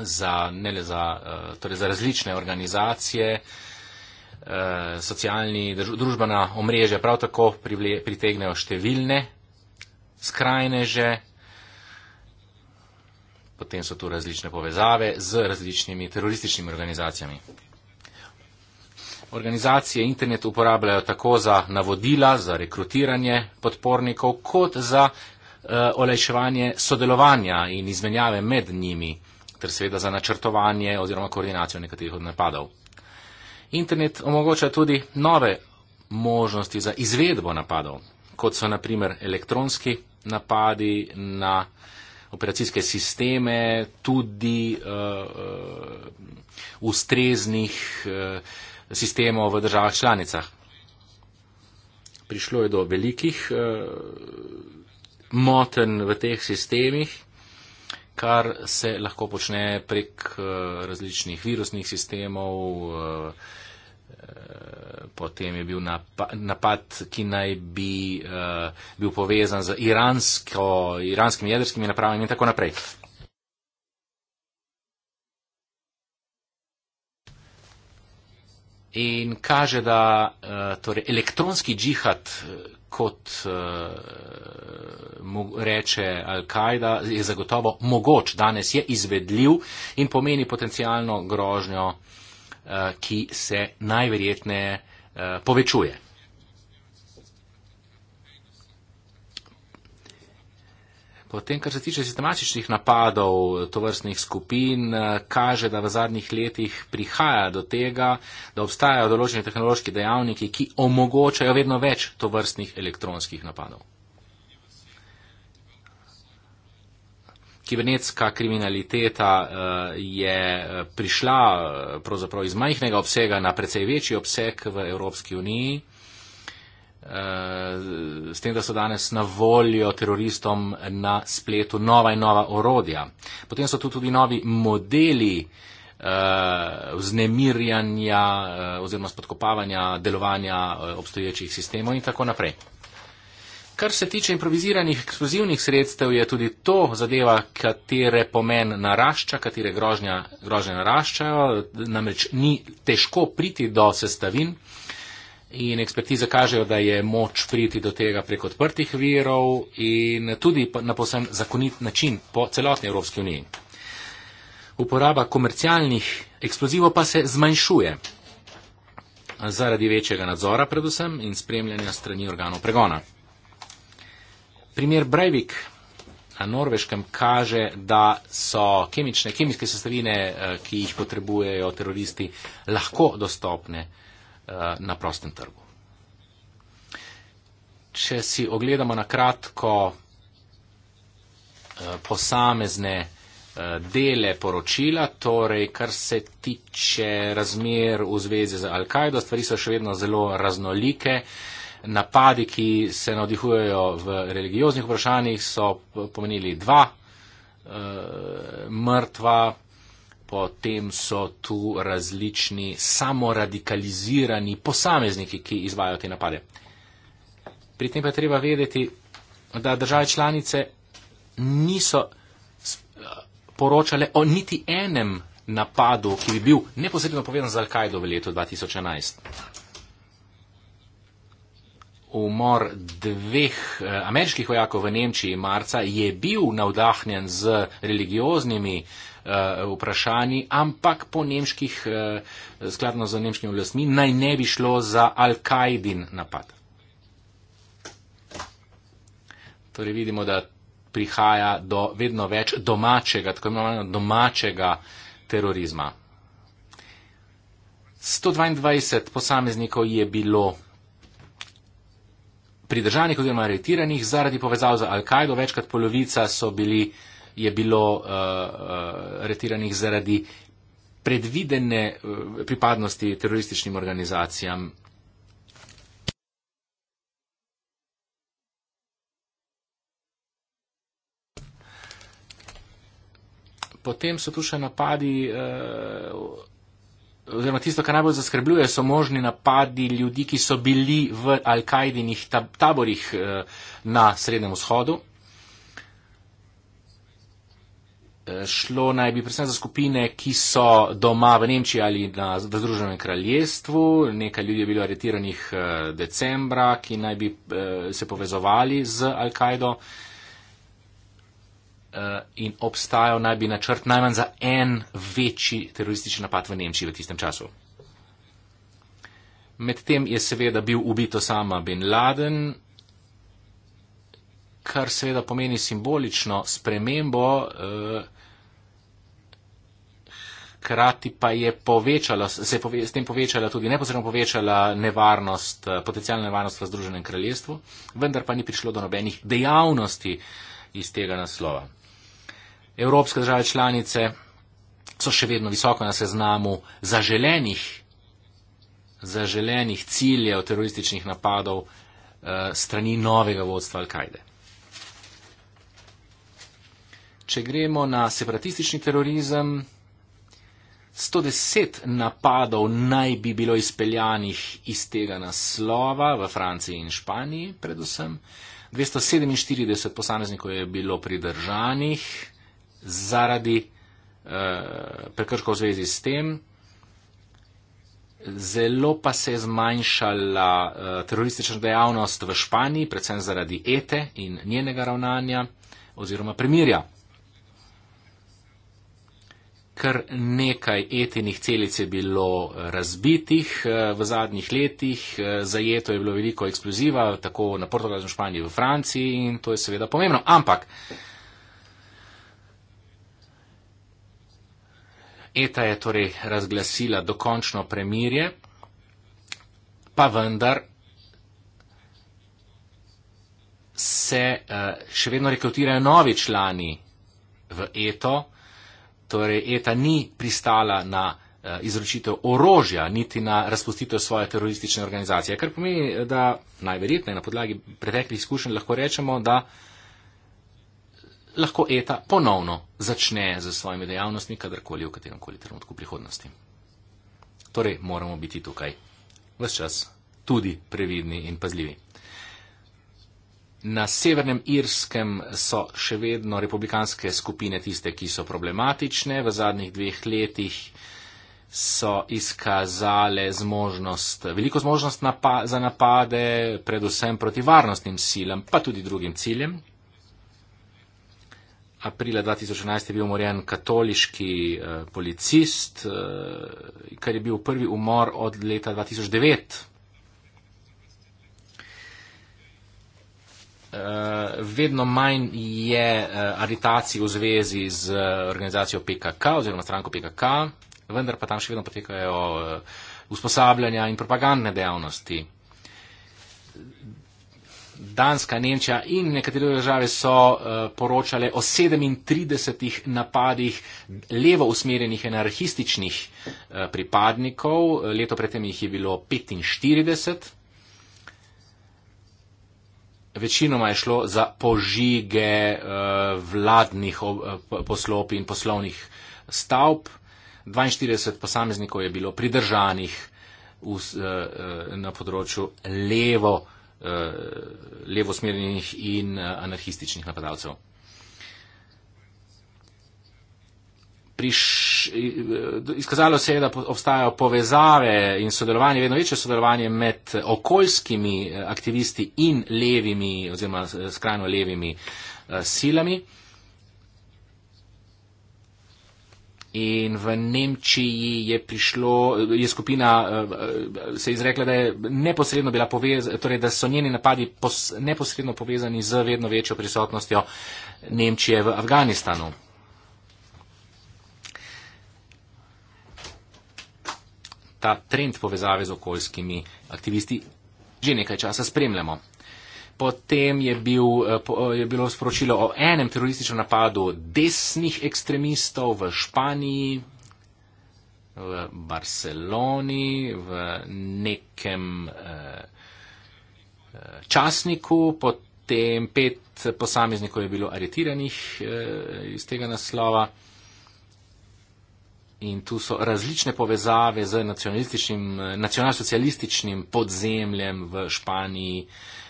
za, ne le za, eh, torej za različne organizacije, eh, socialni, družbena omrežja prav tako pritegnejo številne skrajneže, potem so tu različne povezave z različnimi terorističnimi organizacijami organizacije internet uporabljajo tako za navodila, za rekrutiranje podpornikov, kot za uh, olajševanje sodelovanja in izmenjave med njimi, ter seveda za načrtovanje oziroma koordinacijo nekaterih od napadov. Internet omogoča tudi nove možnosti za izvedbo napadov, kot so naprimer elektronski napadi na operacijske sisteme, tudi uh, uh, ustreznih uh, sistemov v državah članicah. Prišlo je do velikih eh, moten v teh sistemih, kar se lahko počne prek eh, različnih virusnih sistemov. Eh, potem je bil napad, ki naj bi uh, bil povezan z iransko, iranskimi jedrskimi napravami in tako naprej. in kaže, da eh, torej, elektronski džihad, eh, kot eh, reče Al-Kaida, je zagotovo mogoč, danes je izvedljiv in pomeni potencijalno grožnjo, ki se najverjetneje povečuje. Potem, kar se tiče sistematičnih napadov tovrstnih skupin, eh, kaže, da v zadnjih letih prihaja do tega, da obstajajo določeni tehnološki dejavniki, ki omogočajo vedno več tovrstnih elektronskih napadov. Kibernetska kriminaliteta eh, je eh, prišla pravzaprav iz majhnega obsega na precej večji obseg v Evropski uniji. Eh, s tem, da so danes na voljo teroristom na spletu nova in nova orodja. Potem so tu tudi novi modeli eh, vznemirjanja eh, oziroma spodkopavanja delovanja obstoječih sistemov in tako naprej. Kar se tiče improviziranih eksplozivnih sredstev, je tudi to zadeva, katere pomen narašča, katere grožnje naraščajo, namreč ni težko priti do sestavin in ekspertize kažejo, da je moč priti do tega prek odprtih virov in tudi na posebno zakonit način po celotni Evropski uniji. Uporaba komercialnih eksplozivov pa se zmanjšuje zaradi večjega nadzora predvsem in spremljanja strani organov pregona. Primer Breivik na Norveškem kaže, da so kemične, kemijske sestavine, eh, ki jih potrebujejo teroristi, lahko dostopne Eh, na prostem trgu. Če si ogledamo na kratko eh, posamezne eh, dele poročila, torej kar se tiče razmer v zvezi z Al-Kaido, stvari so še vedno zelo raznolike. Napadi, ki se navdihujejo v religioznih vprašanjih, so pomenili dva mrtva, potem so tu različni samoradikalizirani posamezniki, ki izvajo te napade. Pri tem pa je treba vedeti, da države članice niso eh, poročale o niti enem napadu, ki bi bil neposredno povezan z Al-Kaido v letu 2011. Umor dveh eh, ameriških vojakov v Nemčiji marca je bil navdahnjen z religioznimi uh, Eh, vprašanji, ampak po nemških, eh, skladno z nemškimi vlastmi, naj ne bi šlo za Al-Kaidin napad. Torej vidimo, da prihaja do vedno več domačega, tako imenovanega domačega terorizma. 122 posameznikov je bilo pridržanih oziroma aretiranih zaradi povezav z Al-Kaido, večkrat polovica so bili uh, je bilo aretiranih uh, uh, zaradi predvidene uh, pripadnosti terorističnim organizacijam. Potem so tu še napadi, oziroma tisto, kar najbolj zaskrbljuje, so možni napadi ljudi, ki so bili v Al-Kaidinih taborih na Srednjem vzhodu. Eh, šlo naj bi predvsem za skupine, ki so doma v Nemčiji ali na Združenem kraljestvu. Nekaj ljudi je bilo aretiranih eh, decembra, ki naj bi eh, se povezovali z Al-Kaido. In obstajal naj bi načrt najmanj za en večji teroristični napad v Nemčiji v tistem času. Medtem je seveda bil ubito sama Bin Laden, kar seveda pomeni simbolično spremembo eh, hkrati pa je povečala, se je pove, s tem povečala tudi neposredno povečala nevarnost, eh, potencijalna nevarnost v Združenem kraljestvu, vendar pa ni prišlo do nobenih dejavnosti iz tega naslova. Evropske države članice so še vedno visoko na seznamu zaželenih, zaželenih ciljev terorističnih napadov eh, strani novega vodstva Al-Kajde. Če gremo na separatistični terorizem, 110 napadov naj bi bilo izpeljanih iz tega naslova v Franciji in Španiji, predvsem 247 posameznikov je bilo pridržanih zaradi eh, prekrškov v zvezi s tem. Zelo pa se je zmanjšala eh, teroristična dejavnost v Španiji, predvsem zaradi ete in njenega ravnanja oziroma primirja kar nekaj etinih celic je bilo eh, razbitih eh, v zadnjih letih, eh, zajeto je bilo veliko eksploziva, tako na Portugalsko, v Španiji, v Franciji in to je seveda pomembno. Ampak ETA je torej razglasila dokončno premirje, pa vendar se še vedno rekrutirajo novi člani v ETO, torej ETA ni pristala na eh, izročitev orožja, niti na razpustitev svoje teroristične organizacije. Kar pomeni, da najverjetneje na podlagi preteklih izkušenj lahko rečemo, da lahko ETA ponovno začne z svojimi dejavnostmi, kadarkoli v kateremkoli trenutku prihodnosti. Torej moramo biti tukaj vse čas tudi previdni in pazljivi. Na severnem Irskem so še vedno republikanske skupine tiste, ki so problematične. V zadnjih dveh letih so izkazale zmožnost, veliko zmožnost napa za napade, predvsem proti varnostnim silam, pa tudi drugim ciljem. Aprila 2011 je bil umorjen katoliški uh, policist, uh, kar je bil prvi umor od leta 2009. uh, vedno manj je uh, aritacij v zvezi z eh, organizacijo PKK oziroma stranko PKK, vendar pa tam še vedno potekajo uh, usposabljanja in propagandne dejavnosti. Danska, Nemčija in nekatere države so uh, poročale o 37 napadih levo usmerjenih anarhističnih uh, pripadnikov. Leto predtem jih je bilo 45 večinoma je šlo za požige eh, vladnih eh, poslopi in poslovnih stavb. 42 posameznikov je bilo pridržanih v, eh, na področju levo, levosmernih in anarhističnih napadalcev. priš, izkazalo se je, da obstajajo povezave in sodelovanje, vedno večje sodelovanje med okoljskimi eh, aktivisti in levimi oziroma eh, skrajno levimi eh, silami. In v Nemčiji je prišlo, je skupina se izrekla, da je neposredno bila povezana, torej da so njeni napadi pos, neposredno povezani z vedno večjo prisotnostjo Nemčije v Afganistanu. ta trend povezave z okoljskimi aktivisti že nekaj časa spremljamo. Potem je, bil, eh, eh, je bilo sporočilo o enem terorističnem napadu desnih ekstremistov v Španiji, v Barceloni, v nekem eh, eh časniku. Potem pet posameznikov je bilo aretiranih eh, iz tega naslova in tu so različne povezave z nacionalističnim podzemljem v Španiji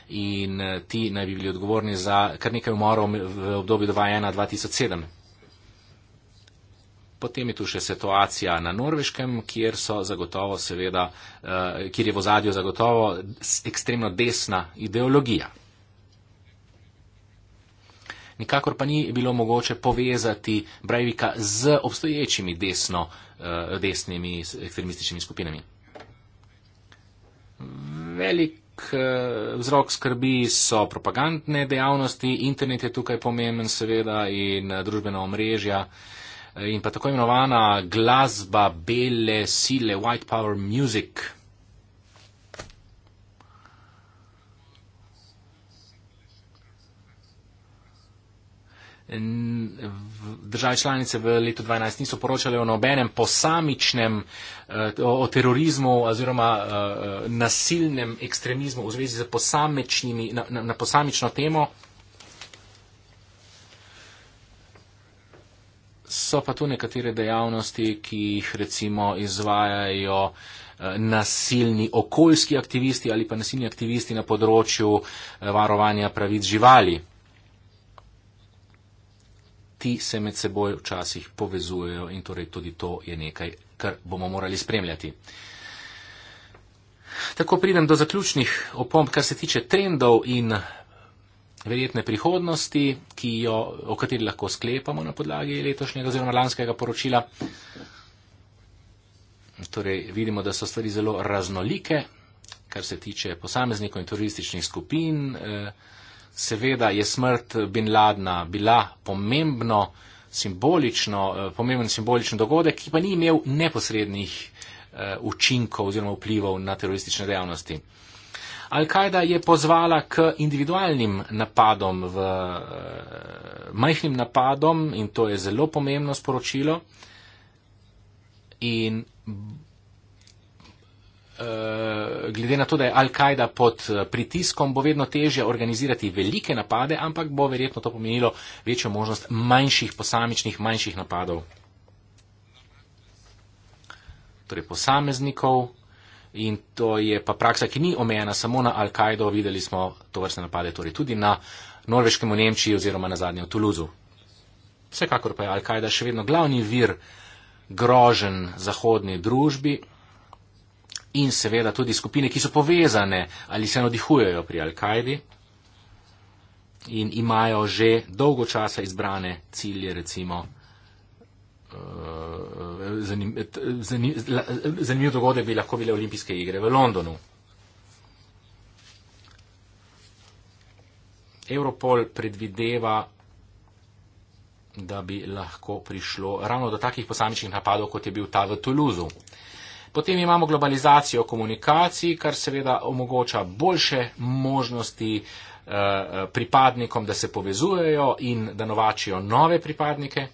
in eh, ti naj bi bili odgovorni za kar nekaj umorov v obdobju 2001-2007. Potem je tu še situacija na Norveškem, kjer, seveda, eh, kjer je v zadju zagotovo ekstremno desna ideologija nikakor pa ni bilo mogoče povezati Breivika z obstoječimi desno, eh, desnimi ekstremističnimi skupinami. Velik eh, vzrok skrbi so propagandne dejavnosti, internet je tukaj pomemben seveda in eh, družbena omrežja. In pa tako imenovana glasba bele sile, white power music, države članice v letu 2012 niso poročale o nobenem posamičnem eh, o terorizmu oziroma eh, nasilnem ekstremizmu v zvezi z posamičnimi, na, na, na posamično temo. So pa tu nekatere dejavnosti, ki jih recimo izvajajo eh, nasilni okoljski aktivisti ali pa nasilni aktivisti na področju varovanja pravic živali ti se med seboj včasih povezujejo in torej tudi to je nekaj, kar bomo morali spremljati. Tako pridem do zaključnih opomb, kar se tiče trendov in verjetne prihodnosti, jo, o kateri lahko sklepamo na podlagi letošnjega oziroma lanskega poročila. Torej, vidimo, da so stvari zelo raznolike, kar se tiče posameznikov in turističnih skupin. Eh, Seveda je smrt Bin Ladna bila pomembno, simbolično, eh, pomemben simboličen dogodek, ki pa ni imel neposrednih eh, učinkov oziroma vplivov na teroristične dejavnosti. Al-Kaida je pozvala k individualnim napadom, v, eh, majhnim napadom in to je zelo pomembno sporočilo. In Eh, glede na to, da je Al-Kaida pod eh, pritiskom, bo vedno težje organizirati velike napade, ampak bo verjetno to pomenilo večjo možnost manjših posamičnih, manjših napadov. Torej posameznikov in to je pa praksa, ki ni omejena samo na Al-Kaido, videli smo to vrste napade torej tudi na norveškem v Nemčiji oziroma na zadnjem v Tuluzu. Vsekakor pa je Al-Kaida še vedno glavni vir grožen zahodni družbi in seveda tudi skupine, ki so povezane ali se nadihujejo pri Al-Kaidi in imajo že dolgo časa izbrane cilje, recimo eh, zanimiv dogodek bi lahko bile olimpijske igre v Londonu. Europol predvideva, da bi lahko prišlo ravno do takih posamičnih napadov, kot je bil ta v Toulouseu. Potem imamo globalizacijo komunikacij, kar seveda omogoča boljše možnosti eh, eh, pripadnikom, da se povezujejo in da novačijo nove pripadnike.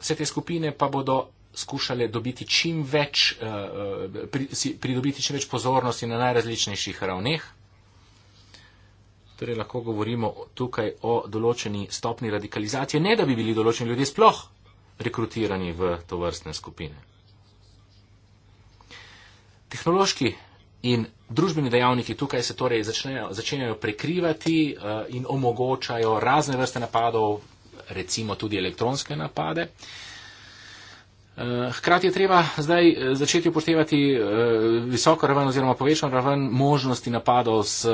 Vse te skupine pa bodo skušale dobiti čim več, eh, pridobiti čim več pozornosti na najrazličnejših ravneh. Torej lahko govorimo tukaj o določeni stopni radikalizacije, ne da bi bili določeni ljudje sploh rekrutirani v to vrstne skupine. Tehnološki in družbeni dejavniki tukaj se torej začnejo, začnejo prekrivati eh, in omogočajo razne vrste napadov, recimo tudi elektronske napade. Eh, hkrati je treba zdaj eh, začeti upoštevati visoko raven oziroma povečano raven možnosti napadov s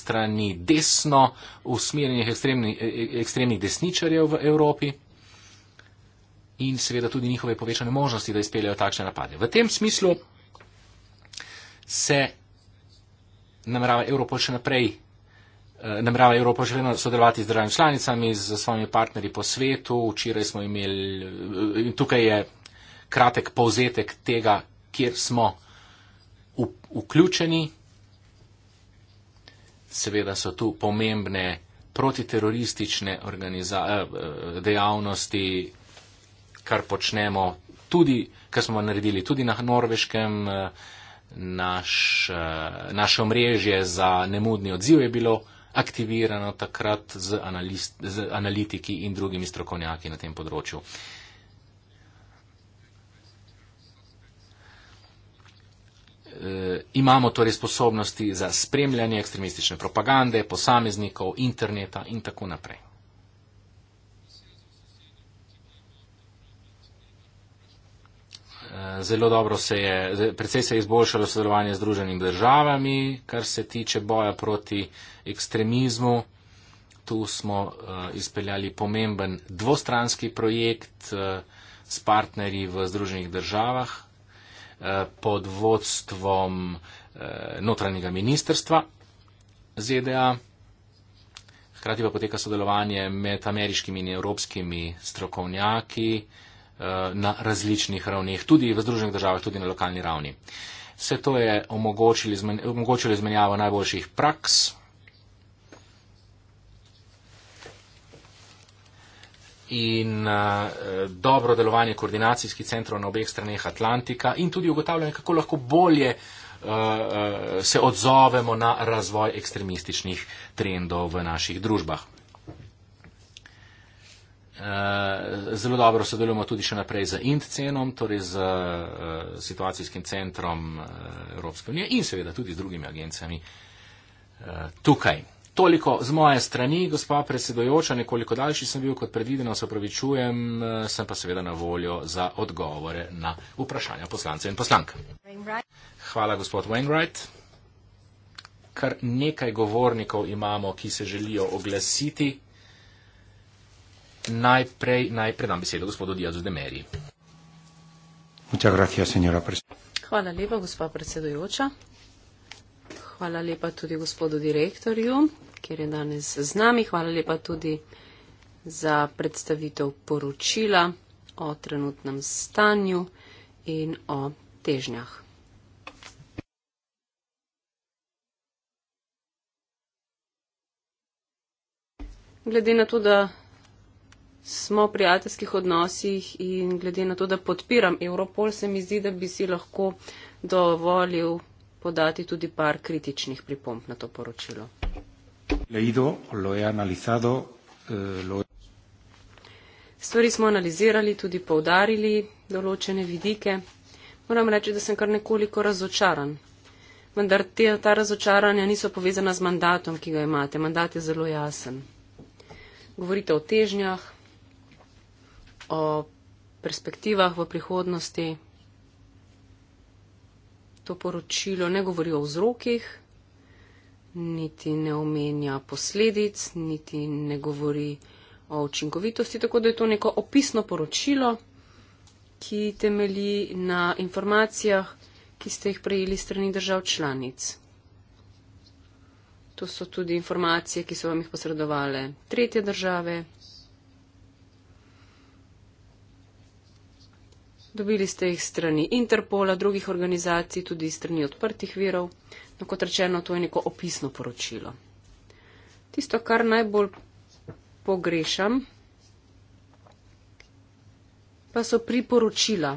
strani desno usmerjenih e, e, ekstremnih desničarjev v Evropi in seveda tudi njihove povečane možnosti, da izpeljajo takšne napade. V tem smislu se namerava Evropa še naprej, eh, namerava Evropa še vedno sodelovati z državami članicami, z svojimi partnerji po svetu. Včeraj smo imeli, eh, in tukaj je kratek povzetek tega, kjer smo v, vključeni. Seveda so tu pomembne protiteroristične eh, eh, dejavnosti, kar počnemo, tudi, kar smo naredili tudi na norveškem, eh, naš, eh, naše omrežje za nemudni odziv je bilo aktivirano takrat z, analist, z analitiki in drugimi strokovnjaki na tem področju. Eh, imamo torej sposobnosti za spremljanje ekstremistične propagande, posameznikov, interneta in tako naprej. Zelo dobro se je, predvsej se je izboljšalo sodelovanje z druženim državami, kar se tiče boja proti ekstremizmu. Tu smo eh, izpeljali pomemben dvostranski projekt eh, s partnerji v združenih državah eh, pod vodstvom notranjega ministrstva ZDA. Hkrati pa poteka sodelovanje med ameriškimi in evropskimi strokovnjaki, Eh, na različnih ravneh, tudi v Združenih državah, tudi na lokalni ravni. Vse to je omogočilo izmenjavo najboljših praks. In uh, dobro delovanje koordinacijskih centrov na obeh straneh Atlantika, in tudi ugotavljanje, kako lahko bolje uh, uh, se odzovemo na razvoj ekstremističnih trendov v naših družbah. Zelo dobro sodelujemo tudi še naprej z Intcenom, torej z eh, situacijskim centrom eh, Evropske unije in seveda tudi z drugimi agencijami eh, tukaj. Toliko z moje strani, gospa predsedojoča, nekoliko daljši sem bil kot predvideno, se opravičujem, sem pa seveda na voljo za odgovore na vprašanja poslance in poslanka. Hvala, gospod Wainwright. Kar nekaj govornikov imamo, ki se želijo oglasiti. Najprej, najprej dam besedo gospodu Diazu de Meri. Hvala lepa, gospa predsedujoča. Hvala lepa tudi gospodu direktorju, ker je danes z nami. Hvala lepa tudi za predstavitev poročila o trenutnem stanju in o težnjah. Glede na to, da smo v prijateljskih odnosih in glede na to, da podpiram Europol, se mi zdi, da bi si lahko dovolil podati tudi par kritičnih pripomp na to poročilo. Leido, lo je analizado, eh, lo... Stvari smo analizirali, tudi povdarili določene vidike. Moram reči, da sem kar nekoliko razočaran. Vendar te, ta razočaranja niso povezana z mandatom, ki ga imate. Mandat je zelo jasen. Govorite o težnjah, o perspektivah v prihodnosti. To poročilo ne govori o vzrokih, niti ne omenja posledic, niti ne govori o učinkovitosti, tako da je to neko opisno poročilo, ki temelji na informacijah, ki ste jih prejeli strani držav članic. To so tudi informacije, ki so vam jih posredovale tretje države, dobili ste jih strani Interpola, drugih organizacij, tudi strani odprtih virov. No, kot rečeno, to je neko opisno poročilo. Tisto, kar najbolj pogrešam, pa so priporočila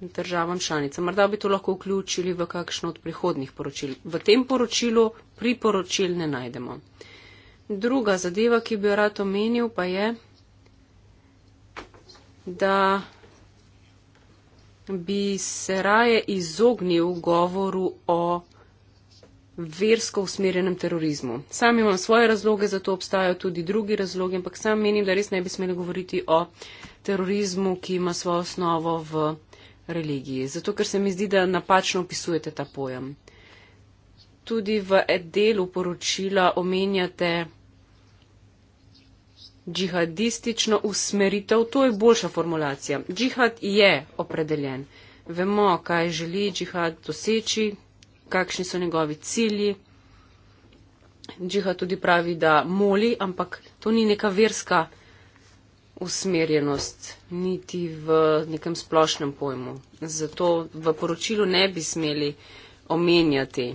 državam članicam. Morda bi to lahko vključili v kakšno od prihodnih poročil. V tem poročilu priporočil ne najdemo. Druga zadeva, ki bi jo rad omenil, pa je, da bi se raje izognil govoru o versko usmerjenem terorizmu. Sam imam svoje razloge, zato obstajajo tudi drugi razloge, ampak sam menim, da res ne bi smeli govoriti o terorizmu, ki ima svojo osnovo v religiji. Zato, ker se mi zdi, da napačno opisujete ta pojem. Tudi v delu poročila omenjate džihadistično usmeritev, to je boljša formulacija. Džihad je opredeljen. Vemo, kaj želi džihad doseči, kakšni so njegovi cilji. Džihad tudi pravi, da moli, ampak to ni neka verska usmerjenost, niti v nekem splošnem pojmu. Zato v poročilu ne bi smeli omenjati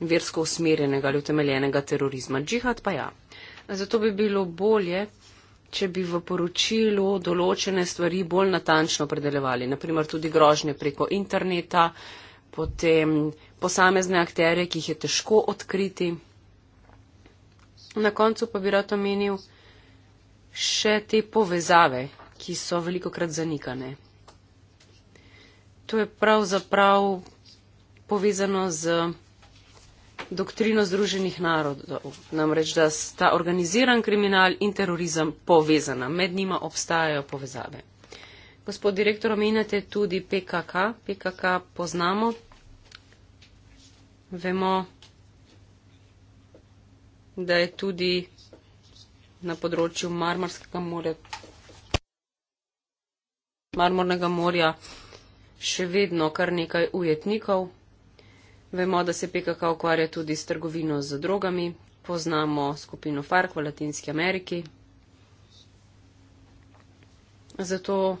versko usmerjenega ali utemeljenega terorizma. Džihad pa ja. Zato bi bilo bolje, če bi v poročilu določene stvari bolj natančno predelevali, naprimer tudi grožnje preko interneta, potem posamezne akterje, ki jih je težko odkriti. Na koncu pa bi rad omenil še te povezave, ki so veliko krat zanikane. To je pravzaprav povezano z doktrino Združenih narodov. Namreč, da sta organiziran kriminal in terorizem povezana. Med njima obstajajo povezave. Gospod direktor, omenjate tudi PKK. PKK poznamo. Vemo, da je tudi na področju Marmorskega morja, Marmornega morja še vedno kar nekaj ujetnikov. Vemo, da se PKK ukvarja tudi s trgovino z drogami, poznamo skupino FARC v Latinski Ameriki. Zato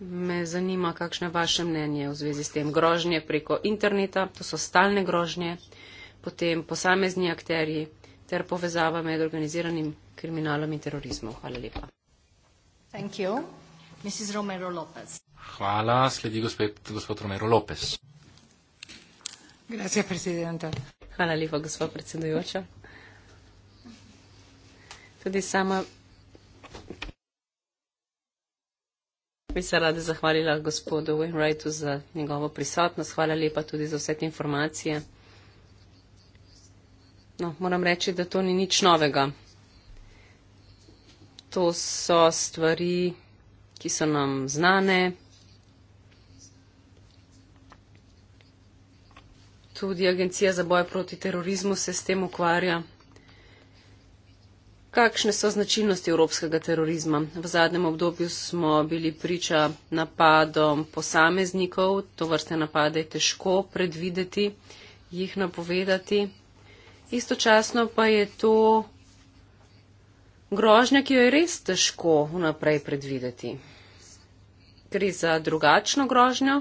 me zanima, kakšno je vaše mnenje v zvezi s tem grožnje preko interneta, to so stalne grožnje, potem posamezni akteri ter povezava med organiziranim kriminalom in terorizmom. Hvala lepa. Hvala, sledi gospod, gospod Romero Lopez. Hvala lepa, gospod predsedujoča. Tudi sama bi se rada zahvalila gospodu Wainwrightu za njegovo prisotnost. Hvala lepa tudi za vse te informacije. No, moram reči, da to ni nič novega. To so stvari, ki so nam znane, tudi Agencija za boj proti terorizmu se s tem ukvarja. Kakšne so značilnosti evropskega terorizma? V zadnjem obdobju smo bili priča napadom posameznikov, to vrste napade je težko predvideti, jih napovedati. Istočasno pa je to grožnja, ki jo je res težko vnaprej predvideti. Gre za drugačno grožnjo,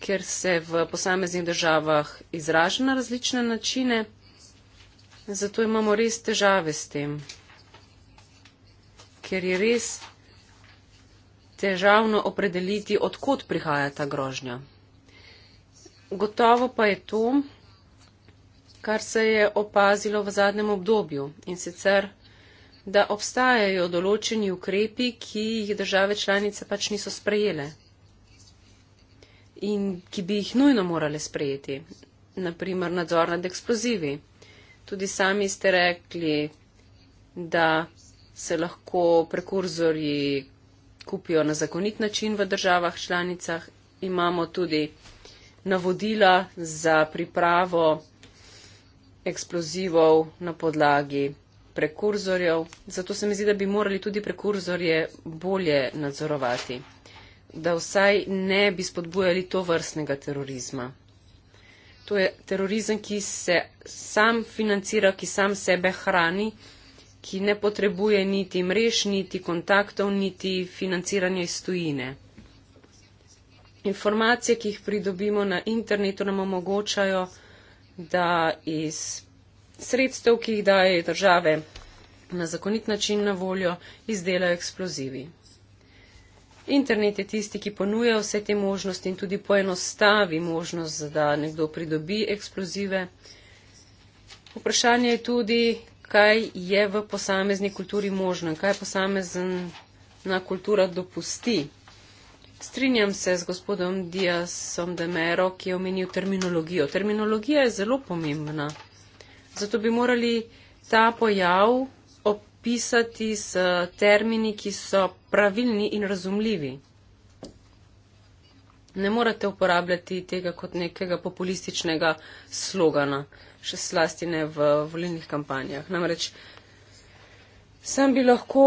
ker se v posameznih državah izraža na različne načine, zato imamo res težave s tem, ker je res težavno opredeliti, odkot prihaja ta grožnja. Gotovo pa je to, kar se je opazilo v zadnjem obdobju in sicer, da obstajajo določeni ukrepi, ki jih države članice pač niso sprejele in ki bi jih nujno morali sprejeti, naprimer nadzor nad eksplozivi. Tudi sami ste rekli, da se lahko prekurzori kupijo na zakonit način v državah članicah. Imamo tudi navodila za pripravo eksplozivov na podlagi prekurzorjev. Zato se mi zdi, da bi morali tudi prekurzorje bolje nadzorovati da vsaj ne bi spodbujali to vrstnega terorizma. To je terorizem, ki se sam financira, ki sam sebe hrani, ki ne potrebuje niti mrež, niti kontaktov, niti financiranja iz tujine. Informacije, ki jih pridobimo na internetu, nam omogočajo, da iz sredstev, ki jih daje države, na zakonit način na voljo izdelajo eksplozivi. Internet je tisti, ki ponuja vse te možnosti in tudi poenostavi možnost, da nekdo pridobi eksplozive. Vprašanje je tudi, kaj je v posamezni kulturi možno in kaj posamezna kultura dopusti. Strinjam se z gospodom Diasom Demero, ki je omenil terminologijo. Terminologija je zelo pomembna. Zato bi morali ta pojav pisati s termini, ki so pravilni in razumljivi. Ne morate uporabljati tega kot nekega populističnega slogana, še slasti ne v volilnih kampanjah. Namreč sem bi lahko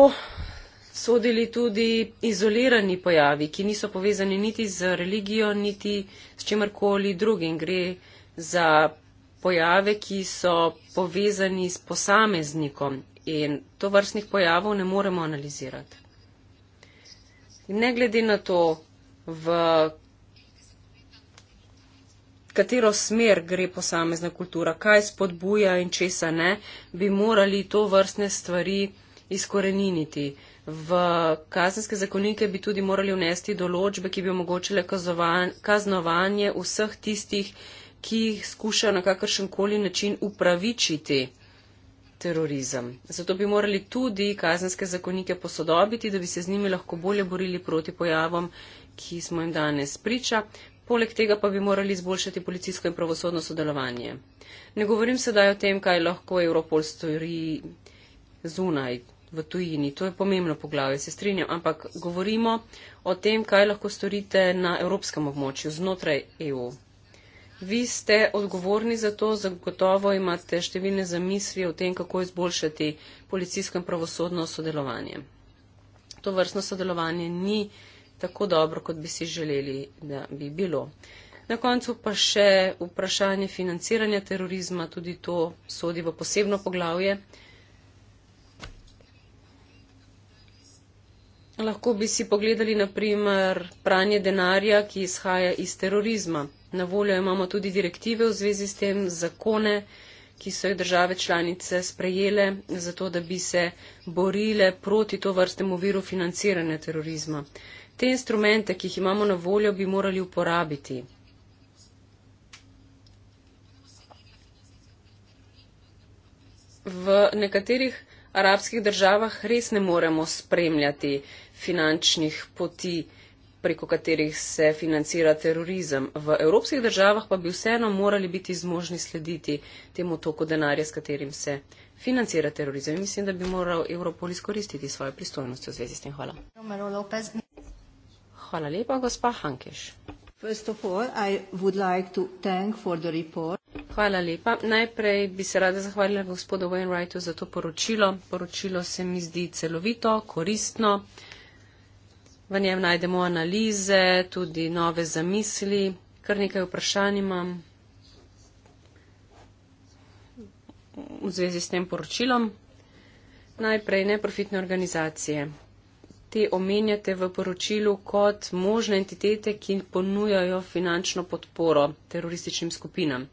sodili tudi izolirani pojavi, ki niso povezani niti z religijo, niti s čemarkoli drugim. Gre za pojave, ki so povezani s posameznikom, in to vrstnih pojavov ne moremo analizirati. Ne glede na to, v katero smer gre posamezna kultura, kaj spodbuja in česa ne, bi morali to vrstne stvari izkoreniniti. V kazenske zakonike bi tudi morali vnesti določbe, ki bi omogočile kaznovanje vseh tistih, ki jih skušajo na kakršen koli način upravičiti terorizem. Zato bi morali tudi kazenske zakonike posodobiti, da bi se z njimi lahko bolje borili proti pojavom, ki smo jim danes priča. Poleg tega pa bi morali izboljšati policijsko in pravosodno sodelovanje. Ne govorim sedaj o tem, kaj lahko Europol stori zunaj, v tujini. To je pomembno poglavje, se strinjam, ampak govorimo o tem, kaj lahko storite na evropskem območju, znotraj EU. Vi ste odgovorni za to, zagotovo imate številne zamisli o tem, kako izboljšati policijsko in pravosodno sodelovanje. To vrstno sodelovanje ni tako dobro, kot bi si želeli, da bi bilo. Na koncu pa še vprašanje financiranja terorizma, tudi to sodi v posebno poglavje. Lahko bi si pogledali naprimer pranje denarja, ki izhaja iz terorizma. Na voljo imamo tudi direktive v zvezi s tem, zakone, ki so jih države članice sprejele, zato da bi se borile proti to vrstemu viru financiranja terorizma. Te instrumente, ki jih imamo na voljo, bi morali uporabiti. V nekaterih arabskih državah res ne moremo spremljati finančnih poti, preko katerih se financira terorizem. V evropskih državah pa bi vseeno morali biti zmožni slediti temu toku denarja, s katerim se financira terorizem. Mislim, da bi moral Evropol izkoristiti svojo pristojnost v zvezi s tem. Hvala. Hvala lepa, gospa Hankeš. First of all, I would like to thank for the report. Hvala lepa. Najprej bi se rada zahvalila gospodu Wainwrightu za to poročilo. Poročilo se mi zdi celovito, koristno. V njem najdemo analize, tudi nove zamisli. Kar nekaj vprašanj imam v zvezi s tem poročilom. Najprej neprofitne organizacije. Te omenjate v poročilu kot možne entitete, ki ponujajo finančno podporo terorističnim skupinam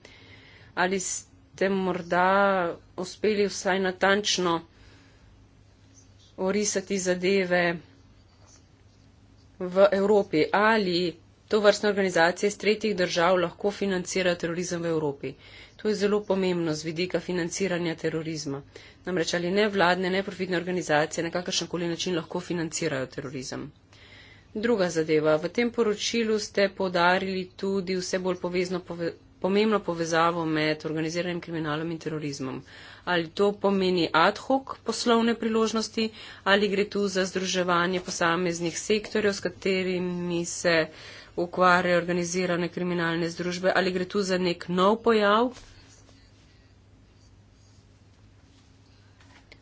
ali ste morda uspeli vsaj natančno orisati zadeve v Evropi, ali to vrstne organizacije iz tretjih držav lahko financirajo terorizem v Evropi. To je zelo pomembno z vidika financiranja terorizma. Namreč ali ne vladne, neprofitne organizacije na kakršen koli način lahko financirajo terorizem. Druga zadeva. V tem poročilu ste podarili tudi vse bolj povezno pomembno povezavo med organiziranim kriminalom in terorizmom. Ali to pomeni ad hoc poslovne priložnosti, ali gre tu za združevanje posameznih sektorjev, s katerimi se ukvarjajo organizirane kriminalne združbe, ali gre tu za nek nov pojav,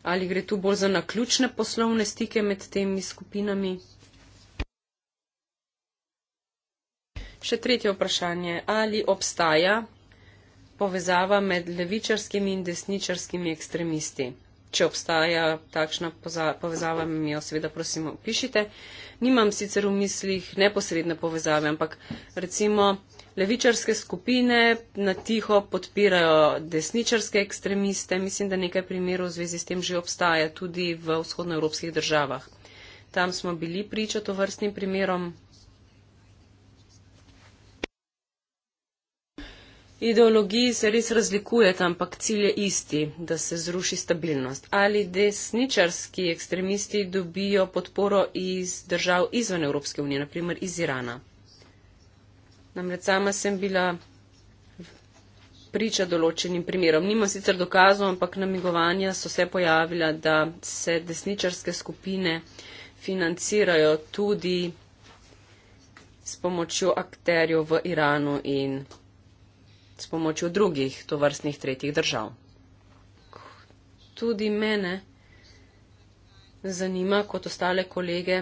ali gre tu bolj za naključne poslovne stike med temi skupinami. Še tretje vprašanje. Ali obstaja povezava med levičarskimi in desničarskimi ekstremisti? Če obstaja takšna povezava, mi jo seveda prosim opišite. Nimam sicer v mislih neposredne povezave, ampak recimo levičarske skupine na tiho podpirajo desničarske ekstremiste. Mislim, da nekaj primerov v zvezi s tem že obstaja tudi v vzhodnoevropskih državah. Tam smo bili priča to vrstnim primerom. ideologiji se res razlikujeta, ampak cilj je isti, da se zruši stabilnost. Ali desničarski ekstremisti dobijo podporo iz držav izven Evropske unije, naprimer iz Irana? Namreč sama sem bila priča določenim primerom. Nima sicer dokazov, ampak namigovanja so se pojavila, da se desničarske skupine financirajo tudi s pomočjo akterjev v Iranu in s pomočjo drugih tovrstnih tretjih držav. Tudi mene zanima, kot ostale kolege,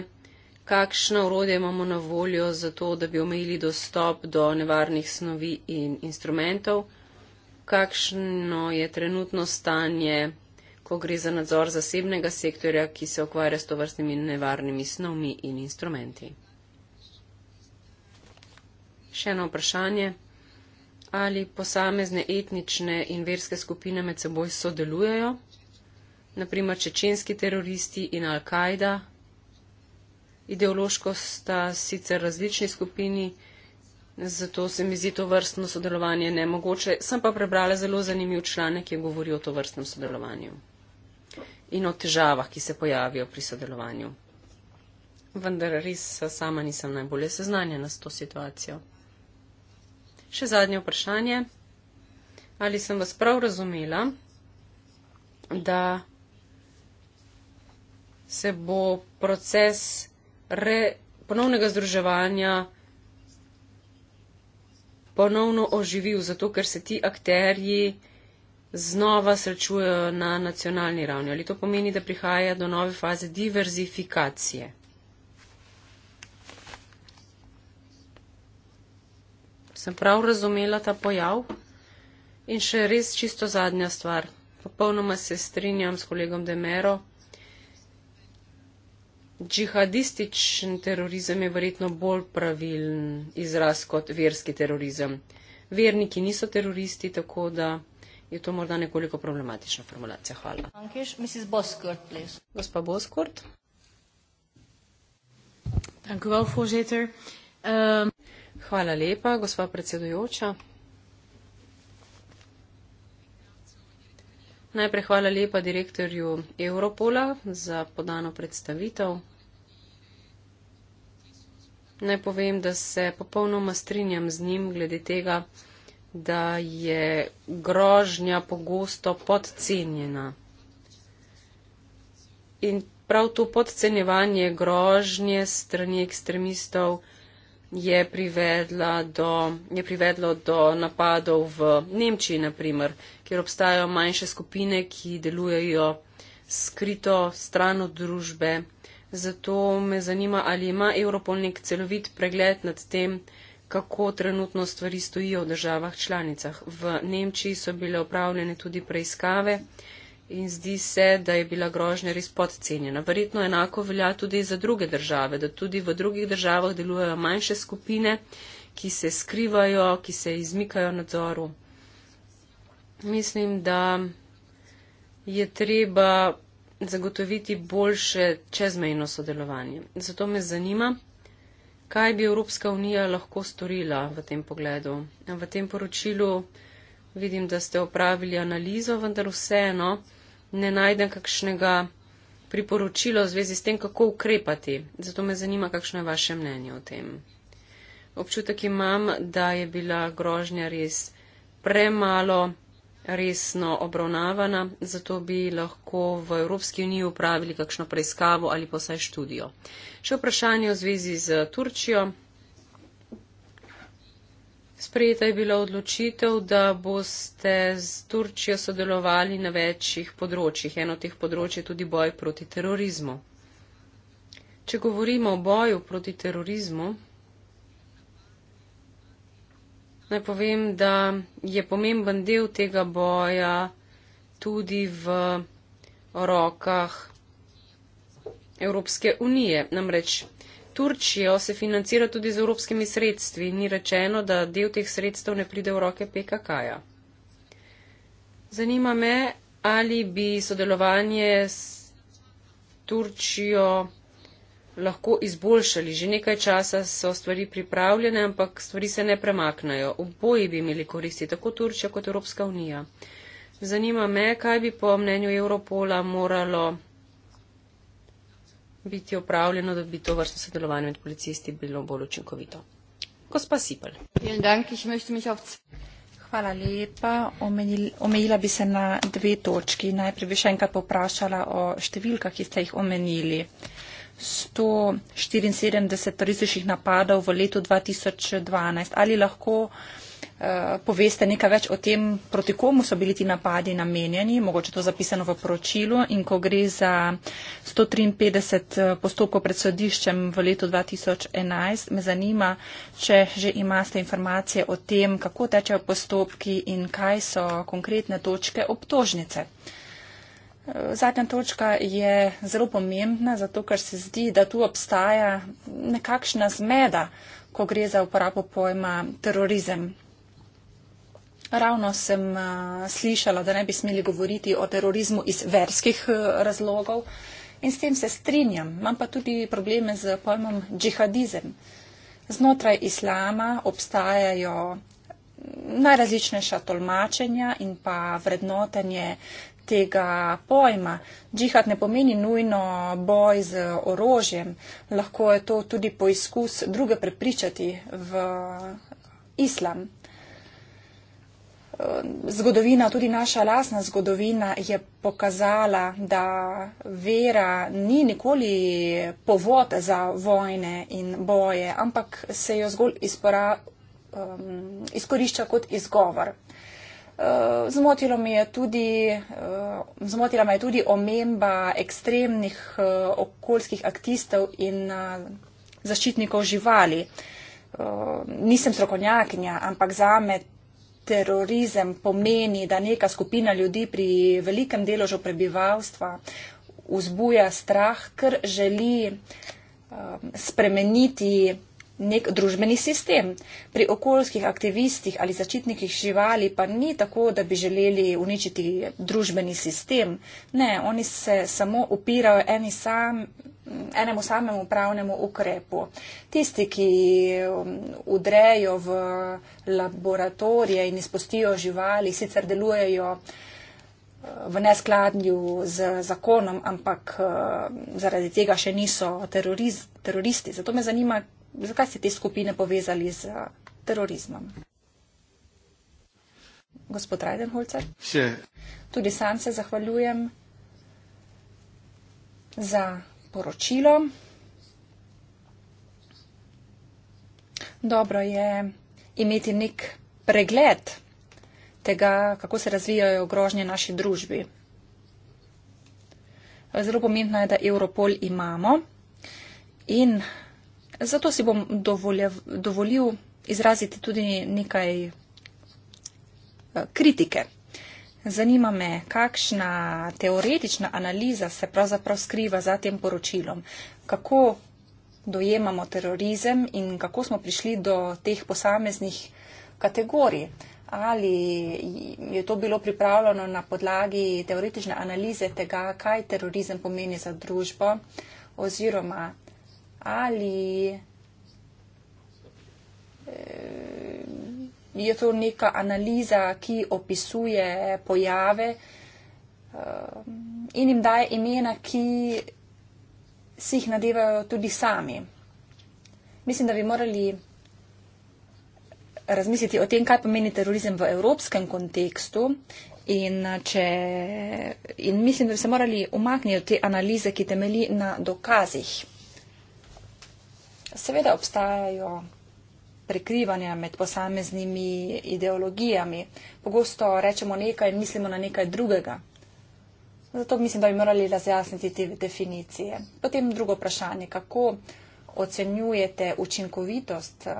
kakšna urodja imamo na voljo za to, da bi omejili dostop do nevarnih snovi in instrumentov, kakšno je trenutno stanje, ko gre za nadzor zasebnega sektorja, ki se ukvarja s tovrstnimi nevarnimi snovmi in instrumenti. Še eno vprašanje ali posamezne etnične in verske skupine med seboj sodelujejo, naprimer čečenski teroristi in Al-Kaida. Ideološko sta sicer različni skupini, zato se mi zdi to vrstno sodelovanje nemogoče. Sem pa prebrala zelo zanimiv članek, ki govori o to vrstnem sodelovanju in o težavah, ki se pojavijo pri sodelovanju. Vendar res sama nisem najbolje seznanjena s to situacijo. Še zadnje vprašanje. Ali sem vas prav razumela, da se bo proces re, ponovnega združevanja ponovno oživil, zato ker se ti akterji znova srečujejo na nacionalni ravni? Ali to pomeni, da prihaja do nove faze diverzifikacije? sem prav razumela ta pojav. In še res čisto zadnja stvar. Popolnoma se strinjam s kolegom Demero. Džihadističen terorizem je verjetno bolj pravilen izraz kot verski terorizem. Verniki niso teroristi, tako da je to morda nekoliko problematična formulacija. Hvala. Gospa Boskort. Dank u wel, voorzitter. Um... Hvala lepa, gospa predsedujoča. Najprej hvala lepa direktorju Europola za podano predstavitev. Naj povem, da se popolnoma strinjam z njim glede tega, da je grožnja pogosto podcenjena. In prav to podcenjevanje grožnje strani ekstremistov je, do, je privedlo do napadov v Nemčiji, naprimer, kjer obstajajo manjše skupine, ki delujejo skrito stran od družbe. Zato me zanima, ali ima Evropol nek celovit pregled nad tem, kako trenutno stvari stojijo v državah članicah. V Nemčiji so bile upravljene tudi preiskave in zdi se, da je bila grožnja res podcenjena. Verjetno enako velja tudi za druge države, da tudi v drugih državah delujejo manjše skupine, ki se skrivajo, ki se izmikajo nadzoru. Mislim, da je treba zagotoviti boljše čezmejno sodelovanje. Zato me zanima, kaj bi Evropska unija lahko storila v tem pogledu. V tem poročilu vidim, da ste opravili analizo, vendar vseeno ne najdem kakšnega priporočila v zvezi s tem, kako ukrepati. Zato me zanima, kakšno je vaše mnenje o tem. Občutek imam, da je bila grožnja res premalo resno obravnavana, zato bi lahko v Evropski uniji upravili kakšno preiskavo ali pa vsaj študijo. Še vprašanje v zvezi z Turčijo. Sprejeta je bila odločitev, da boste z Turčijo sodelovali na večjih področjih. Eno od teh področji je tudi boj proti terorizmu. Če govorimo o boju proti terorizmu, naj povem, da je pomemben del tega boja tudi v rokah Evropske unije. Namreč Turčijo se financira tudi z evropskimi sredstvi. Ni rečeno, da del teh sredstev ne pride v roke PKK-ja. Zanima me, ali bi sodelovanje s Turčijo lahko izboljšali. Že nekaj časa so stvari pripravljene, ampak stvari se ne premaknajo. Oboji bi imeli koristi, tako Turčija kot Evropska unija. Zanima me, kaj bi po mnenju Europola moralo biti opravljeno, da bi to vrstno sodelovanje med policisti bilo bolj učinkovito. Gospa Sipel. Hvala lepa. Omejila bi se na dve točki. Najprej bi še enkrat poprašala o številkah, ki ste jih omenili. 174 terorističnih napadov v letu 2012. Ali lahko Eh, poveste nekaj več o tem, proti komu so bili ti napadi namenjeni, mogoče to zapisano v poročilu in ko gre za 153 eh, postopkov pred sodiščem v letu 2011, me zanima, če že imate informacije o tem, kako tečejo postopki in kaj so konkretne točke obtožnice. Eh, zadnja točka je zelo pomembna, zato ker se zdi, da tu obstaja nekakšna zmeda, ko gre za uporabo pojma terorizem. Ravno sem eh, slišala, da ne bi smeli govoriti o terorizmu iz verskih eh, razlogov in s tem se strinjam. Imam pa tudi probleme z pojmom džihadizem. Znotraj islama obstajajo najrazličnejša tolmačenja in pa vrednotenje tega pojma. Džihad ne pomeni nujno boj z orožjem, lahko je to tudi poizkus druge prepričati v eh, islam zgodovina, tudi naša lasna zgodovina je pokazala, da vera ni nikoli povod za vojne in boje, ampak se jo zgolj izpora, um, izkorišča kot izgovor. Uh, zmotilo me je tudi, uh, zmotila me je tudi omemba ekstremnih uh, okoljskih aktistov in zaščitnikov živali. Nisem strokovnjakinja, ampak za me terorizem pomeni, da neka skupina ljudi pri velikem deložu prebivalstva vzbuja strah, ker želi um, spremeniti nek družbeni sistem. Pri okoljskih aktivistih ali začitnikih živali pa ni tako, da bi želeli uničiti družbeni sistem. Ne, oni se samo upirajo eni sami enemu samemu pravnemu ukrepu. Tisti, ki um, udrejo v laboratorije in izpustijo živali, sicer delujejo uh, v neskladnju z zakonom, ampak uh, zaradi tega še niso teroriz, teroristi. Zato me zanima, zakaj ste te skupine povezali z uh, terorizmom. Gospod Rajdenholzer. Še. Tudi sam se zahvaljujem za poročilo. Dobro je imeti nek pregled tega, kako se razvijajo grožnje naši družbi. Zelo pomembno je, da Europol imamo in zato si bom dovolil izraziti tudi nekaj eh, kritike. Zanima me, kakšna teoretična analiza se pravzaprav skriva za tem poročilom. Kako dojemamo terorizem in kako smo prišli do teh posameznih kategorij? Ali je to bilo pripravljeno na podlagi teoretične analize tega, kaj terorizem pomeni za družbo? Oziroma, ali. E, je to neka analiza, ki opisuje pojave eh, in jim daje imena, ki si jih nadevajo tudi sami. Mislim, da bi morali razmisliti o tem, kaj pomeni terorizem v evropskem kontekstu. In, eh, če, in mislim, da bi se morali umakniti od te analize, ki temeli na dokazih. Seveda obstajajo prekrivanja med posameznimi ideologijami. Pogosto rečemo nekaj in mislimo na nekaj drugega. Zato mislim, da bi morali razjasniti te definicije. Potem drugo vprašanje, kako ocenjujete učinkovitost uh,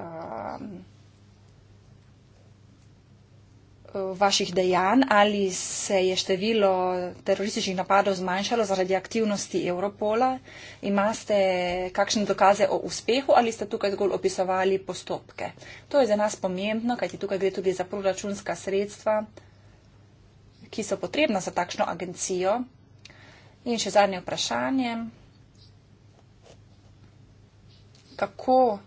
vaših dejanj, ali se je število terorističnih napadov zmanjšalo zaradi aktivnosti Europola. Imate kakšne dokaze o uspehu ali ste tukaj zgolj opisovali postopke? To je za nas pomembno, kajti tukaj gre tudi za proračunska sredstva, ki so potrebna za takšno agencijo. In še zadnje vprašanje. Kako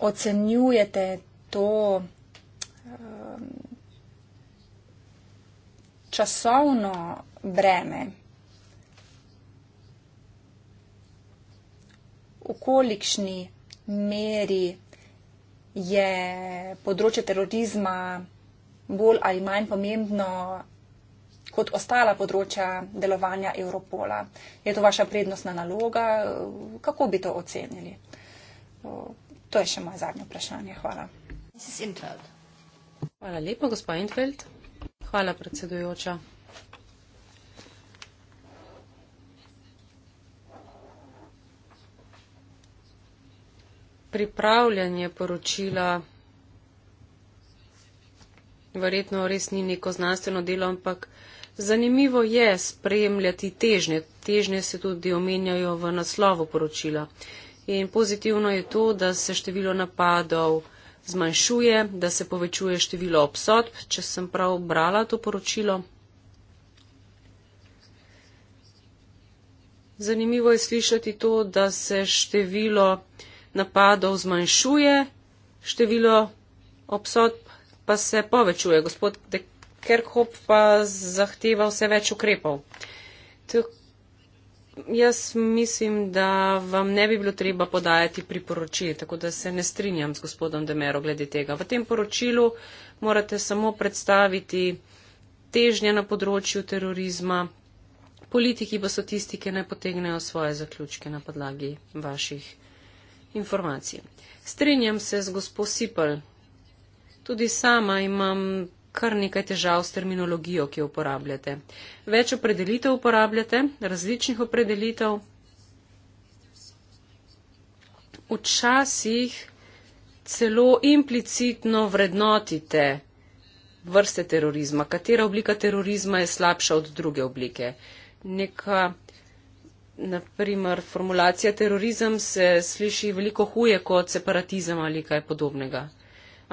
ocenjujete to Um, časovno breme, v kolikšni meri je področje terorizma bolj ali manj pomembno kot ostala področja delovanja Europola. Je to vaša prednostna naloga? Kako bi to ocenili? To je še moje zadnje vprašanje. Hvala. This is Hvala lepa, gospa Enfeld. Hvala, predsedujoča. Pripravljanje poročila verjetno res ni neko znanstveno delo, ampak zanimivo je spremljati težnje. Težnje se tudi omenjajo v naslovu poročila. In pozitivno je to, da se število napadov zmanjšuje, da se povečuje število obsodb, če sem prav brala to poročilo. Zanimivo je slišati to, da se število napadov zmanjšuje, število obsodb pa se povečuje. Gospod Kerkhop pa zahteva vse več ukrepov. Tako Jaz mislim, da vam ne bi bilo treba podajati priporočil, tako da se ne strinjam s gospodom Demero glede tega. V tem poročilu morate samo predstaviti težnje na področju terorizma. Politiki pa so tisti, ki ne potegnejo svoje zaključke na podlagi vaših informacij. Strinjam se z gospod Sipel. Tudi sama imam kar nekaj težav s terminologijo, ki jo uporabljate. Več opredelitev uporabljate, različnih opredelitev. Včasih celo implicitno vrednotite vrste terorizma, katera oblika terorizma je slabša od druge oblike. Neka, naprimer, formulacija terorizem se sliši veliko huje kot separatizem ali kaj podobnega.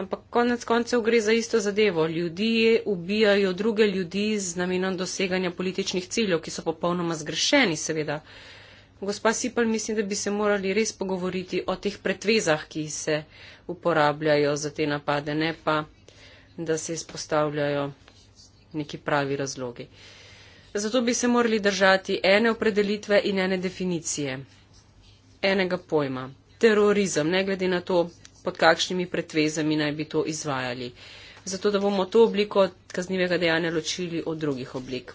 Ampak konec koncev gre za isto zadevo. Ljudi ubijajo druge ljudi z namenom doseganja političnih ciljev, ki so popolnoma zgrešeni, seveda. Gospa Sipal, mislim, da bi se morali res pogovoriti o teh pretvezah, ki se uporabljajo za te napade, ne pa, da se izpostavljajo neki pravi razlogi. Zato bi se morali držati ene opredelitve in ene definicije, enega pojma. Terorizem, ne glede na to, pod kakšnimi pretvezami naj bi to izvajali. Zato, da bomo to obliko kaznivega dejanja ločili od drugih oblik.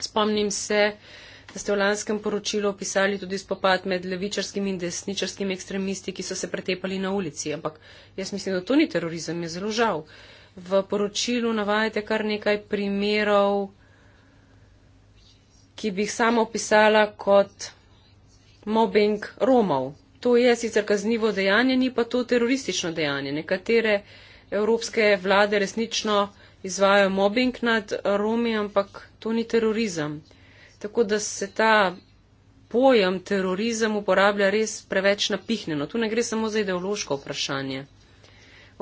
Spomnim se, da ste v lanskem poročilu opisali tudi spopad med levičarskimi in desničarskimi ekstremisti, ki so se pretepali na ulici. Ampak jaz mislim, da to ni terorizem, je zelo žal. V poročilu navajate kar nekaj primerov, ki bi jih sama opisala kot mobbing Romov. To je sicer kaznivo dejanje, ni pa to teroristično dejanje. Nekatere evropske vlade resnično izvajo mobbing nad Romi, ampak to ni terorizem. Tako da se ta pojem terorizem uporablja res preveč napihneno. Tu ne gre samo za ideološko vprašanje.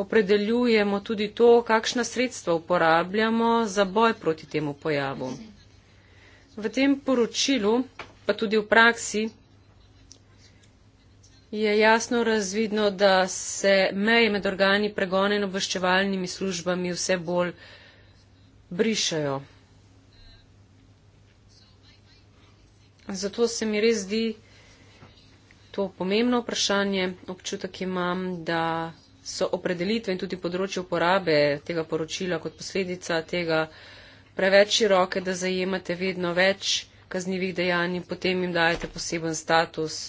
Opredeljujemo tudi to, kakšna sredstva uporabljamo za boj proti temu pojavu. V tem poročilu, pa tudi v praksi, je jasno razvidno, da se meje med organi pregone in obveščevalnimi službami vse bolj brišajo. Zato se mi res zdi to pomembno vprašanje. Občutek imam, da so opredelitve in tudi področje uporabe tega poročila kot posledica tega preveč široke, da zajemate vedno več kaznjivih dejanj in potem jim dajete poseben status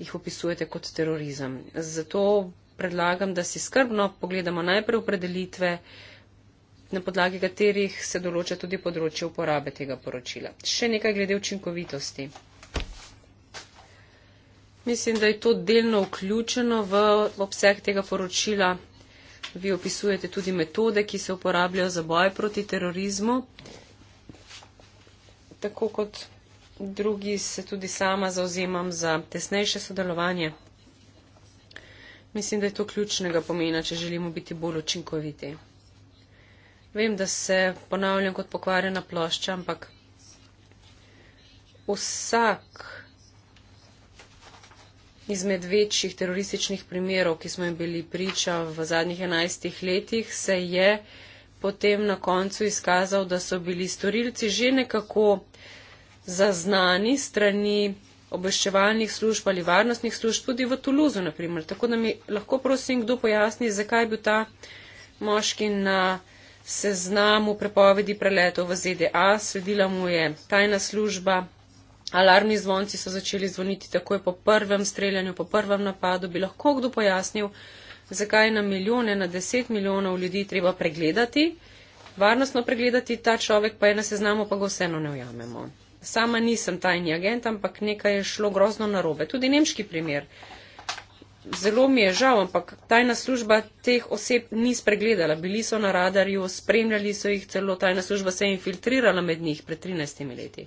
jih opisujete kot terorizem. Zato predlagam, da si skrbno pogledamo najprej opredelitve, na podlagi katerih se določa tudi področje uporabe tega poročila. Še nekaj glede učinkovitosti. Mislim, da je to delno vključeno v obseg tega poročila. Vi opisujete tudi metode, ki se uporabljajo za boj proti terorizmu. Tako kot drugi se tudi sama zauzemam za tesnejše sodelovanje. Mislim, da je to ključnega pomena, če želimo biti bolj učinkoviti. Vem, da se ponavljam kot pokvarjena plošča, ampak vsak izmed večjih terorističnih primerov, ki smo jim bili priča v zadnjih enajstih letih, se je potem na koncu izkazal, da so bili storilci že nekako zaznani strani obveščevalnih služb ali varnostnih služb, tudi v Tuluzu, naprimer. Tako da mi lahko prosim kdo pojasni, zakaj je bil ta moški na seznamu prepovedi preletov v ZDA, sledila mu je tajna služba, alarmni zvonci so začeli zvoniti takoj po prvem streljanju, po prvem napadu. Bi lahko kdo pojasnil, zakaj je na milijone, na deset milijonov ljudi treba pregledati, varnostno pregledati ta človek, pa je na seznamu, pa ga vseeno ne ujamemo sama nisem tajni agent, ampak nekaj je šlo grozno narobe. Tudi nemški primer. Zelo mi je žal, ampak tajna služba teh oseb ni spregledala. Bili so na radarju, spremljali so jih celo, tajna služba se je infiltrirala med njih pred 13 leti.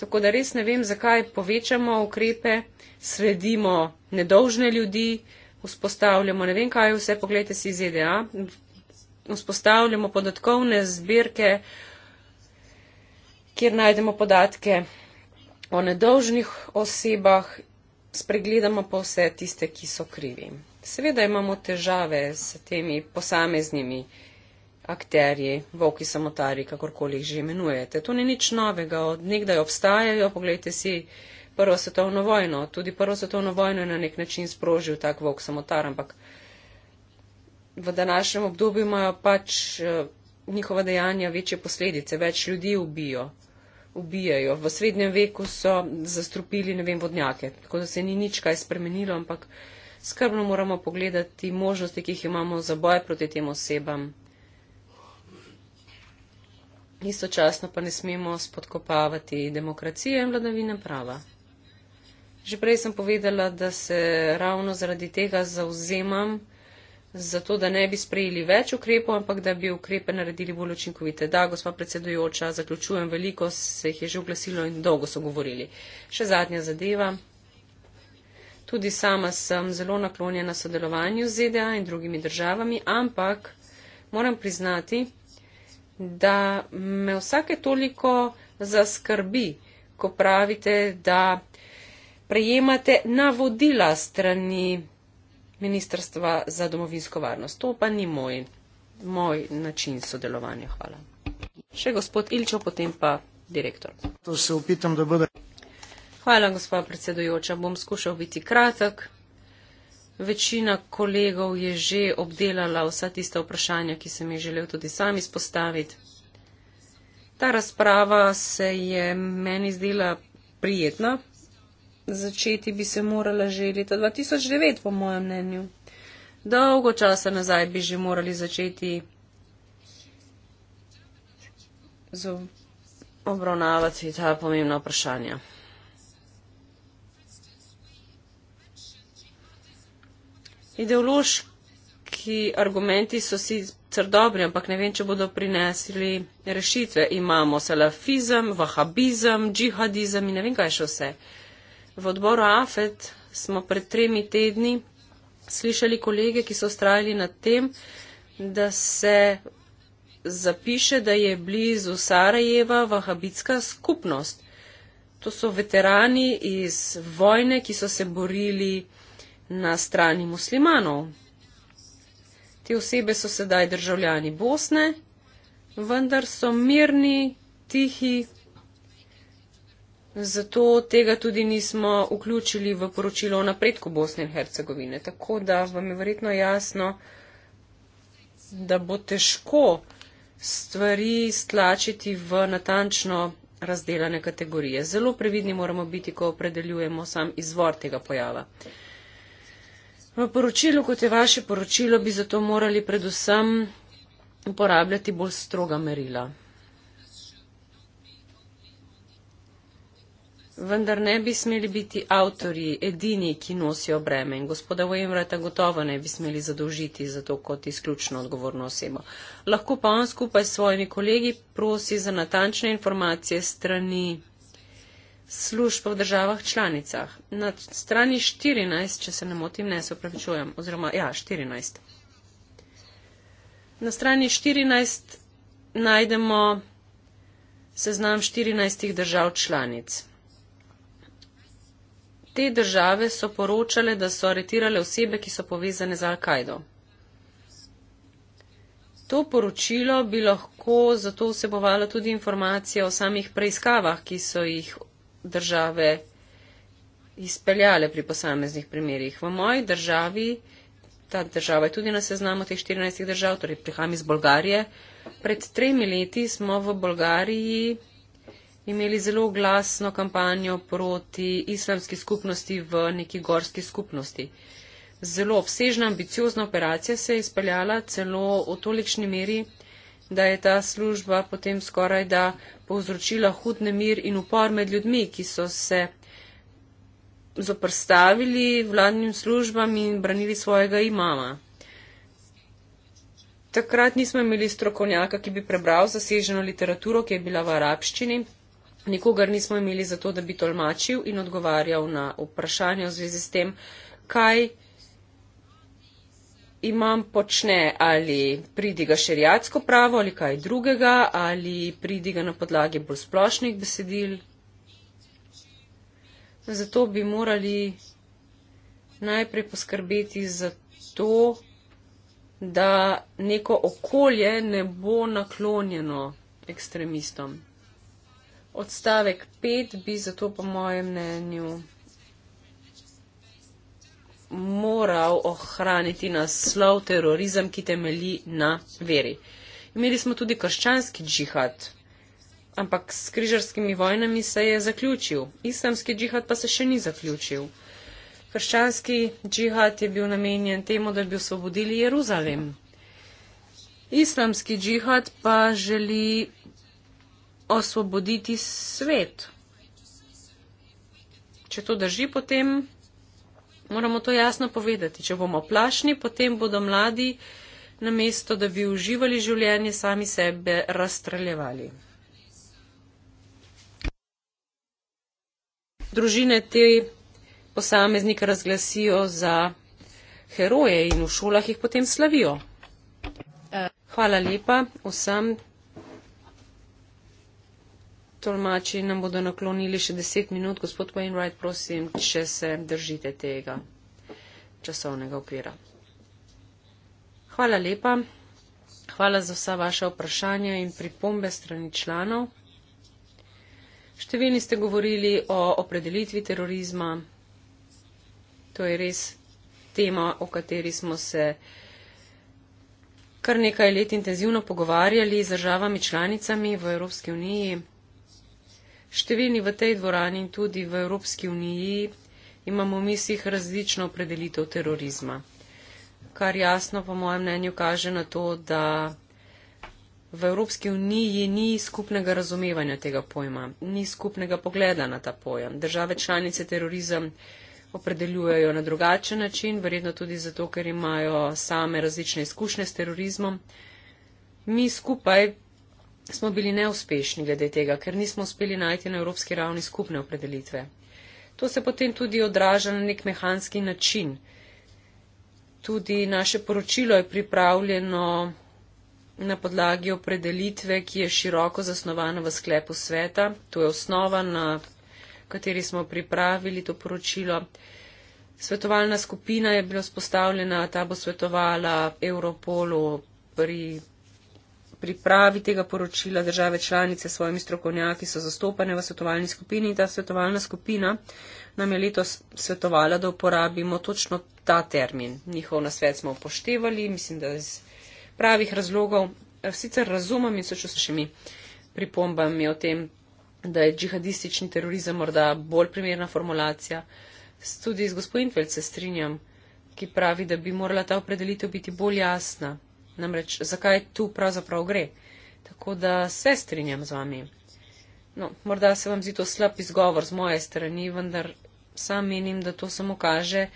Tako da res ne vem, zakaj povečamo ukrepe, sledimo nedolžne ljudi, vzpostavljamo ne vem kaj vse, pogledajte si ZDA, vzpostavljamo podatkovne zbirke, kjer najdemo podatke o nedolžnih osebah, spregledamo pa vse tiste, ki so krivi. Seveda imamo težave s temi posameznimi akterji, volki samotari, kakorkoli jih že imenujete. To ni nič novega, od nekdaj obstajajo, pogledajte si Prvo svetovno vojno. Tudi Prvo svetovno vojno je na nek način sprožil tak volk samotar, ampak v današnjem obdobju imajo pač eh, njihova dejanja večje posledice, več ljudi ubijo, ubijajo. V srednjem veku so zastrupili, ne vem, vodnjake, tako da se ni nič kaj spremenilo, ampak skrbno moramo pogledati možnosti, ki jih imamo za boj proti tem osebam. Istočasno pa ne smemo spodkopavati demokracije in vladavine prava. Že prej sem povedala, da se ravno zaradi tega zauzemam, zato da ne bi sprejeli več ukrepov, ampak da bi ukrepe naredili bolj učinkovite. Da, gospa predsedujoča, zaključujem, veliko se jih je že oglasilo in dolgo so govorili. Še zadnja zadeva. Tudi sama sem zelo naklonjena sodelovanju z ZDA in drugimi državami, ampak moram priznati, da me vsake toliko zaskrbi, ko pravite, da prejemate navodila strani Ministrstva za domovinsko varnost. To pa ni moj, moj način sodelovanja. Hvala. Še gospod Ilčo, potem pa direktor. To se upitam, da bodo. Hvala, gospod predsedujoča. Bom skušal biti kratek. Večina kolegov je že obdelala vsa tista vprašanja, ki sem jih želel tudi sam izpostaviti. Ta razprava se je meni zdela prijetna, začeti bi se morala že leta 2009, po mojem mnenju. Dolgo časa nazaj bi že morali začeti z obravnavati ta pomembna vprašanja. Ideološki argumenti so si crdobri, ampak ne vem, če bodo prinesli rešitve. Imamo salafizem, vahabizem, džihadizem in ne vem, kaj še vse. V odboru AFET smo pred tremi tedni slišali kolege, ki so ustrajali nad tem, da se zapiše, da je blizu Sarajeva vahabitska skupnost. To so veterani iz vojne, ki so se borili na strani muslimanov. Te osebe so sedaj državljani Bosne, vendar so mirni, tihi, Zato tega tudi nismo vključili v poročilo o napredku Bosne in Hercegovine. Tako da vam je verjetno jasno, da bo težko stvari stlačiti v natančno razdelane kategorije. Zelo previdni moramo biti, ko opredeljujemo sam izvor tega pojava. V poročilu, kot je vaše poročilo, bi zato morali predvsem uporabljati bolj stroga merila. vendar ne bi smeli biti avtori edini, ki nosijo breme in gospoda Wainwrighta gotovo ne bi smeli zadolžiti za to kot izključno odgovorno osebo. Lahko pa on skupaj s svojimi kolegi prosi za natančne informacije strani služb v državah članicah. Na strani 14, če se ne motim, ne se upravičujem, oziroma ja, 14. Na strani 14 najdemo seznam 14 držav članic. Te države so poročale, da so aretirale osebe, ki so povezane z Al-Kaido. To poročilo bi lahko zato vsebovalo tudi informacije o samih preiskavah, ki so jih države izpeljale pri posameznih primerjih. V moji državi, ta država je tudi na seznamu teh 14 držav, torej prihajam iz Bolgarije, pred tremi leti smo v Bolgariji imeli zelo glasno kampanjo proti islamski skupnosti v neki gorski skupnosti. Zelo obsežna, ambiciozna operacija se je izpeljala celo v tolikšni meri, da je ta služba potem skoraj da povzročila hud nemir in upor med ljudmi, ki so se zoprstavili vladnim službam in branili svojega imama. Takrat nismo imeli strokovnjaka, ki bi prebral zaseženo literaturo, ki je bila v arabščini, nikogar nismo imeli za to, da bi tolmačil in odgovarjal na vprašanje v zvezi s tem, kaj imam počne ali pridiga šerijatsko pravo ali kaj drugega ali pridiga na podlagi bolj splošnih besedil. Zato bi morali najprej poskrbeti za to, da neko okolje ne bo naklonjeno ekstremistom. Odstavek 5 bi zato po mojem mnenju moral ohraniti naslov terorizem, ki temelji na veri. Imeli smo tudi krščanski džihad, ampak s križarskimi vojnami se je zaključil, islamski džihad pa se še ni zaključil. Krščanski džihad je bil namenjen temu, da bi osvobodili Jeruzalem. Islamski džihad pa želi osvoboditi svet. Če to drži, potem moramo to jasno povedati. Če bomo plašni, potem bodo mladi na mesto, da bi uživali življenje, sami sebe razstreljevali. Družine te posameznike razglasijo za heroje in v šolah jih potem slavijo. Eh. Hvala lepa vsem tolmači nam bodo naklonili še deset minut. Gospod Wainwright, prosim, če se držite tega časovnega okvira. Hvala lepa. Hvala za vsa vaša vprašanja in pripombe strani članov. Številni ste govorili o opredelitvi terorizma. To je res tema, o kateri smo se kar nekaj let intenzivno pogovarjali z državami članicami v Evropski uniji številni v tej dvorani in tudi v Evropski uniji imamo v mislih različno opredelitev terorizma, kar jasno po mojem mnenju kaže na to, da v Evropski uniji ni skupnega razumevanja tega pojma, ni skupnega pogleda na ta pojem. Države članice terorizem opredeljujejo na drugačen način, verjetno tudi zato, ker imajo same različne izkušnje s terorizmom. Mi skupaj smo bili neuspešni glede tega, ker nismo uspeli najti na evropski ravni skupne opredelitve. To se potem tudi odraža na nek mehanski način. Tudi naše poročilo je pripravljeno na podlagi opredelitve, ki je široko zasnovana v sklepu sveta. To je osnova, na kateri smo pripravili to poročilo. Svetovalna skupina je bila spostavljena, ta bo svetovala Europolu pri pripravi tega poročila države članice s svojimi strokovnjaki so zastopane v svetovalni skupini in ta svetovalna skupina nam je letos svetovala, da uporabimo točno ta termin. Njihov nasvet smo upoštevali, mislim, da iz pravih razlogov, eh, sicer razumem in sočustvenimi pripombami o tem, da je džihadistični terorizem morda bolj primerna formulacija. Tudi z gospodin Feld se strinjam, ki pravi, da bi morala ta opredelitev biti bolj jasna. Namreč, zakaj tu pravzaprav gre? Tako da se strinjam z vami. No, morda se vam zdi to slab izgovor z moje strani, vendar sam menim, da to samo kaže,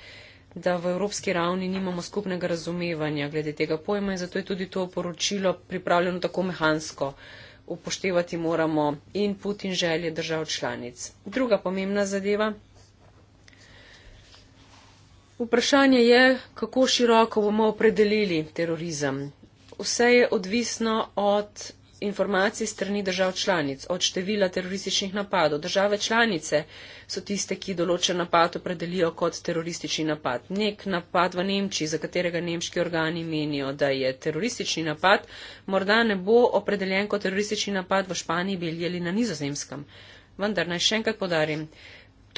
da v evropski ravni nimamo skupnega razumevanja glede tega pojma in zato je tudi to poročilo pripravljeno tako mehansko. Upoštevati moramo input in želje držav članic. Druga pomembna zadeva. Vprašanje je, kako široko bomo opredelili terorizem. Vse je odvisno od informacij strani držav članic, od števila terorističnih napadov. Države članice so tiste, ki določen napad opredelijo kot teroristični napad. Nek napad v Nemčiji, za katerega nemški organi menijo, da je teroristični napad, morda ne bo opredeljen kot teroristični napad v Španiji, Belgiji ali na nizozemskem. Vendar naj še enkrat podarim,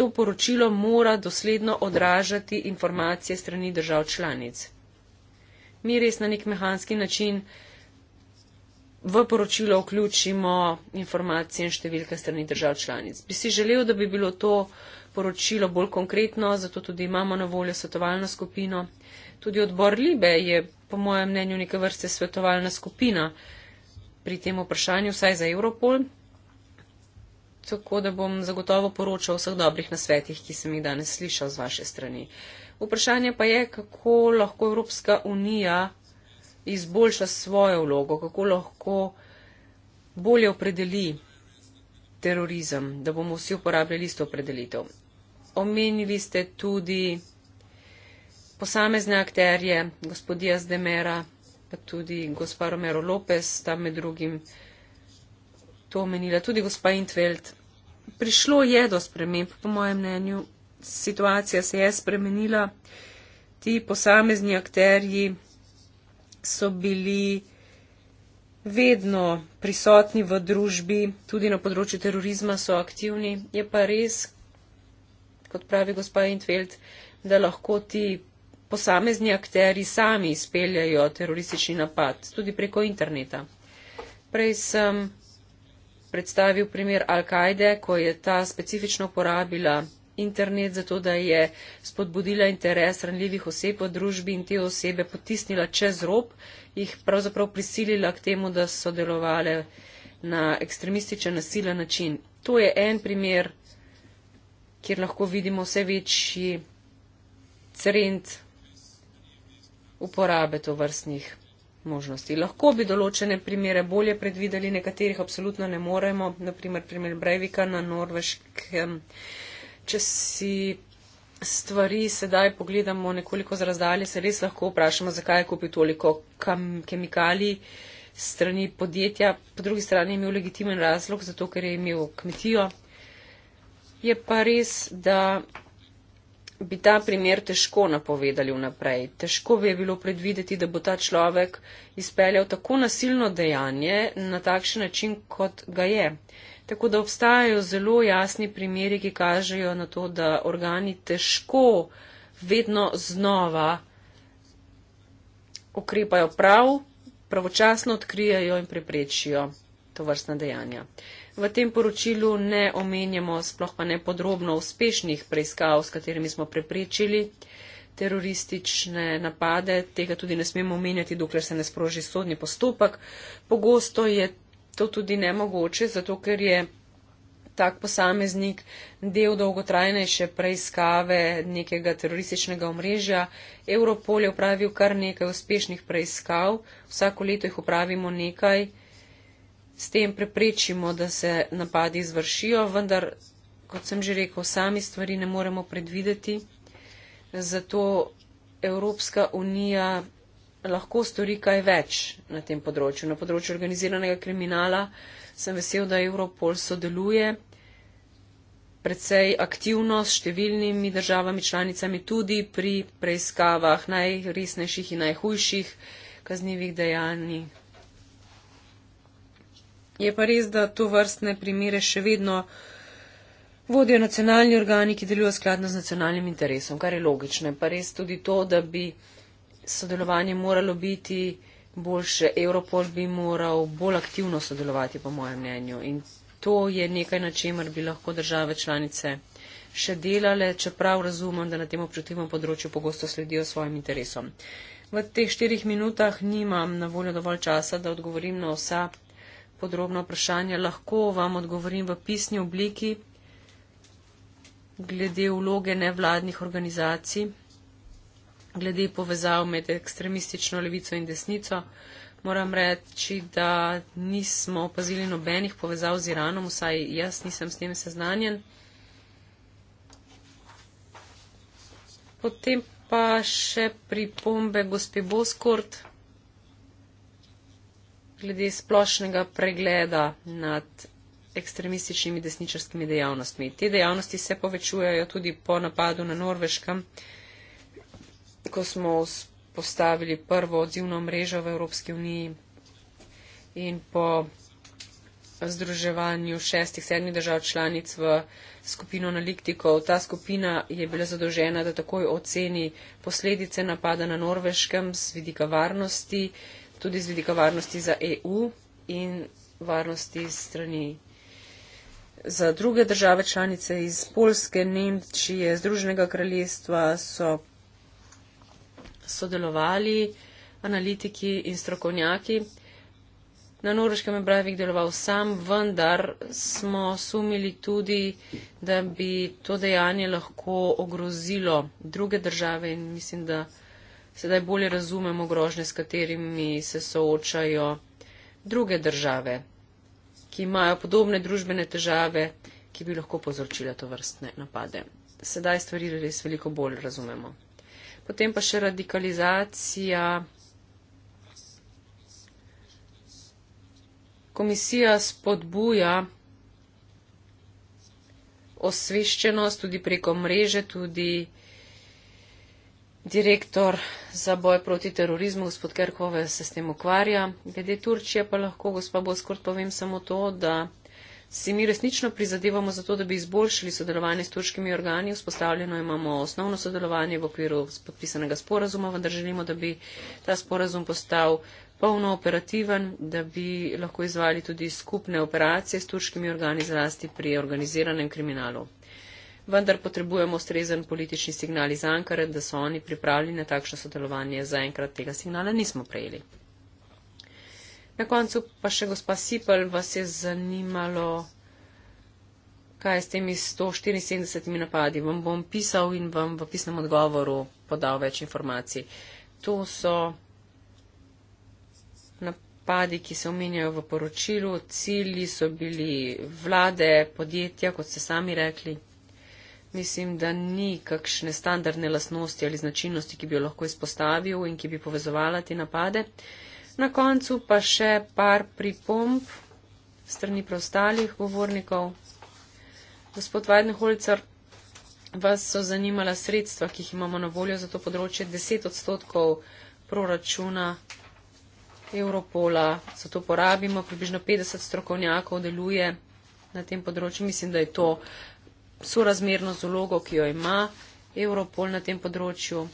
to poročilo mora dosledno odražati informacije strani držav članic. Mi res na nek mehanski način v poročilo vključimo informacije in številke strani držav članic. Bi si želel, da bi bilo to poročilo bolj konkretno, zato tudi imamo na voljo svetovalno skupino. Tudi odbor Libe je, po mojem mnenju, neke vrste svetovalna skupina pri tem vprašanju, vsaj za Europol tako da bom zagotovo poročal vseh dobrih nasvetih, ki sem jih danes slišal z vaše strani. Vprašanje pa je, kako lahko Evropska unija izboljša svojo vlogo, kako lahko bolje opredeli terorizem, da bomo vsi uporabljali isto opredelitev. Omenili ste tudi posamezne akterje, gospodija Zdemera, pa tudi gospa Romero Lopez, tam med drugim to omenila, tudi gospa Intveld. Prišlo je do sprememb, po mojem mnenju, situacija se je spremenila, ti posamezni akterji so bili vedno prisotni v družbi, tudi na področju terorizma so aktivni. Je pa res, kot pravi gospa Intveld, da lahko ti posamezni akteri sami izpeljajo teroristični napad, tudi preko interneta. Prej sem predstavil primer Al-Kajde, ko je ta specifično uporabila internet za to, da je spodbudila interes ranljivih oseb v družbi in te osebe potisnila čez rob, jih pravzaprav prisilila k temu, da so delovale na ekstremističen nasilen način. To je en primer, kjer lahko vidimo vse večji trend uporabe to vrstnih možnosti. Lahko bi določene primere bolje predvideli, nekaterih absolutno ne moremo, naprimer primer Brevika na Norveškem. Če si stvari sedaj pogledamo nekoliko z razdalje, se res lahko vprašamo, zakaj je kupil toliko kemikalij strani podjetja. Po drugi strani je imel legitimen razlog, zato ker je imel kmetijo. Je pa res, da bi ta primer težko napovedali vnaprej. Težko bi bilo predvideti, da bo ta človek izpeljal tako nasilno dejanje na takšen način, kot ga je. Tako da obstajajo zelo jasni primeri, ki kažejo na to, da organi težko vedno znova ukrepajo prav, pravočasno odkrijajo in preprečijo to vrstna dejanja. Uh, v tem poročilu ne omenjamo, sploh pa ne podrobno uspešnih preiskav, s katerimi smo preprečili teroristične napade. Tega tudi ne smemo omenjati, dokler se ne sproži sodni postopek. Pogosto je to tudi nemogoče, zato ker je tak posameznik del dolgotrajnejše preiskave nekega terorističnega omrežja. Europol je upravil kar nekaj uspešnih preiskav, vsako leto jih upravimo nekaj s tem preprečimo, da se napadi izvršijo, vendar, kot sem že rekel, sami stvari ne moremo predvideti. Zato Evropska unija lahko stori kaj več na tem področju. Na področju organiziranega kriminala sem vesel, da Europol sodeluje predvsej aktivno s številnimi državami članicami tudi pri preiskavah najresnejših in najhujših kaznjivih dejanj Je pa res, da to vrstne primere še vedno vodijo nacionalni organi, ki delujo skladno z nacionalnim interesom, kar je logično. Pa res tudi to, da bi sodelovanje moralo biti boljše, Europol bi moral bolj aktivno sodelovati, po mojem mnenju. In to je nekaj, na čemer bi lahko države članice še delale, čeprav razumem, da na tem občutljivem področju pogosto sledijo svojim interesom. V teh štirih minutah nimam na voljo dovolj časa, da odgovorim na vsa podrobna vprašanja, lahko vam odgovorim v pisni obliki glede vloge nevladnih organizacij, glede povezav med ekstremistično levico in desnico. Moram reči, da nismo opazili nobenih povezav z Iranom, vsaj jaz nisem s tem seznanjen. Potem pa še pripombe gospe Boskort glede splošnega pregleda nad ekstremističnimi desničarskimi dejavnostmi. Te dejavnosti se povečujejo tudi po napadu na Norveškem, ko smo postavili prvo odzivno mrežo v Evropski uniji in po združevanju šestih, sedmih držav članic v skupino analitikov. Ta skupina je bila zadolžena, da takoj oceni posledice napada na Norveškem z vidika varnosti, uh, tudi z vidika varnosti za EU in varnosti strani za druge države članice iz Polske, Nemčije, Združenega kraljestva so sodelovali analitiki in strokovnjaki. Na Norveškem je Breivik deloval sam, vendar smo sumili tudi, da bi to dejanje lahko ogrozilo druge države in mislim, da sedaj bolje razumemo grožne, s katerimi se soočajo druge države, ki imajo podobne družbene težave, ki bi lahko povzročile to vrstne napade. Sedaj stvari res veliko bolj razumemo. Potem pa še radikalizacija. Komisija spodbuja osveščenost tudi preko mreže, tudi direktor za boj proti terorizmu, gospod Kerkove, se s tem ukvarja. Glede Turčije pa lahko, gospa Boskort, povem samo to, da si mi resnično prizadevamo za to, da bi izboljšali sodelovanje s turškimi organi. Vzpostavljeno imamo osnovno sodelovanje v okviru podpisanega sporazuma, vendar želimo, da bi ta sporazum postal polno operativen, da bi lahko izvali tudi skupne operacije s turškimi organi, zlasti pri organiziranem kriminalu vendar potrebujemo strezen politični signal iz Ankare, da so oni pripravljeni na takšno sodelovanje. Zaenkrat tega signala nismo prejeli. Na koncu pa še gospa Sipel, vas je zanimalo, kaj je s temi 174 napadi. Vam bom pisal in vam v pisnem odgovoru podal več informacij. To so napadi, ki se omenjajo v poročilu. Cilji so bili vlade, podjetja, kot ste sami rekli. Mislim, da ni kakšne standardne lastnosti ali značilnosti, ki bi jo lahko izpostavil in ki bi povezovala te napade. Na koncu pa še par pripomb strani preostalih govornikov. Gospod Weidenholzer, vas so zanimala sredstva, ki jih imamo na voljo za to področje. 10 odstotkov proračuna Europola za to porabimo, približno 50 strokovnjakov deluje na tem področju. Mislim, da je to. Uh, sorazmerno z ulogo, ki jo ima Evropol na tem področju.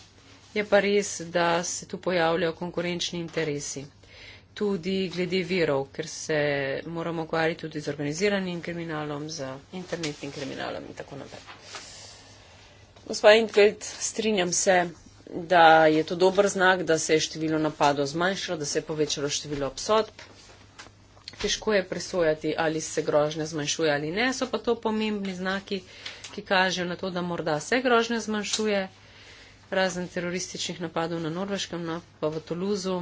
Je pa res, da se tu pojavljajo konkurenčni interesi. Tudi glede virov, ker se moramo ukvarjati tudi z organiziranim kriminalom, z internetnim kriminalom in tako naprej. Gospa Intveld, strinjam se, da je to dober znak, da se je število napadov zmanjšalo, da se je povečalo število obsodb težko je presojati, ali se grožnja zmanjšuje ali ne, so pa to pomembni znaki, ki kažejo na to, da morda se grožnja zmanjšuje, razen terorističnih napadov na Norveškem, na, no, pa v Toluzu.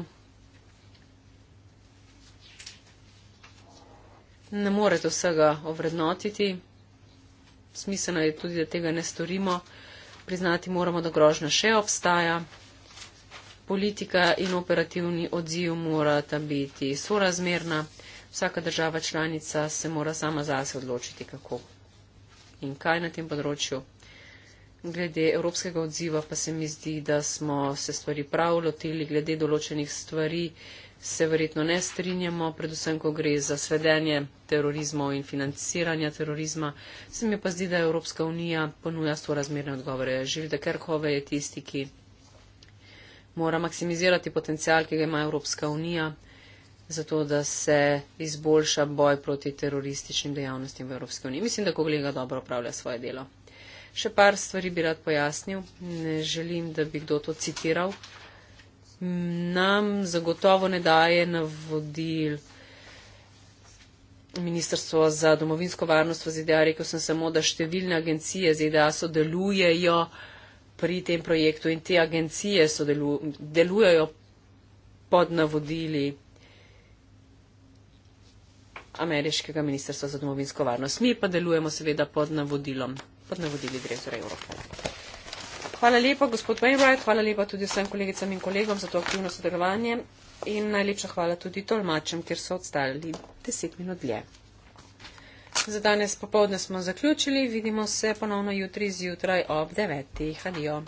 Ne morete vsega ovrednotiti, smiselno je tudi, da tega ne storimo, priznati moramo, da grožnja še obstaja. Politika in operativni odziv morata biti sorazmerna vsaka država članica se mora sama zase odločiti, kako in kaj na tem področju. Glede evropskega odziva pa se mi zdi, da smo se stvari prav lotili, glede določenih stvari se verjetno ne strinjamo, predvsem, ko gre za svedenje terorizmov in financiranja terorizma. Se mi pa zdi, da Evropska unija ponuja sto razmerne odgovore. Žilde Kerkove je tisti, ki mora maksimizirati potencial, ki ga ima Evropska unija zato, da se izboljša boj proti terorističnim dejavnostim v Evropski uniji. Mislim, da kolega dobro opravlja svoje delo. Še par stvari bi rad pojasnil. Ne želim, da bi kdo to citiral. Nam zagotovo ne daje navodil Ministrstvo za domovinsko varnost v ZDA, rekel sem samo, da številne agencije ZDA sodelujejo pri tem projektu in te agencije sodelujo, delujejo pod navodili ameriškega ministrstva za domovinsko varnost. Mi pa delujemo seveda pod navodilom, pod navodili direktora Evrope. Hvala lepa, gospod Wainwright, hvala lepa tudi vsem kolegicam in kolegom za to aktivno sodelovanje in najlepša hvala tudi tolmačem, ker so odstali deset minut dlje. Za danes popovdne smo zaključili, vidimo se ponovno jutri zjutraj ob devetih. Adijo.